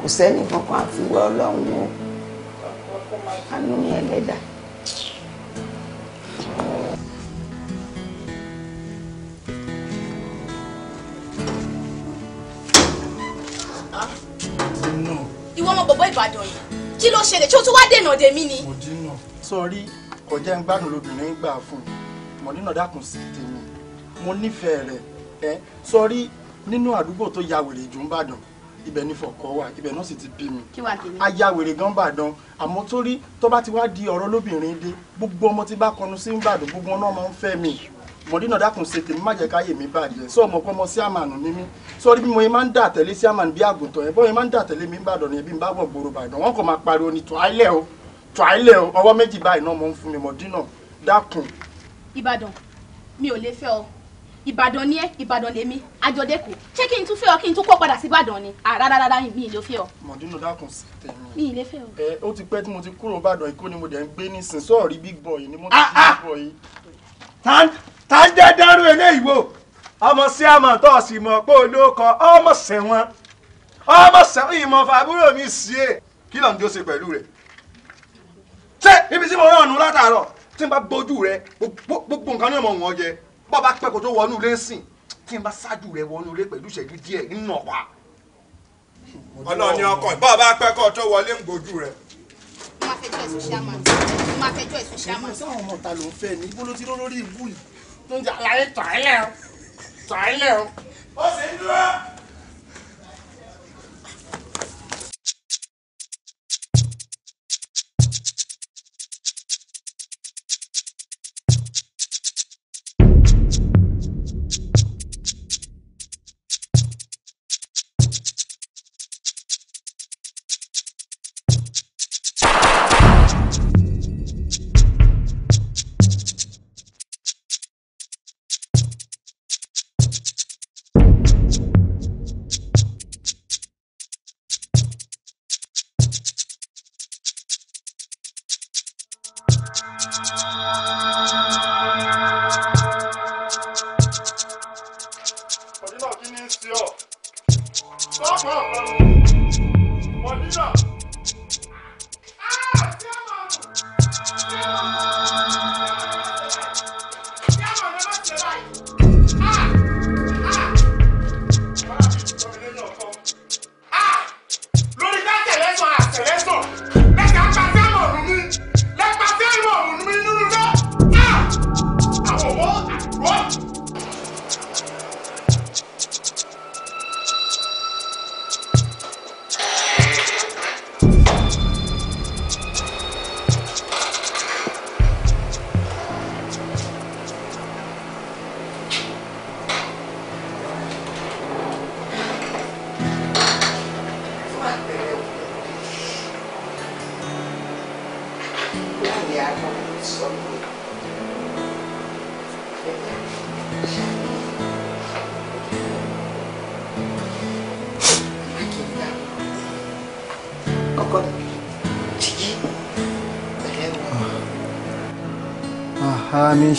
kò sẹ́nì kankan àfiwé ọlọ́run o àánú yẹn lẹ́dàá. ìwọ ọmọ bọ̀bọ̀ ìbàdàn yìí kí ló ṣẹlẹ̀ ṣé o tún wá dènà dèmí ni. mo dínà sọrí kọjá ń gbádùn lóbìnrin ń gbà fún mi mo dínà dákun sí tèmi mo nífẹ̀ẹ́ rẹ̀ ẹ sọrí nínú àdúgbò tó ya wèrè jù ń bàdàn ibẹ̀ ní fọ̀kọ́ wà ibẹ̀ náà sì ti bí mi ayáwèrè gan bàdàn àmọ́ torí tó bá ti wá di ọ̀rọ̀ lóbìnrin dé gbogbo ọmọ tí bá kọnu sí ń bàdàn gbogbo wọn mọ̀dínà dákun ṣe tèmi má jẹ́ káyè mi bàjẹ́ sọ ọmọ pọ́nmọ sí àmànù ní mí sọ bí mo yẹn máa ń dà tẹ̀lé sí àmànù bí àgùntàn yẹn bọ́ yẹn máa ń dà tẹ̀lé mi ń bàdàn yẹn bí n bá bọ̀ gbòòrò bàdàn wọn kò máa pariwo ní tọ́ílẹ̀ o tọ́ílẹ̀ o ọwọ́ méjì báyìí náà mọ̀ ń fún mi mọ̀dínà dákun. ìbàdàn mi ò lè fẹ́ ọ ìbàdàn ni ẹ ìbàdàn lèmi àjọdẹkọ ṣé kí n tún fẹ́ ọ kí n tún kọ padà sí ìbàdàn ni àràràràrà mi ì lè fẹ́ ọ. mọ̀dínà dákun sí tèmi. mi ì lè fẹ́ ọ. ẹ ó ti pẹ́ tí mo ti kúrò ìbàdàn ìkó ni mo dẹ̀ ń gbé nísìnyí sọ́ọ̀rí big boy ni mo ti ah, big ah! boy. tan à ń jẹ́ dárú eléyìí wò ọmọ sí àmọ̀ tó sì mọ̀ pé olóòkọ ọmọ sẹ̀wọ̀n ọmọ sẹ̀wọ̀n ìmọ̀ fàbúrò mi sí è kí ló ń jó ṣe pẹ̀lú rẹ̀ ṣé ibi tí mo rán ọ̀nù látàárọ̀ tí n bá bójú rẹ gbogbo nǹkan ní ọmọ wọn jẹ bọ́ bá pẹ́ kó tó wọnú ilé sìn tí n bá ṣáájú rẹ wọnú ilé pẹ̀lú ìṣẹ́jú díẹ̀ nínú ọ̀pá. ọlọ́ọ̀ni ọkọ̀ bọ́ bá pẹ́ kó tó wọlé ń gbójú rẹ ń jà láyé tọ́ ẹ lẹ́wọ̀ tọ́ ẹ lẹ́wọ̀. ó sì ń dúró. Thank you.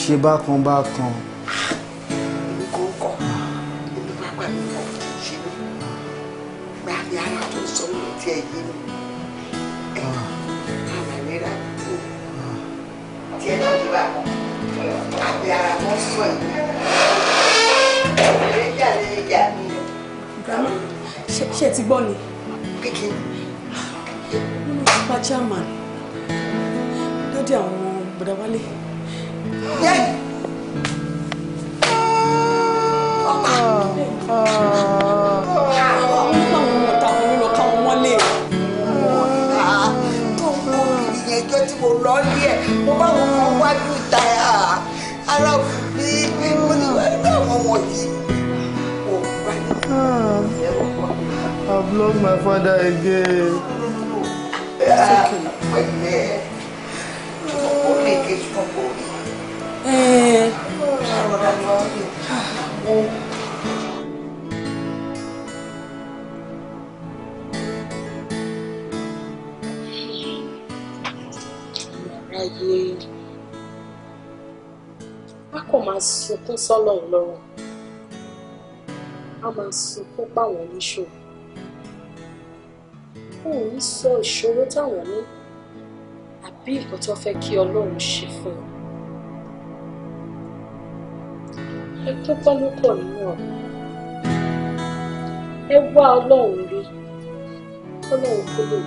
ṣe bákan bákan páwọn oníṣòwò wọn ò ní sọ ìṣòro táwọn ní àbí nǹkan tó fẹ́ kí ọlọ́run ṣe fún wọn ẹkún kọ́ ló pọ̀ nínú ọ̀rọ̀ ẹ wá ọlọ́run rí ọlọ́run kó lè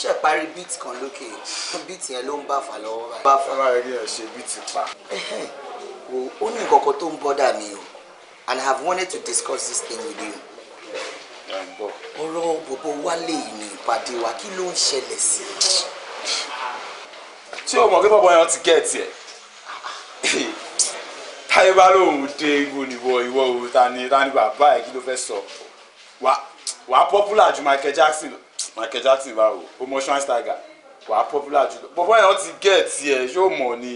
ṣe parí bíìtì kan lókè bíìtì yẹn ló ń bá fà lọ́wọ́ báyìí. bá fẹ́ máa rí ẹ bíìtì pa. ó ní nǹkan tó ń bọ́dà mi o and I have wanted to discuss this thing with you. ọ̀rọ̀ bòbó wálé yìí ni ìpàdé wa kí ló ń ṣẹlẹ̀ sí i. ṣé o mọ̀ pé bọ́bọ̀ yẹn ti gẹ̀ẹ́tì ẹ̀ táyé bá lóun dé ibo nìbọ ìwọ òun ta ni ta ni bàbá ẹ kí ló fẹ́ sọ wàá popular ju Michael Jackson Michael Jackson bá wò ó motion tiger wà á popular jùlọ bọ́bọ́ yẹn ó ti gẹ̀ tiẹ̀ yóò mọ̀ ni.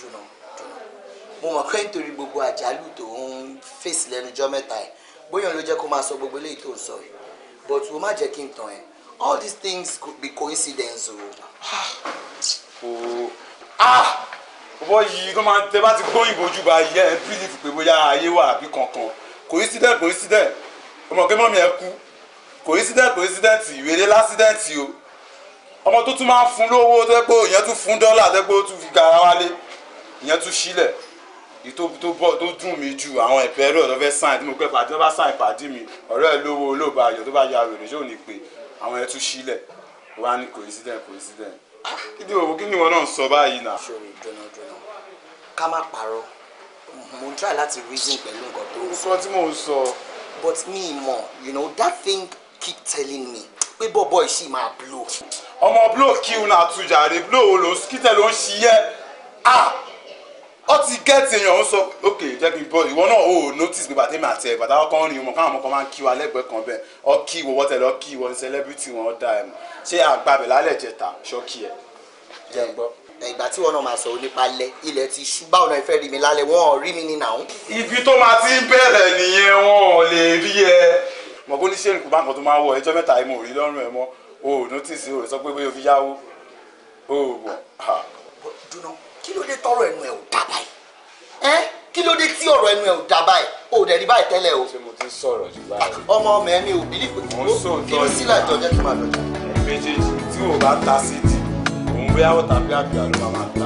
dùnà dùnà mo mọ̀ pé nítorí gbogbo àjálù tó ń fèsì lẹ́nu jọ́ mẹ́ta ẹ̀ bóyá ló jẹ́ kó máa sọ gbogbo eléyìí tó ń sọ yìí but o má jẹ́ kí n tàn ẹ́ all these things could be coincidence o. bọ́bọ́ ah, ah, yìí tó máa ń tẹ́ bá ti gbóyìnbó jù bá yẹ ẹ́ bílíìfù pé bóyá ayé wà àbí kankan coincidence coincidence ọmọ kẹ́mọ́ mi ẹ kú coincident coincident ìrèlè l'accident o ọmọ tó tún máa ń fún lówó tó pé ìyẹn tún fún dọ́là tó pé ó tún fi gara wálé ìyẹn tún sílẹ̀ èyí tó dùn mí ju àwọn ẹ̀pẹ́ rẹ̀ tó fẹ́ tí mo pẹ́ pàdé bá sáìn pàdé mi ọ̀rẹ́ ẹ̀ lówó olóògbé ayọ̀ tó bá ya wèrè yóò ní pé àwọn ẹ̀ tún sílẹ̀ wá ní coincident coincident ah, kí ni òwò kí ni ìwọ náà sọ báyìí náà. ṣòro dùnà dùnà ká má parọ́ mo ń try láti reason pẹ̀lú nǹkan tó ń sọ. but me mọ̀ you know that thing keep telling me pé bọ́bọ́ ìṣì máa blow. ọmọ blow kill na àtújàre blow wo ló kíntẹ̀ ló ń ṣiyẹ́ ah ó ti gẹ́ẹ̀tì èèyàn ó sọ ok jẹ́ kí n bọ́ ìwọ náà ó notice pé bàtẹ́mi àti ẹ̀ bàtà ọkọ rìn wọn káwọn ọmọkọ máa ń kí wa lẹ́gbẹ̀ẹ́ kan bẹ́ẹ̀ ọ kí ìwọ wọ́tẹ̀lẹ̀ ọ kí ìwọ ní celebrity wọn ó dá ẹ̀ mọ̀ ṣé àgbàbẹ̀ lálẹ́ jẹta ṣọ́ọ̀kì ẹ̀ jẹ́ ń gbọ́ ìgbà tí wọn náà máa sọ̀rọ̀ nípa alẹ́ ilẹ̀ ti ṣú báwo náà fẹ́ rí mi lálẹ́ wọn ò rí mi nínú àwọn. ibi tó máa ti ń bẹ̀rẹ̀ nìyẹn wọn ò lè rí ẹ mọ̀ kó ní ṣé nǹkan bá nǹkan tó máa wọ ẹjọ́ mẹ́ta ẹ̀ mọ̀ rí lọ́rùn ẹ̀ mọ́ o ò nọ́tìsì o rẹ̀ sọ pé bóyá o fi yáwó o ò kí ló dé tọrọ ẹnu ẹ ò dá ẹ kí ló dé tí ọ̀rọ̀ ẹnu ẹ ò dá báyìí ò dẹ̀ rí báyìí tẹ́lẹ̀ o. ṣé mo ti sọ̀rọ̀ jù báyìí. ọmọ mẹ́mi ò bílí pé kí ló sí láìjọ kí máa lọ jà. méjèèjì tí o bá ta sí ti òun bóyá ó tàbí àgbà ló máa ta.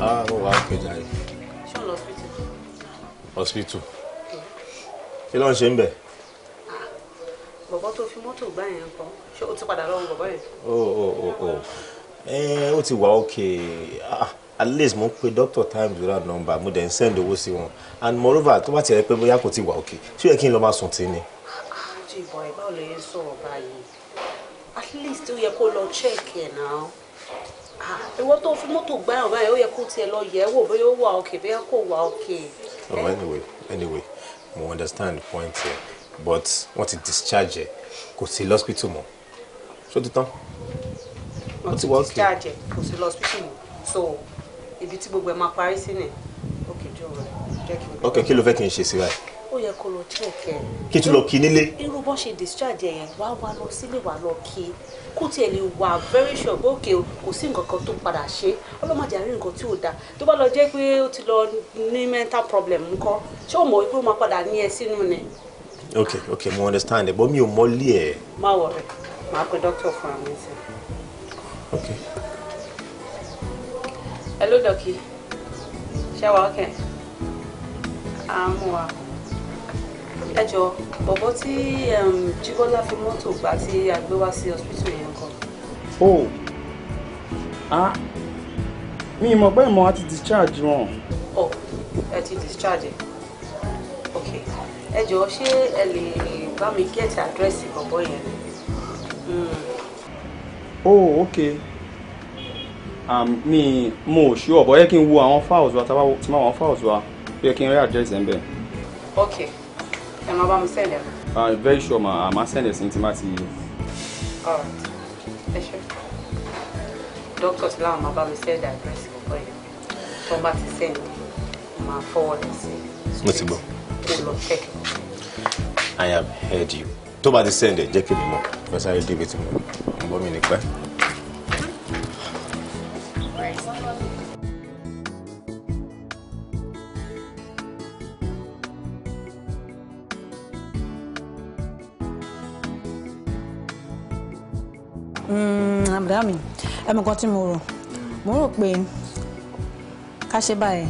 ah mo wà ókè jàre. ṣé o lọ hospital. hospital kí ló ń ṣe ń bẹ̀. Ah, bọ̀bọ̀ tó fi mọ́tò gbá yẹn kọ́ ṣé o ti padà lọ́wọ́ bọ̀bọ̀ yẹn. o Oh, o o ẹ ó ti wà ókè ah, at least mo ń pe doctor time without number mo dẹ̀ ń send owó sí wọn and moreover tó bá ti rẹ pé bóyá kò ti wà òkè tí ó yẹ kí n lọ máa sùn tì ní. àjọ ìbọn ẹ báwo lè sọ̀rọ̀ báyìí at least ó yẹ kó lọ check ẹ̀ náà. Ah, ìwọ tó fi mọ́tò gbá yàn báyìí ó yẹ kó tiẹ̀ lọ yẹ̀ wò bóyá ó wà òkè bóyá kò wà òkè. oh eh? anyway anyway mo understand the point here but wọ́n ti discharge ẹ̀ kò sí lọ́spítù mọ́ ṣó ti tán wọ́n ti wọ́n ti discharge ẹ̀ kò sí lọ́spítù mọ́ so ibi tí gbogbo ẹ̀ máa parí sí ni ok jọ rẹ jẹ́ kí n. ok kí ló fẹ́ kí n ṣe sí báyìí ó yẹ kó lọ tí ò kẹ. kí tún lọ kí nílé. irú bọ́n ṣe discharge ẹ̀ yẹn wá wá lọ sílé wá lọ kí kó tiẹ̀ lè wà very sure pé òkè kò sí nǹkan kan tó padà ṣe ọlọ́mọdé àárín nǹkan tí ò dáa tó bá lọ jẹ́ pé mental problem ńkọ́ ṣé o mọ̀ pé máa padà ní ẹ sínú ni. ok ok mo understand ẹ mi ò mọ́lé ẹ. má màá pe doctor fún hello ṣé wàá kẹ́ ẹ jọ bọ̀bọ̀ tí Jíbọ́lá fi mọ́tò gbà tí a gbé wá sí hospital yẹn kan. o ah mi mọ̀ pé ìmọ̀ àti discharge wọn. ọ ẹ ti discharge ok ẹ jọ ṣé ẹ lè bá mi get àdírẹ́sì bọ̀bọ̀ yẹn. o ok mi mo ò ṣú ọ̀bọ̀ yẹ kí n wo àwọn files wa tí máa wọn files wa yẹ kí n rí àdírẹ́sì ẹ̀ ń bẹ̀. ok. okay ẹ bá mi send ẹ. ah very sure ma a máa send ẹ sí ti má ti. alright ẹ ṣe doctor ti láwọn máa bá mi send address kọkọ yẹn tó bá ti send ma. forward ẹ sí. mo ti gbọ́. kó lọ check I have heard you tó bá ti send ẹ jẹ́ kí n mọ̀ fẹsẹ̀ ayé débi tí mo ń bọ́ mi nípa. àbúrò mm, um, mi ẹ mọ̀ nǹkan tí mo rò mo rò pé ká ṣe báyìí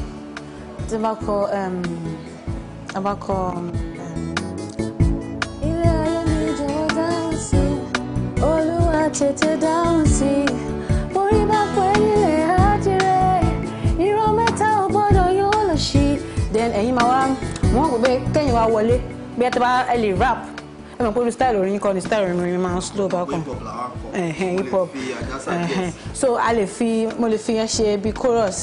tí bá kọ um, bá kọ. Um, ilé ayé mi jọ̀wọ́ dáhùn sí olúwa tètè dáhùn sí orí bá pẹ́ nílé àdìrẹ irọ́ mẹ́ta ò gbọ́dọ̀ yóò lọ sí. then ẹ̀yin máa wá wọ́n kò gbé kẹ́yìn wá wọlé bí ẹ ti bá ẹ lè rap ẹ mọ̀ pé olú style orin kọ́ ni style orin mi máa ń slow bákan hip hop so a lè fi mo lè fi yẹn ṣe bí chorus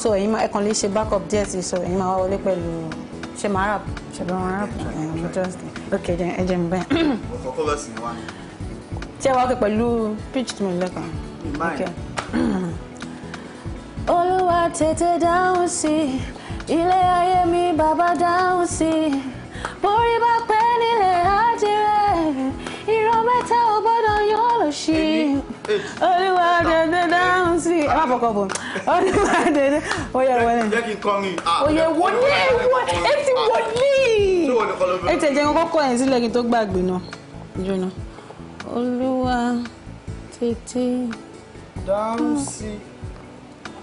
so ẹ̀yin máa ẹ̀kan lè ṣe backup díẹ̀ sí so ẹ̀yin máa wá wọlé pẹ̀lú ṣe máa rap ṣe bá wọn rap ok ẹ jẹ́ mi bẹ́ẹ̀. tí ẹ wá kẹ pẹ̀lú pitch tí mo lẹ́kọ̀ọ́ ok. olúwa tètè dáhùn sí ilé ayé mi bàbá dáhùn sí borí bá pẹ́ nílé jèrè irọ́ mẹ́ta ò gbọ́dọ̀ yán lòṣì olúwa dèdè dáhùn sí i alábọ̀kọ̀bọ̀ olúwa dèdè oyè wọlé oyè wọlé etí wọlé etí ẹ̀jẹ̀ nǹkan kọ́ ẹ̀yìn sílẹ̀ kí n tó gbàgbé náà jóná olúwa tètè dáhùn sí i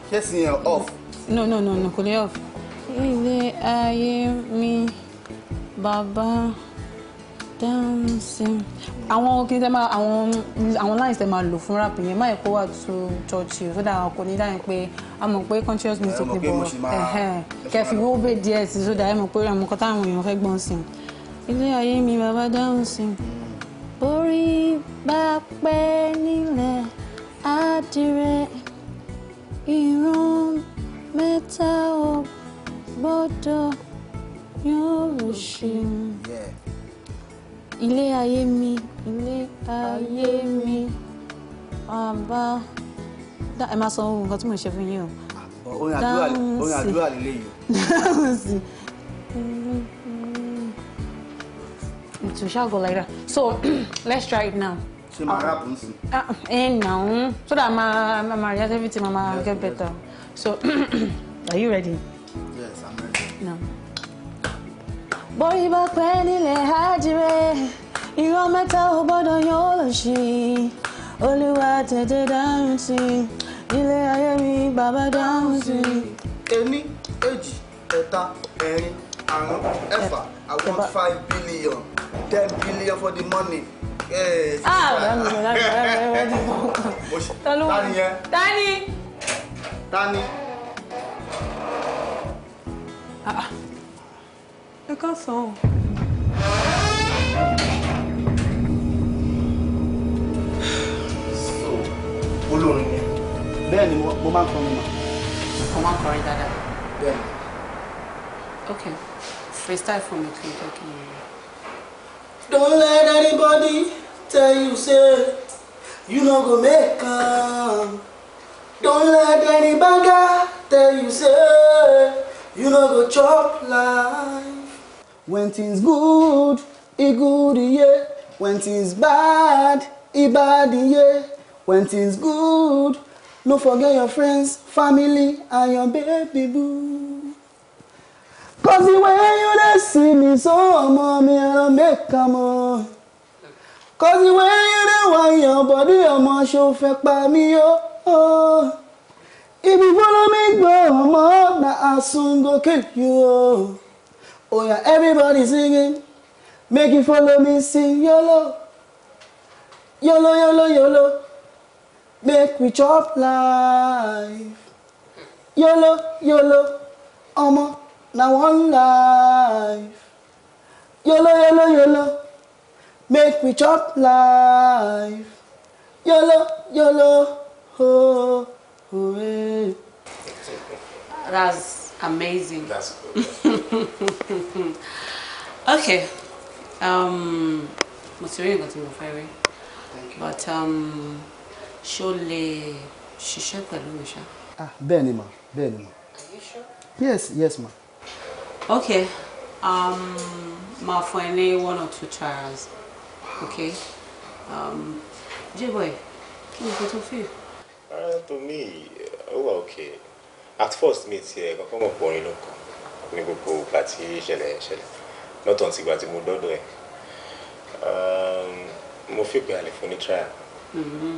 kẹ́sì yẹn off. no no no No, kò lè off ilé ayé mi bàbá dancing àwọn kí n tẹ máa àwọn àwọn lines tẹ máa lò fún rap yẹn máa kó wà tó church yìí sódà àwọn kò ní dáhùn pé a mọ̀ pé conscious music ni bọ̀ kẹfì wo bè díẹ̀ sí sódà ẹ mọ̀ pé àwọn kan táwọn èèyàn fẹ́ gbọ́n sí ilé ayé mi bàbá dáhùn sí orí bá pẹ́ nílẹ̀ àdìrẹ ìran mẹ́ta ò gbọ́dọ̀ yóò rò ṣe. Yeah ilé ayé mi ilé ayé mi ọba ẹ máa sọ ohun nǹkan tí mo ṣe fún yín o. orin àdúrà lílé yìí. it shall go like that so let's try it now. ṣe máa rap n sin. Ah, ah, ẹ ń so that ma ma react everything ma ma get better so are you ready. yes i'm ready. No borí bá pẹ́ nílẹ̀ ájírẹ́ ìran mẹ́ta ò gbọ́dọ̀ yan ó lò sí olúwa tètè dáhùn sí ilé ayé mi bàbá dáhùn sí. ení èjì ẹ̀ta ẹ̀rin àrún ẹ̀fà i want five billion ten billion for the money. Ah, tani yẹn. tani. tani. Ah, ah ẹ ká sàn mo máa ń kọrin mà. mo máa ń kọrin dáadáa. bẹ́ẹ̀ ok freestyle for me kí n jẹ́ kí n. don't let anybody tell you say you no go make am. don't let any banga tell you say you no go chop line. When things good, e good yeah. When things bad, e bad yeah. When things good, no forget your friends, family, and your baby boo. Cause the way you dey see me so mommy, I don't make am o. Cause the way you dey whine your body, ọmọ ṣo fẹ́ pa mí o. If you follow me, go, ọmọ, na I soon go kill you o. Oh. Oh yeah, everybody singing. Make you follow me, sing YOLO. YOLO, YOLO, YOLO. Make me chop life. YOLO, YOLO. Omo, now one life. YOLO, YOLO, YOLO. Make me chop life. YOLO, YOLO. Oh, oh, eh. That's amazing. That's good. okay um, mo ti rí nǹkan tí mo but um, ṣó lè ṣiṣẹ́ pẹ̀lú mi ṣá. Ah, ni ma bẹ́ẹ̀ ma. are you sure? yes yes ma. okay um, máa fún ẹ one or two trials okay um, J-boy kí ni kò tó fi. Ah, to me ó okay at first mi here, ẹ̀ kọ́kọ́ mọ̀ pọ̀ orin lọ́kàn. Ni gbogbo ìgbà tí ìṣẹ̀lẹ̀ ìṣẹ̀lẹ̀ lọ́tọ̀ ti gbà tí mo dọ́dọ̀ ẹ̀ ehm, mo fi pé a lè fún ní trial. Mm-hmm.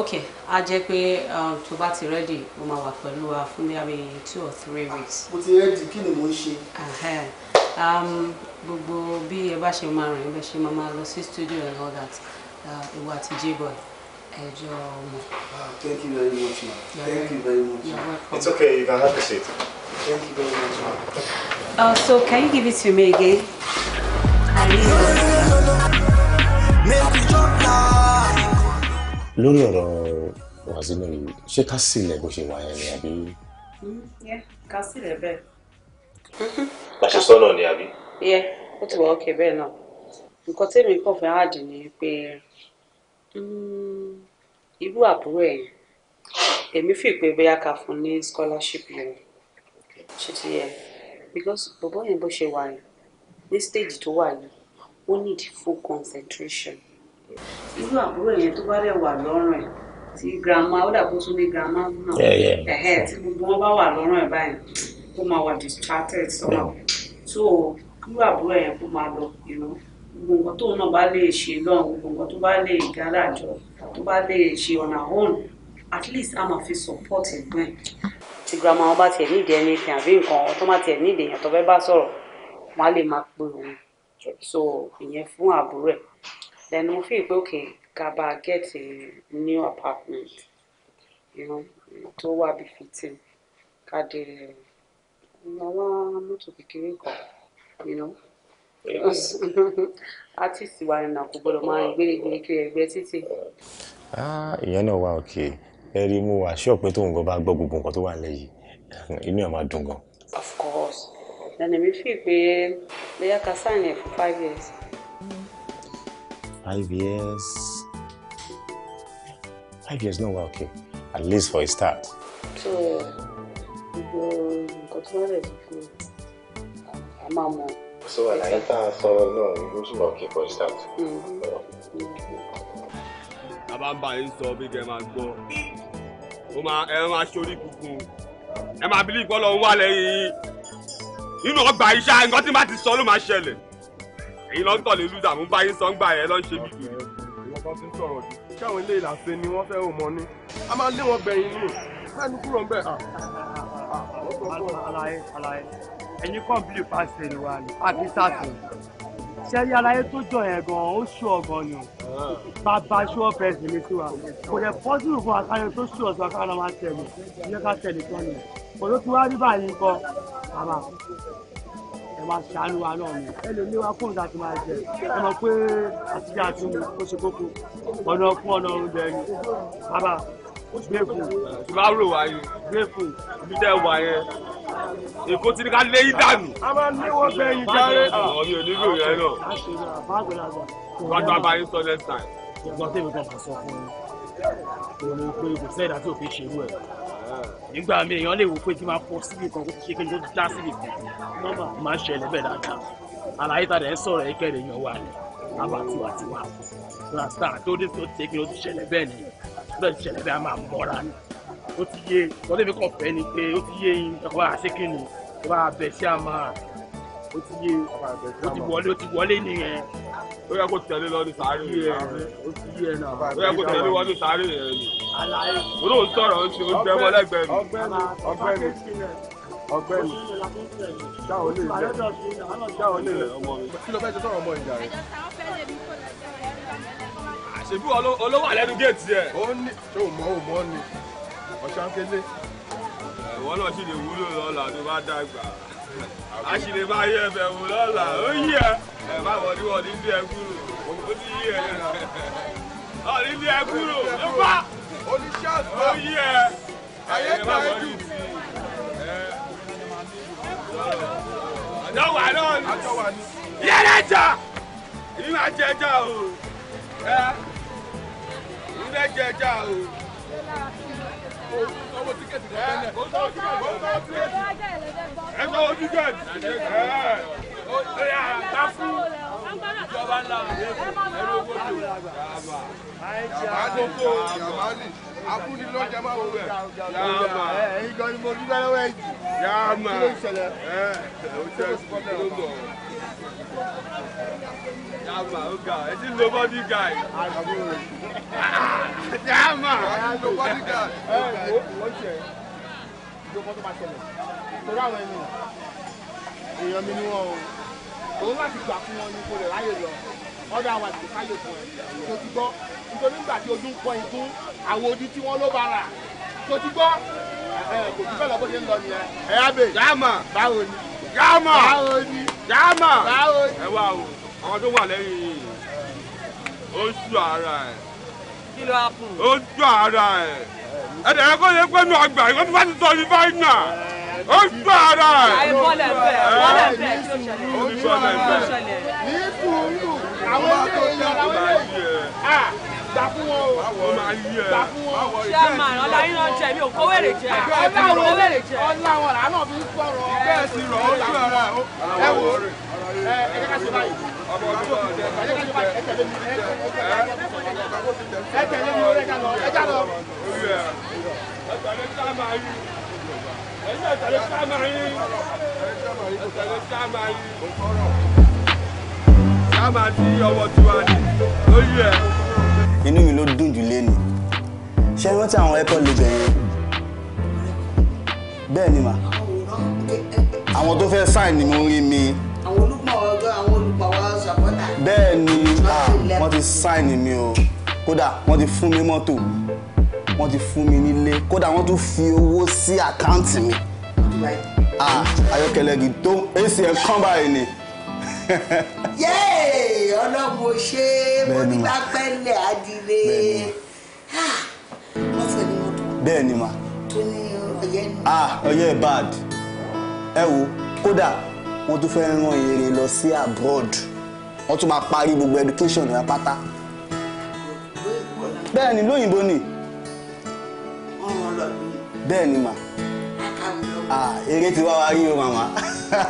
ok a jẹ́ pé uh, tó bá ti rẹ́dì ó máa wà pẹ̀lú wa fún bí abẹ́ two or three ah, weeks. mo ti rẹ́dì kí ni mo ń ṣe. Um, gbogbo bí ẹ bá ṣe máa rìn ẹ bẹ ṣe máa lọ sí studio and all that uh, ìwà àti j-boy. Ah, thank you very much ma am. thank you very much. it's okay you can have a seat. thank you very much ma. Uh, so can you give it to me again? lórí ọ̀rọ̀ wàzínà yìí ṣé ká sílẹ̀ bó ṣe wà ẹ̀ ni àbí. Mm, ká sílẹ̀ bẹ́ẹ̀. láṣẹ sọ́nà ni àbí. ó ti wà ókè bẹ́ẹ̀ náà nǹkan tẹ́mi kàn fẹ́ àdì ni pé. Mm irú àbúrò ẹ̀ èmi fi pé bóyá ká fún ní scholarship yẹn ṣe ti yẹ because bọ̀bọ̀ yẹn bó ṣe wà yẹn ní stage tó wà yẹn ó need full concentration irú àbúrò yẹn tó bá rẹ̀ wà lọ́rùn ẹ̀ tí grandma ó dàbò tún ní grandma náà ẹ̀hẹ́ tí gbogbo wọn bá wà lọ́rùn ẹ̀ báyìí kó máa wà distracted sọ́wọ́ so irú àbúrò yẹn kó máa lọ ìlú gbogbo nǹkan tóun náà bá lè ṣe lọ́hùn gbogbo nǹkan tó bá lè gáràjọ tó bá lè ṣe on her own at least a máa fi support ẹ̀gbọ́n ẹ̀. tí grandma wọn bá tiẹ̀ nídìí ẹni fi àbí nǹkan tó má tiẹ̀ nídìí èèyàn tó fẹ́ bá sọ̀rọ̀ wọn á lè máa pè òun so ìyẹn fún àbúrò ẹ̀ then mo fi ìpè òkè ká bá a get a new apartment you know, tó wà bí fitting ká dé àwọn mọ́tò kékeré kan. You know? artist wa ni nàkó gbọ́dọ̀ máa rìn gbèrègbèrè kiri ẹ̀gbẹ́ títì. ìyẹn náà wà òkè ẹ rí mú wa ṣé ọpẹ tóun gan bá gbọ́ gbogbo nǹkan tó wà nílẹ̀ yìí inú ẹ máa dùn gan. of course lẹ́nu mi fi pé bóyá ká sáàyàn ẹ̀ fún five years. five years five years náà wà òkè at least for a start. so gbogbo nǹkan tó wà lẹ́yìn fún mi a máa mọ̀ ọ́ so àlàyé tá a sọ náà ló túmọ̀ kí constant. bàbá ń bá yín sọ bí kẹ́ ẹ máa gbọ́ ó máa ẹ máa ṣorí kunkun ẹ máa bí lípọ́ lọ́hún wà lẹ́yìn nínú ọgbà iṣẹ́ nǹkan tí má ti sọ ló máa ṣẹlẹ̀ èyí ló ń tọ̀lé lùdà mú bá yín sọ ń gbà yẹn ló ń ṣe bí kiri. ìwọ kan ti ń sọ̀rọ̀ jù káwọn ilé ìlàsẹ ni wọ́n fẹ́ ò mọ ní a máa lé wọn gbẹ̀yìn nù láì ní kúrò ń bẹ̀. àlàyé àlàyé ẹ̀yin kọ́ńpìlì pàṣẹ ni wà ní pakistan sẹ́rí aláyé tó jọ yẹn gan ó ṣú ọ̀gàn ni bàbá ṣú ọ̀fẹ́ sì ní tiwa kò dẹ̀ pọ́sibù fún akáyọ̀ tó ṣú ọ̀sán akáyọ̀ máa tẹ̀lé ìyẹn ká tẹ̀lé tán ni òun ló ti wá rí báyìí kọ́ bàbá ẹ máa ṣàánú wa náà ni ẹ lè léwá fóun láti máa jẹ ẹ mọ̀ pé àtijọ́ àti omi ó ṣe kókó ọ̀nà ọkùn ọ̀nà oúnjẹ ni bàbá grateful tí bá rò wá yẹn grateful ibi tẹ́ wà èkó tí ká lé yín dànù. a máa níwọ̀ bẹ́yìn járe. ọ̀mi ò nílò yẹn náà gbàgbọ́ abayín sọ next time. ìgbọ́n tèmi kan kàn sọ fún mi òun ni pé kò sẹ́yìn àti òfin ṣerú ẹ̀ nígbà mi èèyàn lè wò pé kí n máa pọ̀ síbi kan kó ṣe kí n tó dá síbi kan nọ́mbà máa ń ṣẹlẹ̀ bẹ́ẹ̀ dáadáa àlàyé tàdé ẹ̀ sọ̀rọ̀ ẹ̀ kẹ́rẹ̀ wà ní abàtiwàtiwà rasta tó dé tó ṣe ṣẹlẹ̀ bẹ́ẹ̀ nìyẹn náà ìṣẹ̀lẹ̀ bẹ́ẹ̀ máa mọ́ra ni ó ti yé wọ́n tẹ̀mí kàn fẹ́ ni pé ó ti yé yín ẹ̀kọ́ àṣekí ni ó bá bẹ̀ ṣé àmà ó ti yé ó ti wọlé ó ti wọlé nìyẹn. ó yẹ kó tẹ̀lé lọ́dún sáré rẹ̀ ó ti yé náà ó yẹ kó tẹ̀lé lọ́dún sáré rẹ̀ ni. olú ń sọ̀rọ̀ ó ṣe ó jẹ́ mọ́lẹ́gbẹ̀ẹ́ mi. ọgbẹ́ni ọgbẹ́ni ṣáà ó lè ṣáà ó lè ọmọ mi. kí ló fẹ́ ṣe sọ̀rọ̀ ọmọ ìjà rẹ̀ ṣèbí olówó àlẹ́nu géètì ẹ̀. ó ní ṣé mọ o mọ ni ọ̀ṣánkélé. ẹ̀wọ́n náà ṣì lè wúlò lọ́la tó bá dàgbà a ṣì lè máa yẹ ẹ̀fẹ̀ lọ́la ó yí ẹ ẹ̀ bá wọ̀ ní wọ̀ bí ẹ kúrò ó ti yí ẹ ọ̀ ní bí ẹ kúrò ló bá ó yí ẹ ayé ká ẹ jù. àjọ wà náà ni yẹ́rẹ́ jà ìbí máa jẹ ẹja ilé jẹ ẹja o owó tíkẹ́tì lọ tẹ́lẹ̀ ẹ sọ owó tíkẹ́tì ẹ ó yà ká fún ìjọba ńlá ẹ̀rọ owó tó àgbókò yamani abúnilọ́jà máa wọ bẹ̀ yàmà ẹ̀yin gan ni mo dúpẹ́ lọ́wọ́ ẹ̀jì yàmà ẹ̀ ẹ̀ ó jẹ́ ìsúkọ́tà ló ń bọ̀. Dama, ó oh ga, ẹ ti ń lo body guy. Dama! Lo body guy. Ẹ wo wọ́n tiẹ̀ ìjókòó tó máa ṣẹlẹ̀. Torí àwọn ẹni èèyàn mi ni wọ́n o. Òun láti gbà fún wọn ní kò lè ráyè lọ. Ọ̀dọ̀ àwọn àti káyè fún ẹ. Tó ti gbọ́. Nítorí nígbà tí ojú ń pọ̀ ikú, àwọn odi tí wọ́n ló bá rà. Tó ti gbọ́. Ẹ kò tún bẹ́ẹ̀ lọ bó ṣe ń lọ nìyẹn. Ẹ yá bè. Dama! Báwo ni? Dama! Báwo ni? Dama! Báwo ni? Ẹ wá o àwọn tó wà lẹ́yìn ó ara ẹ̀. kí ara ẹ̀. ẹ̀dẹ̀ ẹ̀ kó lè pẹ́ nu àgbà ìwọ́n tó bá ti sọ ní báyìí náà ara ẹ̀. àyè bọ́lẹ̀ bẹ́ẹ̀ bọ́lẹ̀ ní sùúrù àwọn ètò ìyàrá wọn yóò gbà fún wọn o gbà fún wọn. ṣé a máa ràn láyé náà jẹ mi ò kó wèrè jẹ ọlá wọn làánà fi ń sọ̀rọ̀. bẹ́ẹ̀ sì rọ ó sí ara ẹ wò ó inú mi ló dùn jù lé ni ṣé rántí àwọn airport lè bẹ̀rẹ̀ bẹ́ẹ̀ ni mà àwọn tó fẹ́ sign ni mo rí mi àwọn olùpọ̀ ọgọ́ àwọn olùpọ̀ wa sàpọ́tà. bẹ́ẹ̀ ni wọ́n ti sáìnì mi o kódà wọ́n ti fún mi mọ́tò wọ́n ti fún mi nílé kódà wọ́n tún fi owó sí àkáǹtì mi ayọ́kẹ́lẹ́ gidi tó èsì ẹ̀ kán báyìí ni. yéè ọlọ́mọ ṣe mo ní bá pẹ́lẹ̀ adire wọ́n fẹ́ ni mo bẹ́ẹ̀ ni ma. tó ní ọyẹ́ ni. ọyẹ́ bad ẹ wo kódà wọ́n tún fẹ́ rán èrè lọ sí abroad wọ́n tún máa parí gbogbo education ní apáta bẹ́ẹ̀ ni lóyìnbó ni bẹ́ẹ̀ ni mà ah eré ti wá wá rí o màmá. àyè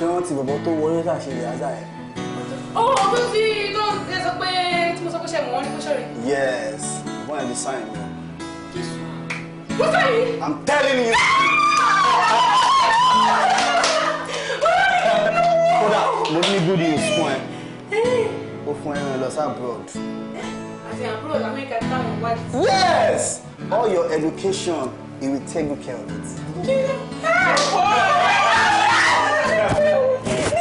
ṣé wọ́n ti bọ̀bọ̀ tó wọlé tà ṣe ìyáza ẹ̀. ó o tún fi tó ṣe sọ pé tí mo sọ pé ṣe mọ̀ wọ́n ní kọ́ṣọ́ rẹ̀. yes bọ́n ẹ̀ lè sáyìn mi. i'm telling you. kódà mo ní good news fún ẹ ó fún ẹ lọ sí abroad. àti abroad amẹ́ríkà tí táwọn yes all your education it will take good care of it.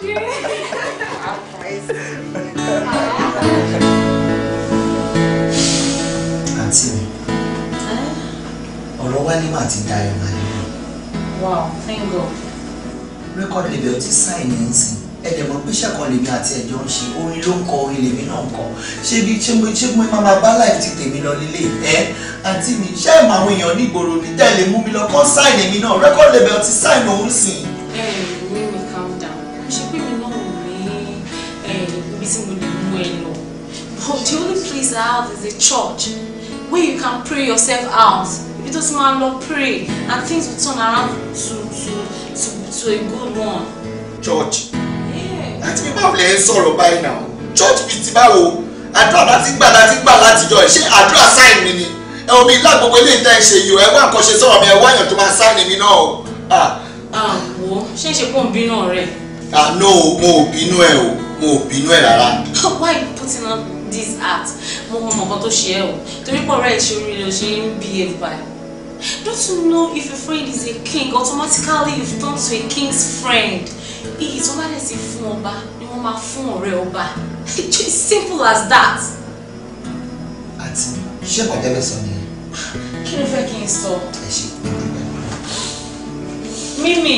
àǹtí mi ọ̀rọ̀ wálé mà ti dayọ̀ máa ní. wow thank god. rékọ̀dì lèbi ọtí sáìnì ń sìn ẹ̀dẹ̀ mọ̀ pé ṣẹ̀kan lèmi àti ẹ̀jọ́ ń ṣe orin ló ń kọ orin lèmi náà ń kọ ṣé bí ṣé mo máa bá láì ti tèmi lọ nílé ẹ àǹtí mi ṣé ẹ̀ mọ àwọn èèyàn nígboro ní tẹ́lẹ̀ mú mi lọ kọ́ sáìnì mi náà rékọ̀dì lèbi ọtí sáìnì òun sìn. meeting with Muelo. But the only place I have is a church where you can pray yourself out. You just man not pray and things will turn around to to to, to a good one. Church. Yeah. Àti bí báwo lè ń sọ̀rọ̀ báyìí náà? Church bíi ti báwo? Àdúrà láti gbà láti gbà látijọ́ ṣé àdúrà sáìn mi ni? Ẹ omi ìlà gbogbo eléyìí tẹ́ ẹ ṣe yìí o, ẹ wá nǹkan ṣe sọ̀rọ̀ mi, ẹ wá èèyàn tó máa sáìn mi náà o. Àwọ̀ ah. ah, ṣé ń ṣe pọ̀ ń bínú rẹ̀? ah no mo ò bínú ẹ o mo ò bínú ẹ rárá. why you putting up this art mo mọ ọmọ tó ṣe ẹ o torí pọ̀ rẹ̀ ṣe orí rẹ̀ ṣe ń behave by. don't you know if your friend is a king automatically you've turned to a king's friend iyì tó bá dẹ̀ fún ọba ni wọ́n máa fún ọ̀rẹ́ ọba it's just simple as that. àti ṣé bàjẹ́ bẹ́ẹ̀ sọ ni. kí ló fẹ́ kí n sọ. ẹ ṣe. mímì.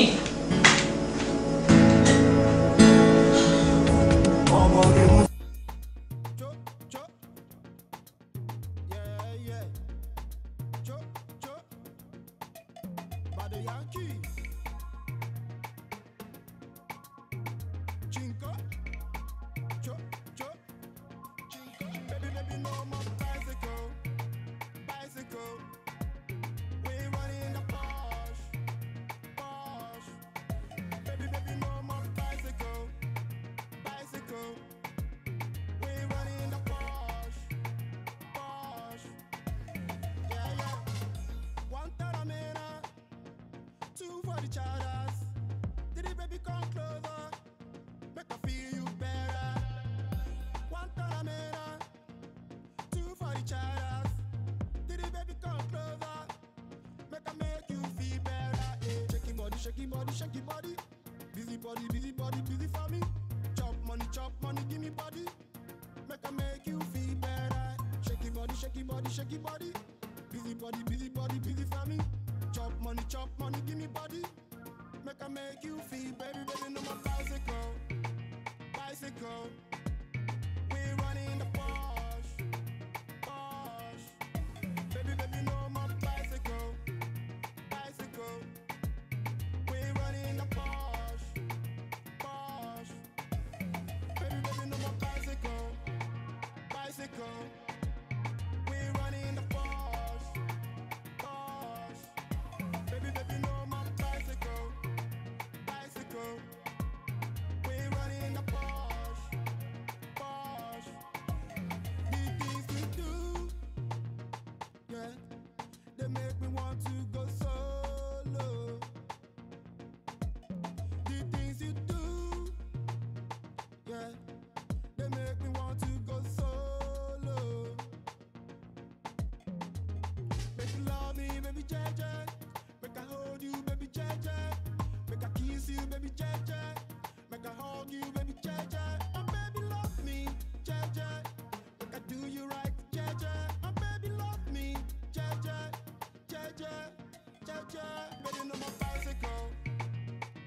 yeah, ready on my bicycle,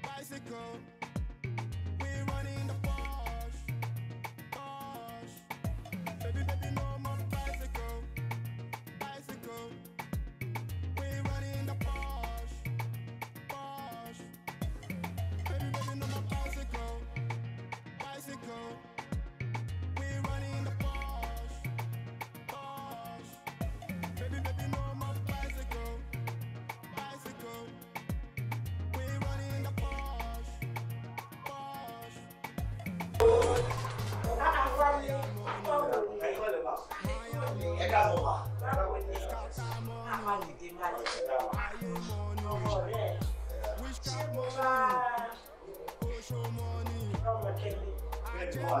bicycle. balẹ̀ ọmọ rẹ̀ ṣé mo máa ọmọ kẹ́lẹ́ ìwà.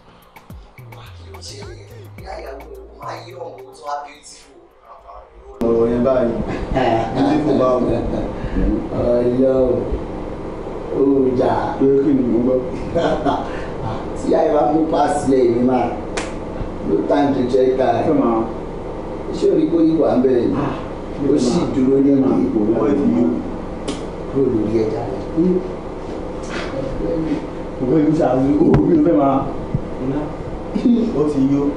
ṣe yàyà wo máa yí ọ̀hún tó wá beautiful. ọ̀rọ̀ yẹn lórí ni gbọ́. tí àyíwá mú paasi ẹ̀ mi máa no time to check time ṣé o rí kó yíwà ń bẹ̀rẹ̀ ni ah, ó sì dúró ní ìgbò láti yó kúrò lórí ẹja rẹ̀. òwe mi ṣàlùkò òwe mi fẹ́ máa ó ti yó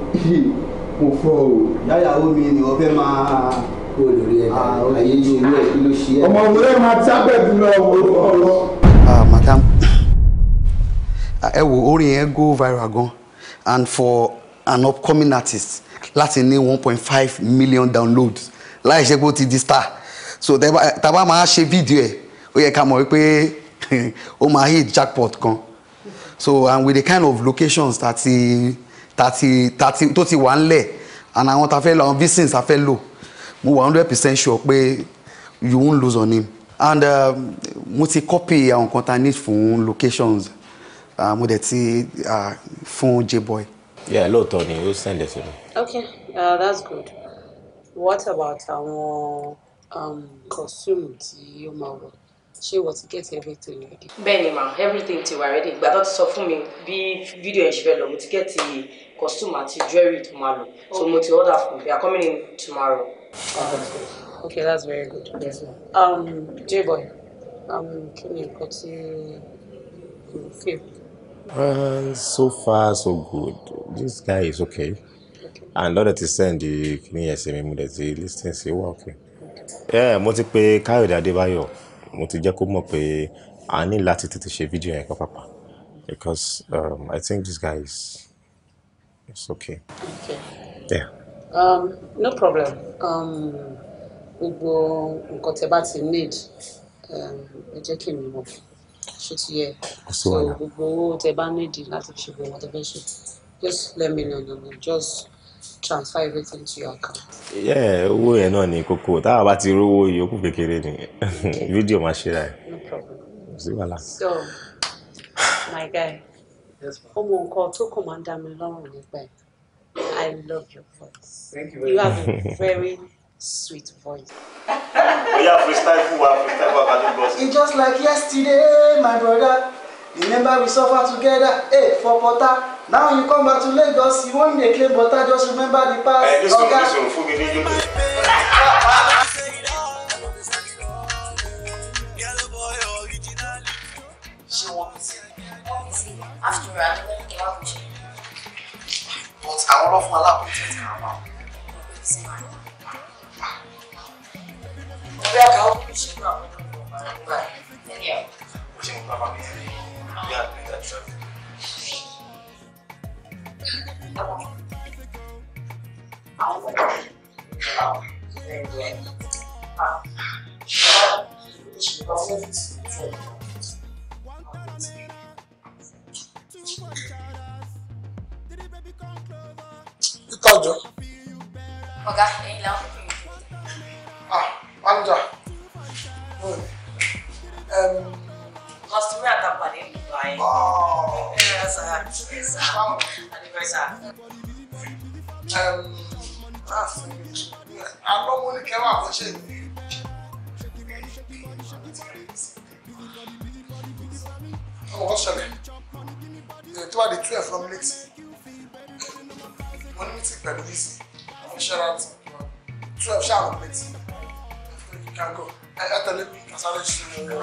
mo fọ́ o yáyàwó mi ni wọ́n máa kó lórí ẹ̀ ah, ayé yóò wú ẹ̀ kí ló ọmọ òwúrẹ́ máa tábẹ̀ bí lọ ọ̀rọ̀. Ah, madam ah, ẹ wo orin yẹn go viral gan and for an upcoming artist láti ní one point five million downloads láì ṣe pé ó ti di star so tàbá máa ṣe fídíò ẹ̀ ó yẹ ká mọ̀ wípé ó máa hit jackpot gan so and with the kind of locations that. Uh, tati tati tó ti wà ń and àwọn ta fẹ́ lọ àwọn visins ta fẹ́ lò mo wà hundred percent sure pé you won't lose on him and uh, mo ti copy àwọn kan ta need fún locations uh, mo dẹ̀ ti uh, fún jboy. yeah lóòótọ́ ni ó send ẹ̀ sí mi. okay uh, that's good what about àwọn um, costume tí ó máa wọ̀ ṣé wọ́n ti get everything ready. bẹ́ẹ̀ni ma everything ti wà ready ìgbà tó ti sọ fún mi bí fídíò yẹn ṣe fẹ́ lọ mo ti get the costume àti jewelry tó máa so mo ti order for they are coming in tomorrow. okay that's very good. yes ma'am. Um, Jboy um, kí ni nǹkan tí kò fẹ́. Uh, so far so good this guy is okay, okay. and lọ́dọ̀ ti send kìíní ẹ̀sìn mi mo dẹ̀ ti lis ten sí wà okay. Yeah, mo ti pe Káyọ̀dé Adébáyọ̀ mo ti jẹ́ kó mọ̀ pé a ní láti tètè ṣe fídíò yẹn pápápá because um, I think this guy is It's okay. Okay. Yeah. Um, no problem. Um, gbogbo nǹkan got about ti need um, ẹ jẹ́ kí mi mọ̀ ṣé ti yẹ so we go. tẹ́ about need láti fi ṣe gbogbo tẹ́ fẹ́ just let me know no, no. just transfer everything to your account. yeah owó yẹn náà ní kókó táwa bá ti rówó ìyókù kékeré ni fídíò máa ṣe rà ẹ. no problem. sí wàhálà. so my guy ó mọ nǹkan tó kàn máa ń dá mi lọ́rùn nípa ẹ̀ I love your voice you, you have a very sweet voice. oya freestyle fún wa freestyle fún wa ká tó gbọ́ sí. it's just like yesterday my brother remember we suffer together hey, for pota now you come back to Lagos you wan dey claim water just remember the past. ẹ ní sùn ní sùn fún mi ní yókù. After I'm going to give out with you. But I want off my lap with it now. You I can help you shape up. Right. Yeah. Which I'm probably yeah, that traffic. Thank you. tọ́jú. ọ̀gá ẹ̀yin làwọn fún mi. ah manager customer àtàpàdé ń bá yín. ẹ̀rọ sá ẹ̀sà àdìbẹ́sà. àlọ́mọ ní kẹwàá àkọ́ṣe mi. ọmọ kan ṣẹlẹ̀ tí wàá di twelve from late. wọ́n ní mítì pẹ̀lú bísí àwọn ṣẹ́ràtì wọn twelve ṣáà wọ́n mẹ́tì àfikún kíkà gọ̀ Bicycle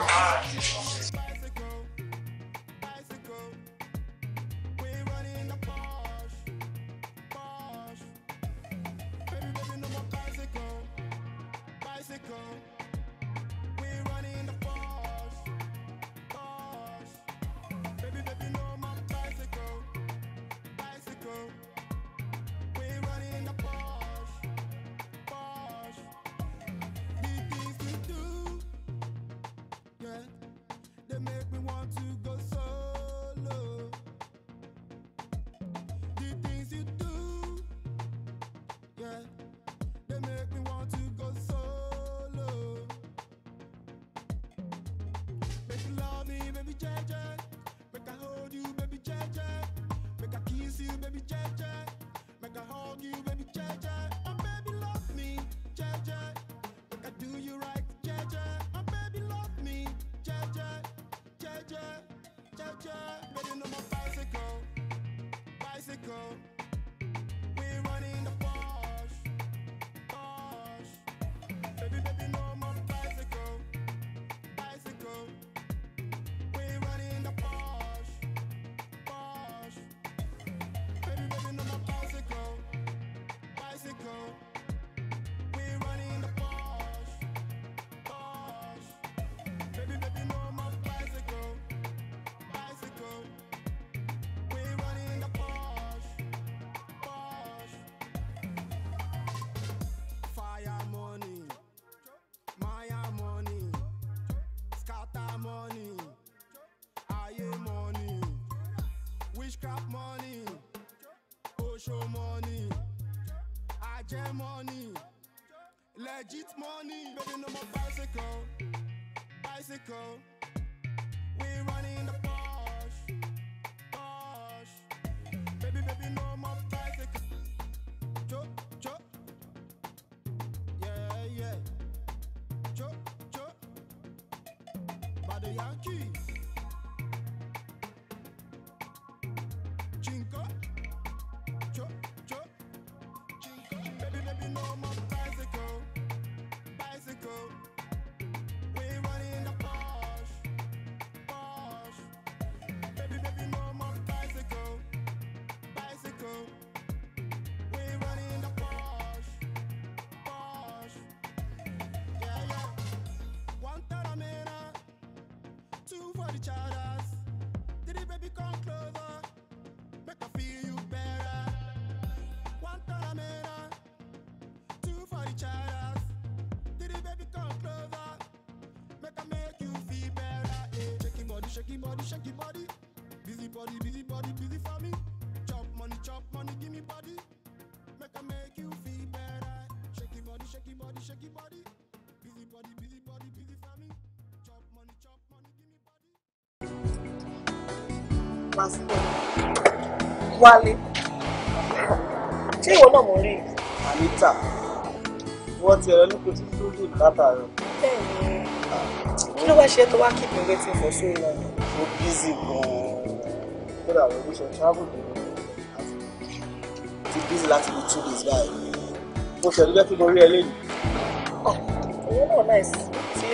show money. I get money. Legit money. Baby, no more bicycle. Bicycle. shake your body. Busy body, busy body, busy for me. Chop money, chop money, give me body. Make I make you feel better. Shake your body, shake your body, shake your body. Busy body, busy body, busy for me. Chop money, chop money, give me body. Wálé. Ṣé ìwọ náà mo rí? Anita, wọ́n ti ẹ̀rọ lóko tí tó dùn látàárọ̀. Bẹ́ẹ̀ni, kí ló wá ṣe tó wá keep me waiting for so long? mo busy gan-an kódà àwọn oníṣẹ́ travel dé mi ti busy láti bí two days báyìí mo ṣẹ̀dú bẹ́ẹ̀ kí mo rí ẹ lẹ́yìn. ọ̀wọ́ ah, náà náìsí tí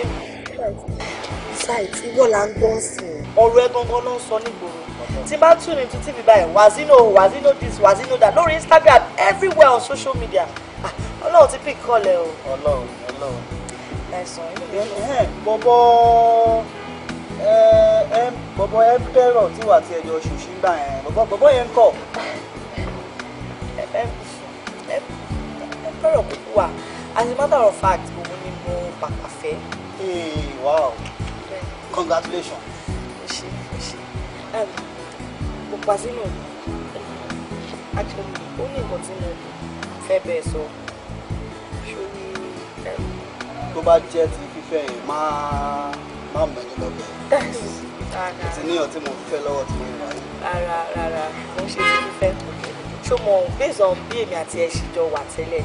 ṣáìtì wọ́n ń gbọ́n sí ọ̀rọ̀ ẹ ló ń sọ nígboro tí bá tún ní títí bíbá ẹ̀ wazino wazino this wazino that lórí Instagram everywhere on social media ah, ọlọ́run ti pick call ẹ o. ọlọ́run ọlọ́run. ẹ̀sán ìlú bọ́bọ́ bọ́bọ́ ẹ fẹ́ràn tí wà tí ẹjọ́ ṣùṣì ń gbà yẹn bọ́bọ́ bọ́bọ́ yẹn ń kọ̀. ẹ fẹ́ràn kúkú wa as a matter of fact òun ni mo pàpà fẹ́. ee wow congratulations. ṣe ṣe mo pa sínú actually ó ní nǹkan tí mo fẹ́ bẹ́ẹ̀ sọ ṣórí. tó bá jẹ́ ti fífẹ́ yìí máa máa mẹ́ni lọ́bẹ̀ẹ́. ti ní ọtí mo fẹ́ lọ́wọ́ tí mo ń wá. rárá rárá mo ṣe ti fífẹ́ ṣó mo based on bí èmi àti ẹ̀ jọ wà tẹ́lẹ̀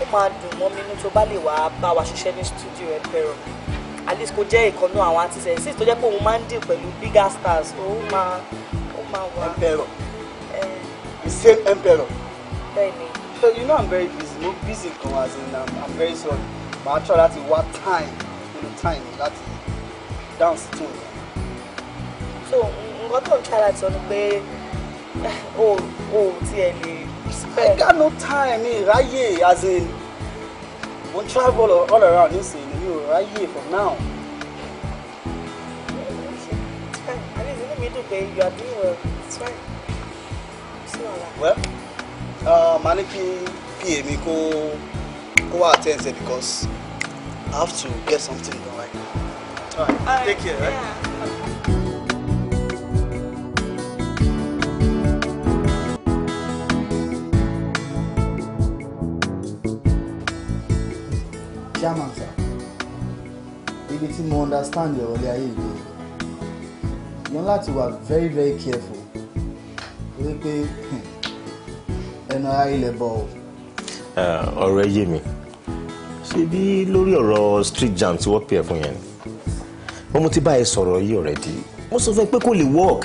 ó máa dùn mọ́ mi inú tó bá lè wàá bá wa ṣiṣẹ́ ní studio ẹ̀ pẹ̀rọ at least kò jẹ́ ìkan àwọn artist ẹ̀ sí tó jẹ́ pé òun máa ń dì pẹ̀lú bigger stars ó máa ó máa wà. ẹ̀pẹ̀rọ the same ẹ̀pẹ̀rọ. bẹ́ẹ̀ni. so you know i'm very busy mo busy gan as in i'm, I'm very sorry màá tọ́ láti wá time nínú time láti dance tune so nǹkan tó ń try láti sọ ni pé eh, o ò tiẹ̀ lè I got no time mi ráyè as in mo travel all around nísìnyí mi ò ráyè for now. well it's fine. well uh, um, màá ní kí pa mi kó kó wá attend say because I have to get something done right now. All right, take care. Yeah. Right? chairman sir ibi tí mo understand ọ̀rọ̀ ilé ayé yìí mo láti wà very very careful torí pé hmm, ẹnu ara ilẹ̀ bọ̀ o. ọ̀rọ̀ ẹ yé mi ṣé bí lórí ọ̀rọ̀ street jam tí wọ́n pè ẹ́ fún yẹn ni wọ́n mo ti bá ẹ sọ̀rọ̀ yìí already mo sọ fún ẹ pé kó lè work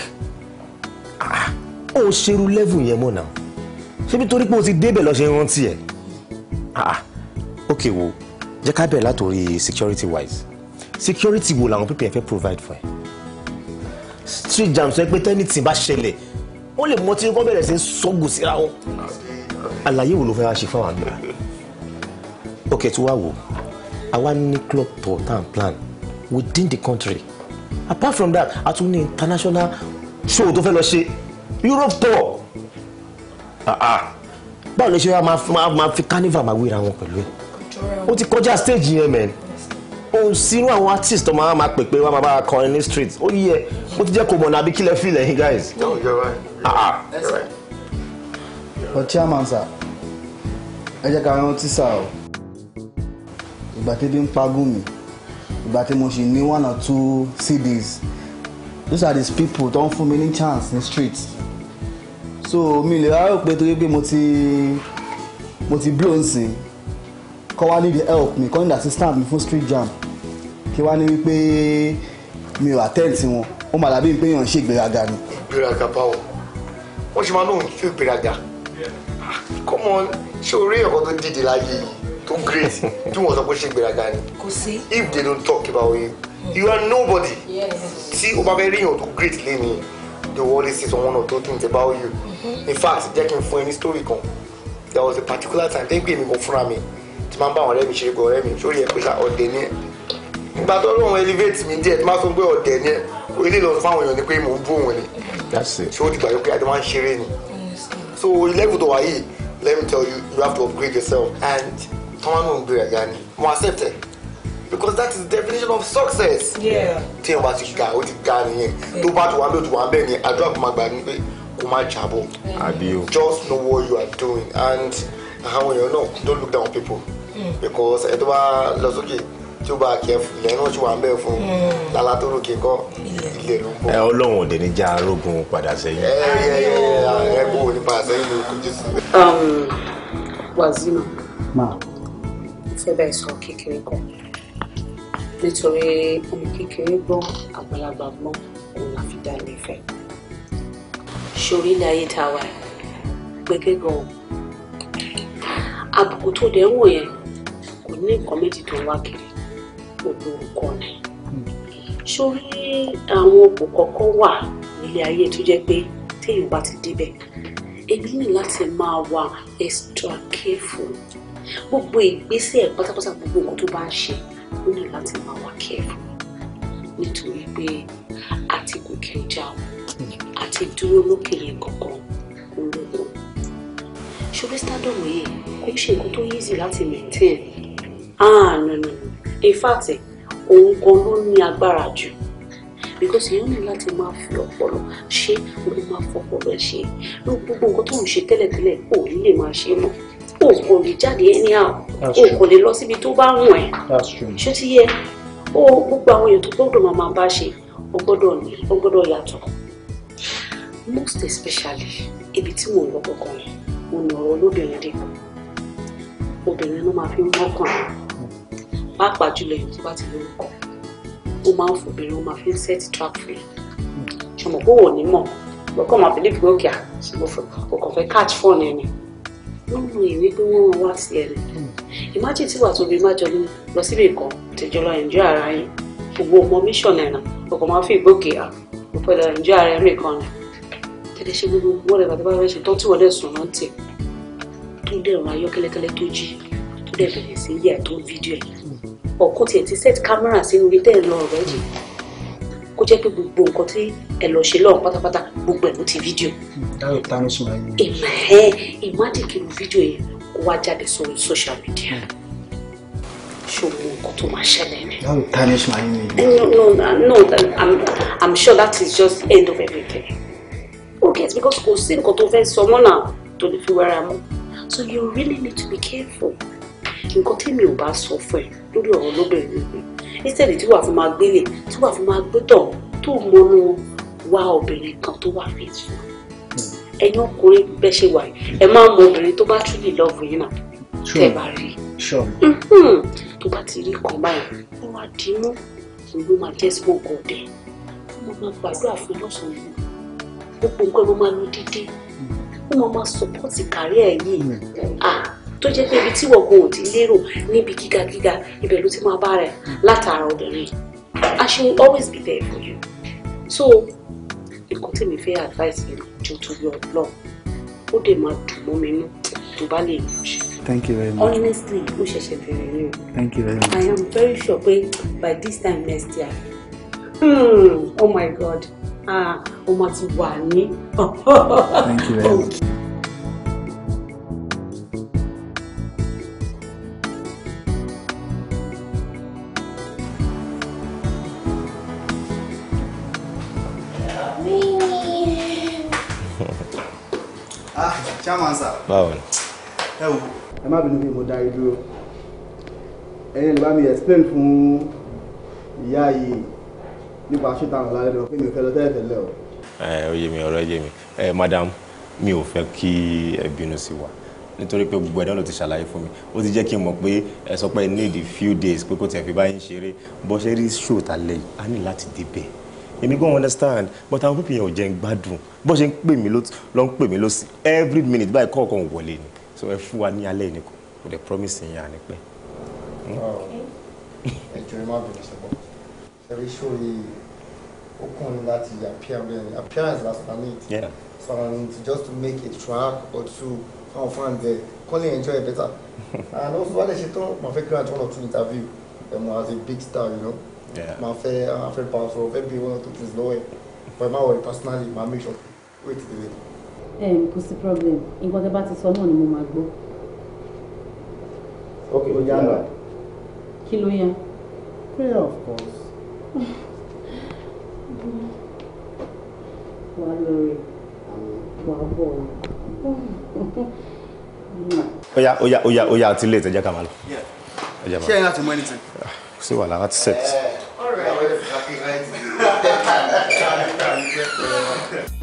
ah, ó ṣerú level yẹn mọ̀ náà ṣé bí torí pé o ti débẹ̀ lọ́ọ́ ṣe rántí ẹ̀ ah, ok wo jẹ́ ká bẹ̀rẹ̀ látòrí security wise security wo làwọn pípẹ́ fẹ́ provide for. ẹ street jam sọ pé tẹ́nìtì bá ṣẹlẹ̀ wọ́n lè mọtí kọ́ bẹ̀rẹ̀ sí sọ́gùn síra wọn àlàyé wo ló fẹ́ wá ṣe fáwọn àgbà ok tí wàá wò àwa ní club tour town plan within the country apart from that a tún ní international show tó fẹ́ lọ ṣe Europe tour ah, ah. báwo lè ṣe máa fi carnival máa wéra wọn pẹ̀lú ẹ̀ ó ti kọjá stage yẹn mẹ́ òun sínú àwọn artist tó máa pè pé wọ́n máa bá kọrin ní street ó yẹ ó ti jẹ́ kó mọ̀ àbí kílẹ̀ fílẹ̀ yín guys. no you're right. ah you're ah. right. but chairman sir ẹ jẹ́ ká rántí sá o ìgbà tí ebi ń pagún mi ìgbà tí mo ṣì ní one or two CDs those are these people tó ń fún mi ní chance ní street so mi lè rárá pé torí pé mo ti mo ti blow nsìn kọ́ wá níbi help me, kọ́ ní assistant mi fún street jam kí wá ní wípé mi ò attend sí wọn ó mà dàbí pé èèyàn ń ṣe ìgbéraga ni. ìgbéraga báwo wọ́n ṣe máa lóun ṣe ìgbéraga kọ́mọ ah, ṣé orí ẹ̀kọ́ tó dìde láyé yìí tó great tí wọ́n sọ pé ṣe ìgbéraga ni if they don't talk about you you are nobody tí o bá fẹ́ rí èèyàn tó great lẹ́nu The world is say one or two things about you mm-hmm. in fact jẹ́ kí n fún ẹ ní story kan there was a particular time tẹ́gbẹ́ mi kò fúnra mi tí máa ń bá àwọn ọ̀rẹ́ mi ṣeré gan ọ̀rẹ́ mi sórí ẹ̀ pé ọ̀dẹ̀ ni ẹ̀ ìgbà tó lóun elevate mi díẹ̀ tí máa sọ pé ọ̀dẹ̀ ni ẹ̀ orílẹ̀ èdè lọ fáwọn èèyàn ni pé mò ń bú òun ni ṣé ó ti gbà yóò pé adé máa ń ṣeré ni so level to wà let me tell you you have to upgrade yourself and tọ́wọ́n náà ń gbé ẹ̀yà ni mo accept it because that is the definition of success tí èèyàn bá ti ga ó ti ga nìyẹn tó bá ti wà bẹ́ẹ̀ tó wà bẹ́ẹ̀ ni àdúrà kò máa gbà ní pé kò máa jábọ̀ just know what you are doing and àwọn èèyàn náà don't look down on people because ẹ tó bá lọ sókè tí ó bá kẹ ilẹ̀ náà ṣì wà ń bẹ̀ fún un hmm. lálá tó ròkè kọ́ ilé ló ń bọ̀. ẹ ọlọ́run òde ní já arógun padà sẹ́yìn. ẹ ẹ ẹ ẹ ẹ kó o nípa sẹ́yìn ló kó jésù. Um, wazima mo fẹ́ bẹ́ẹ̀ sọ kékeré kan nítorí ọmọ kékeré gbọ́ àgbàlagbà gbọ́ òun la fi dá ilé fẹ́. ṣorí ní ayé tá a wà gbẹgẹgàn àbùkù tó dẹ̀ ń wò yẹn kò ní nǹkan méjì tó wá kiri olórúkọ ni sórí àwọn òpó kọ̀ọ̀kan wà nílé ayé tó jẹ́ pé téèyàn bá ti débẹ̀ èmi ní láti máa wà extra careful gbogbo ìgbésẹ̀ pátápátá gbogbo nǹkan tó bá ń ṣe ó ní láti máa wà careful nítorí pé àti gòkè ìjà àti dúró lókè yẹn kankan ológun ṣùgbọ́n stardom yìí kò ń ṣe nǹkan tó easy láti maintain ah no no no in fact òun kan ló ní agbára jù because èèyàn ní láti máa fi ọpọlọ ṣe ló máa fọpọlọ ṣe ló gbogbo nǹkan tó ń ṣe tẹ́lẹ̀tẹ́lẹ̀ kò ní lè máa ṣe mọ́ o kò lè jáde anyhow o kò lè lọ síbi tó bá wùn ẹ́ ṣé ti yẹ o gbogbo àwọn èèyàn tó gbọ́dọ̀ máa máa bá ṣe o gbọ́dọ̀ ní o gbọ́dọ̀ yàtọ̀ most especially ibi tí mò ń lọ kọ̀ọ̀kan mo nà ọ̀rọ̀ olóbìnrin dé obìnrin ló máa fi ń mọ́kàn pàápàá jùlọ èyí tó bá ti lórúkọ ó máa ń fòbìnrin ó máa fi ń set trap fún You ṣọmọ kó wò ní mọ lọkọ máa believe pé òkè òkàn fẹ́ catch phone ẹni wọn mú ìwé pé wọn wá sí ẹni imagine tí wàá tóbi má jọ lọ síbi nǹkan tẹjọ lọ enjoy ara yín gbogbo ọmọ mission ẹ̀ náà ọkọ̀ máa fi ìgbókè à gbogbo ẹ̀dá enjoy ara ẹ̀mí kan ni tẹ́lẹ̀ ṣe gbogbo wọ́n ẹ̀bà tó bá fẹ́ ṣe tán tí wọ́n dẹ̀ sùn náà tì tó dẹ̀ rọra yọ kẹ́lẹ́kẹ́lẹ́ tó jí tó dẹ̀ bẹ̀rẹ̀ sí yẹ̀ tó fídíò ẹ̀ ọ̀kọ́ tiẹ̀ ti set camera sínú ibi tẹ́ ẹ̀ lọ ọ̀rẹ́ yìí kó jẹ́ pé gbogbo nǹkan tí ẹ lọ ṣe lọ́run pátápátá gbogbo ẹ̀ ló ti fídíò. dáhùn tánú sùn láyé. ìmọ̀ ẹ ìmọ̀dé fídíò yẹn kó wá jáde sórí social media hmm. ṣòwò nǹkan tó máa ṣẹlẹ̀ ni. dáhùn tánú sùn láyé no no no I'm, I'm sure that is just end of everything. okay because kò sí nǹkan tó fẹ́ sọ mọ́ náà tó lè fi wẹ́ra mú so you really need to be careful nǹkan tẹ́mi ò bá sọ fún ẹ lórí ọ̀rọ̀ lóbìnrin mi instead tí wàá fún máa gbélé tí wàá fún máa gbétọ̀ tó mọnú wa obìnrin kan tó wà fi fún ẹ̀yin ọkùnrin bẹ́ ṣe wà ẹ máa mọ obìnrin tó bá truly love yín náà tẹ́ bá rí mm-hmm. tó bá ti rí kan báyìí ó wá dìímú ìlú máa jẹ́ sí gbogbo ọ̀dẹ mo máa gbàdúrà fún lọ́sàn-án gbogbo nǹkan ló máa lọ dídí ó máa máa support career yìí mm. ah tó jẹ́ pé ibi tí wọ̀gbọ̀n ò ti lérò níbi gíga gíga ibẹ̀ ló ti máa bá rẹ̀ látara obìnrin and she will always be there for you so nǹkan tí mi fẹ́ advice yẹn to your ọlọ́ ó dè máa dùn mọ́ mi nú tó bá lè lù ṣe. thank you very much honestly ó ṣẹ̀ṣẹ̀ bẹ̀rẹ̀ ni o. thank you very much i am very sure pé by this time next year hmm, oh my god ah, o ma ti wà ní. thank you very much. chairman sir. báwo ni. ẹ wo ẹ má bínú bí mo darí dúró ẹ̀yin lè bá mi explain fún ìyá yìí nípa ṣúta àwọn lálẹ́ lọ pé mi ò fẹ́ lọ tẹ́lẹ̀ tẹ́lẹ̀ o. ẹ ó yé mi ọ̀rọ̀ ẹ yé mi ẹ madam mi ò fẹ́ kí ẹ bínú sí wa nítorí pé gbogbo ẹ̀dá ló ti ṣàlàyé fún mi ó ti jẹ́ kí n mọ̀ pé ẹ sọ pé need a few days pé kó tiẹ̀ fi báyìí ṣeré bó ṣe rí ṣòtálẹ̀ yìí a ní láti débẹ̀ èmi gan understand but àwọn pípìn yẹn ò jẹ́ ń gbádùn bó ṣe ń pè mí ló ń pè mí ló sí every minute báyìí kọ̀ọ̀kan wọlé ni so ẹ fún wa ní alẹ́ yìí ni kò kò dẹ̀ promise yẹn àní pẹ́. Hmm? ẹjọ ẹ má bẹ̀rẹ̀ ṣùgbọ́n ṣẹlẹ̀ sórí okùnrin láti appearance last minute. Yeah, so um, just to make a track or two fáwọn fans there kọ́lé enjoy it better and also wọ́n lè ṣe tán màá fẹ́ grant one or two interview ẹ̀mọ́ as a big star you know. Yeah. Màá fẹ́ fẹ́ bá sọ̀rọ̀ fẹ́ bí one or two things lọ́wọ́ ẹ̀ personally màá make wait till then. ẹ ẹ kò sí problem nǹkan tẹ́ bá ti sọ náà ni mo máa gbọ́. ok ó yá lọ. prayer of course. wà á lọ rè wà á bọ̀ ó yá ó yá ó yá ó anything. C'est voilà wàhálà láti set.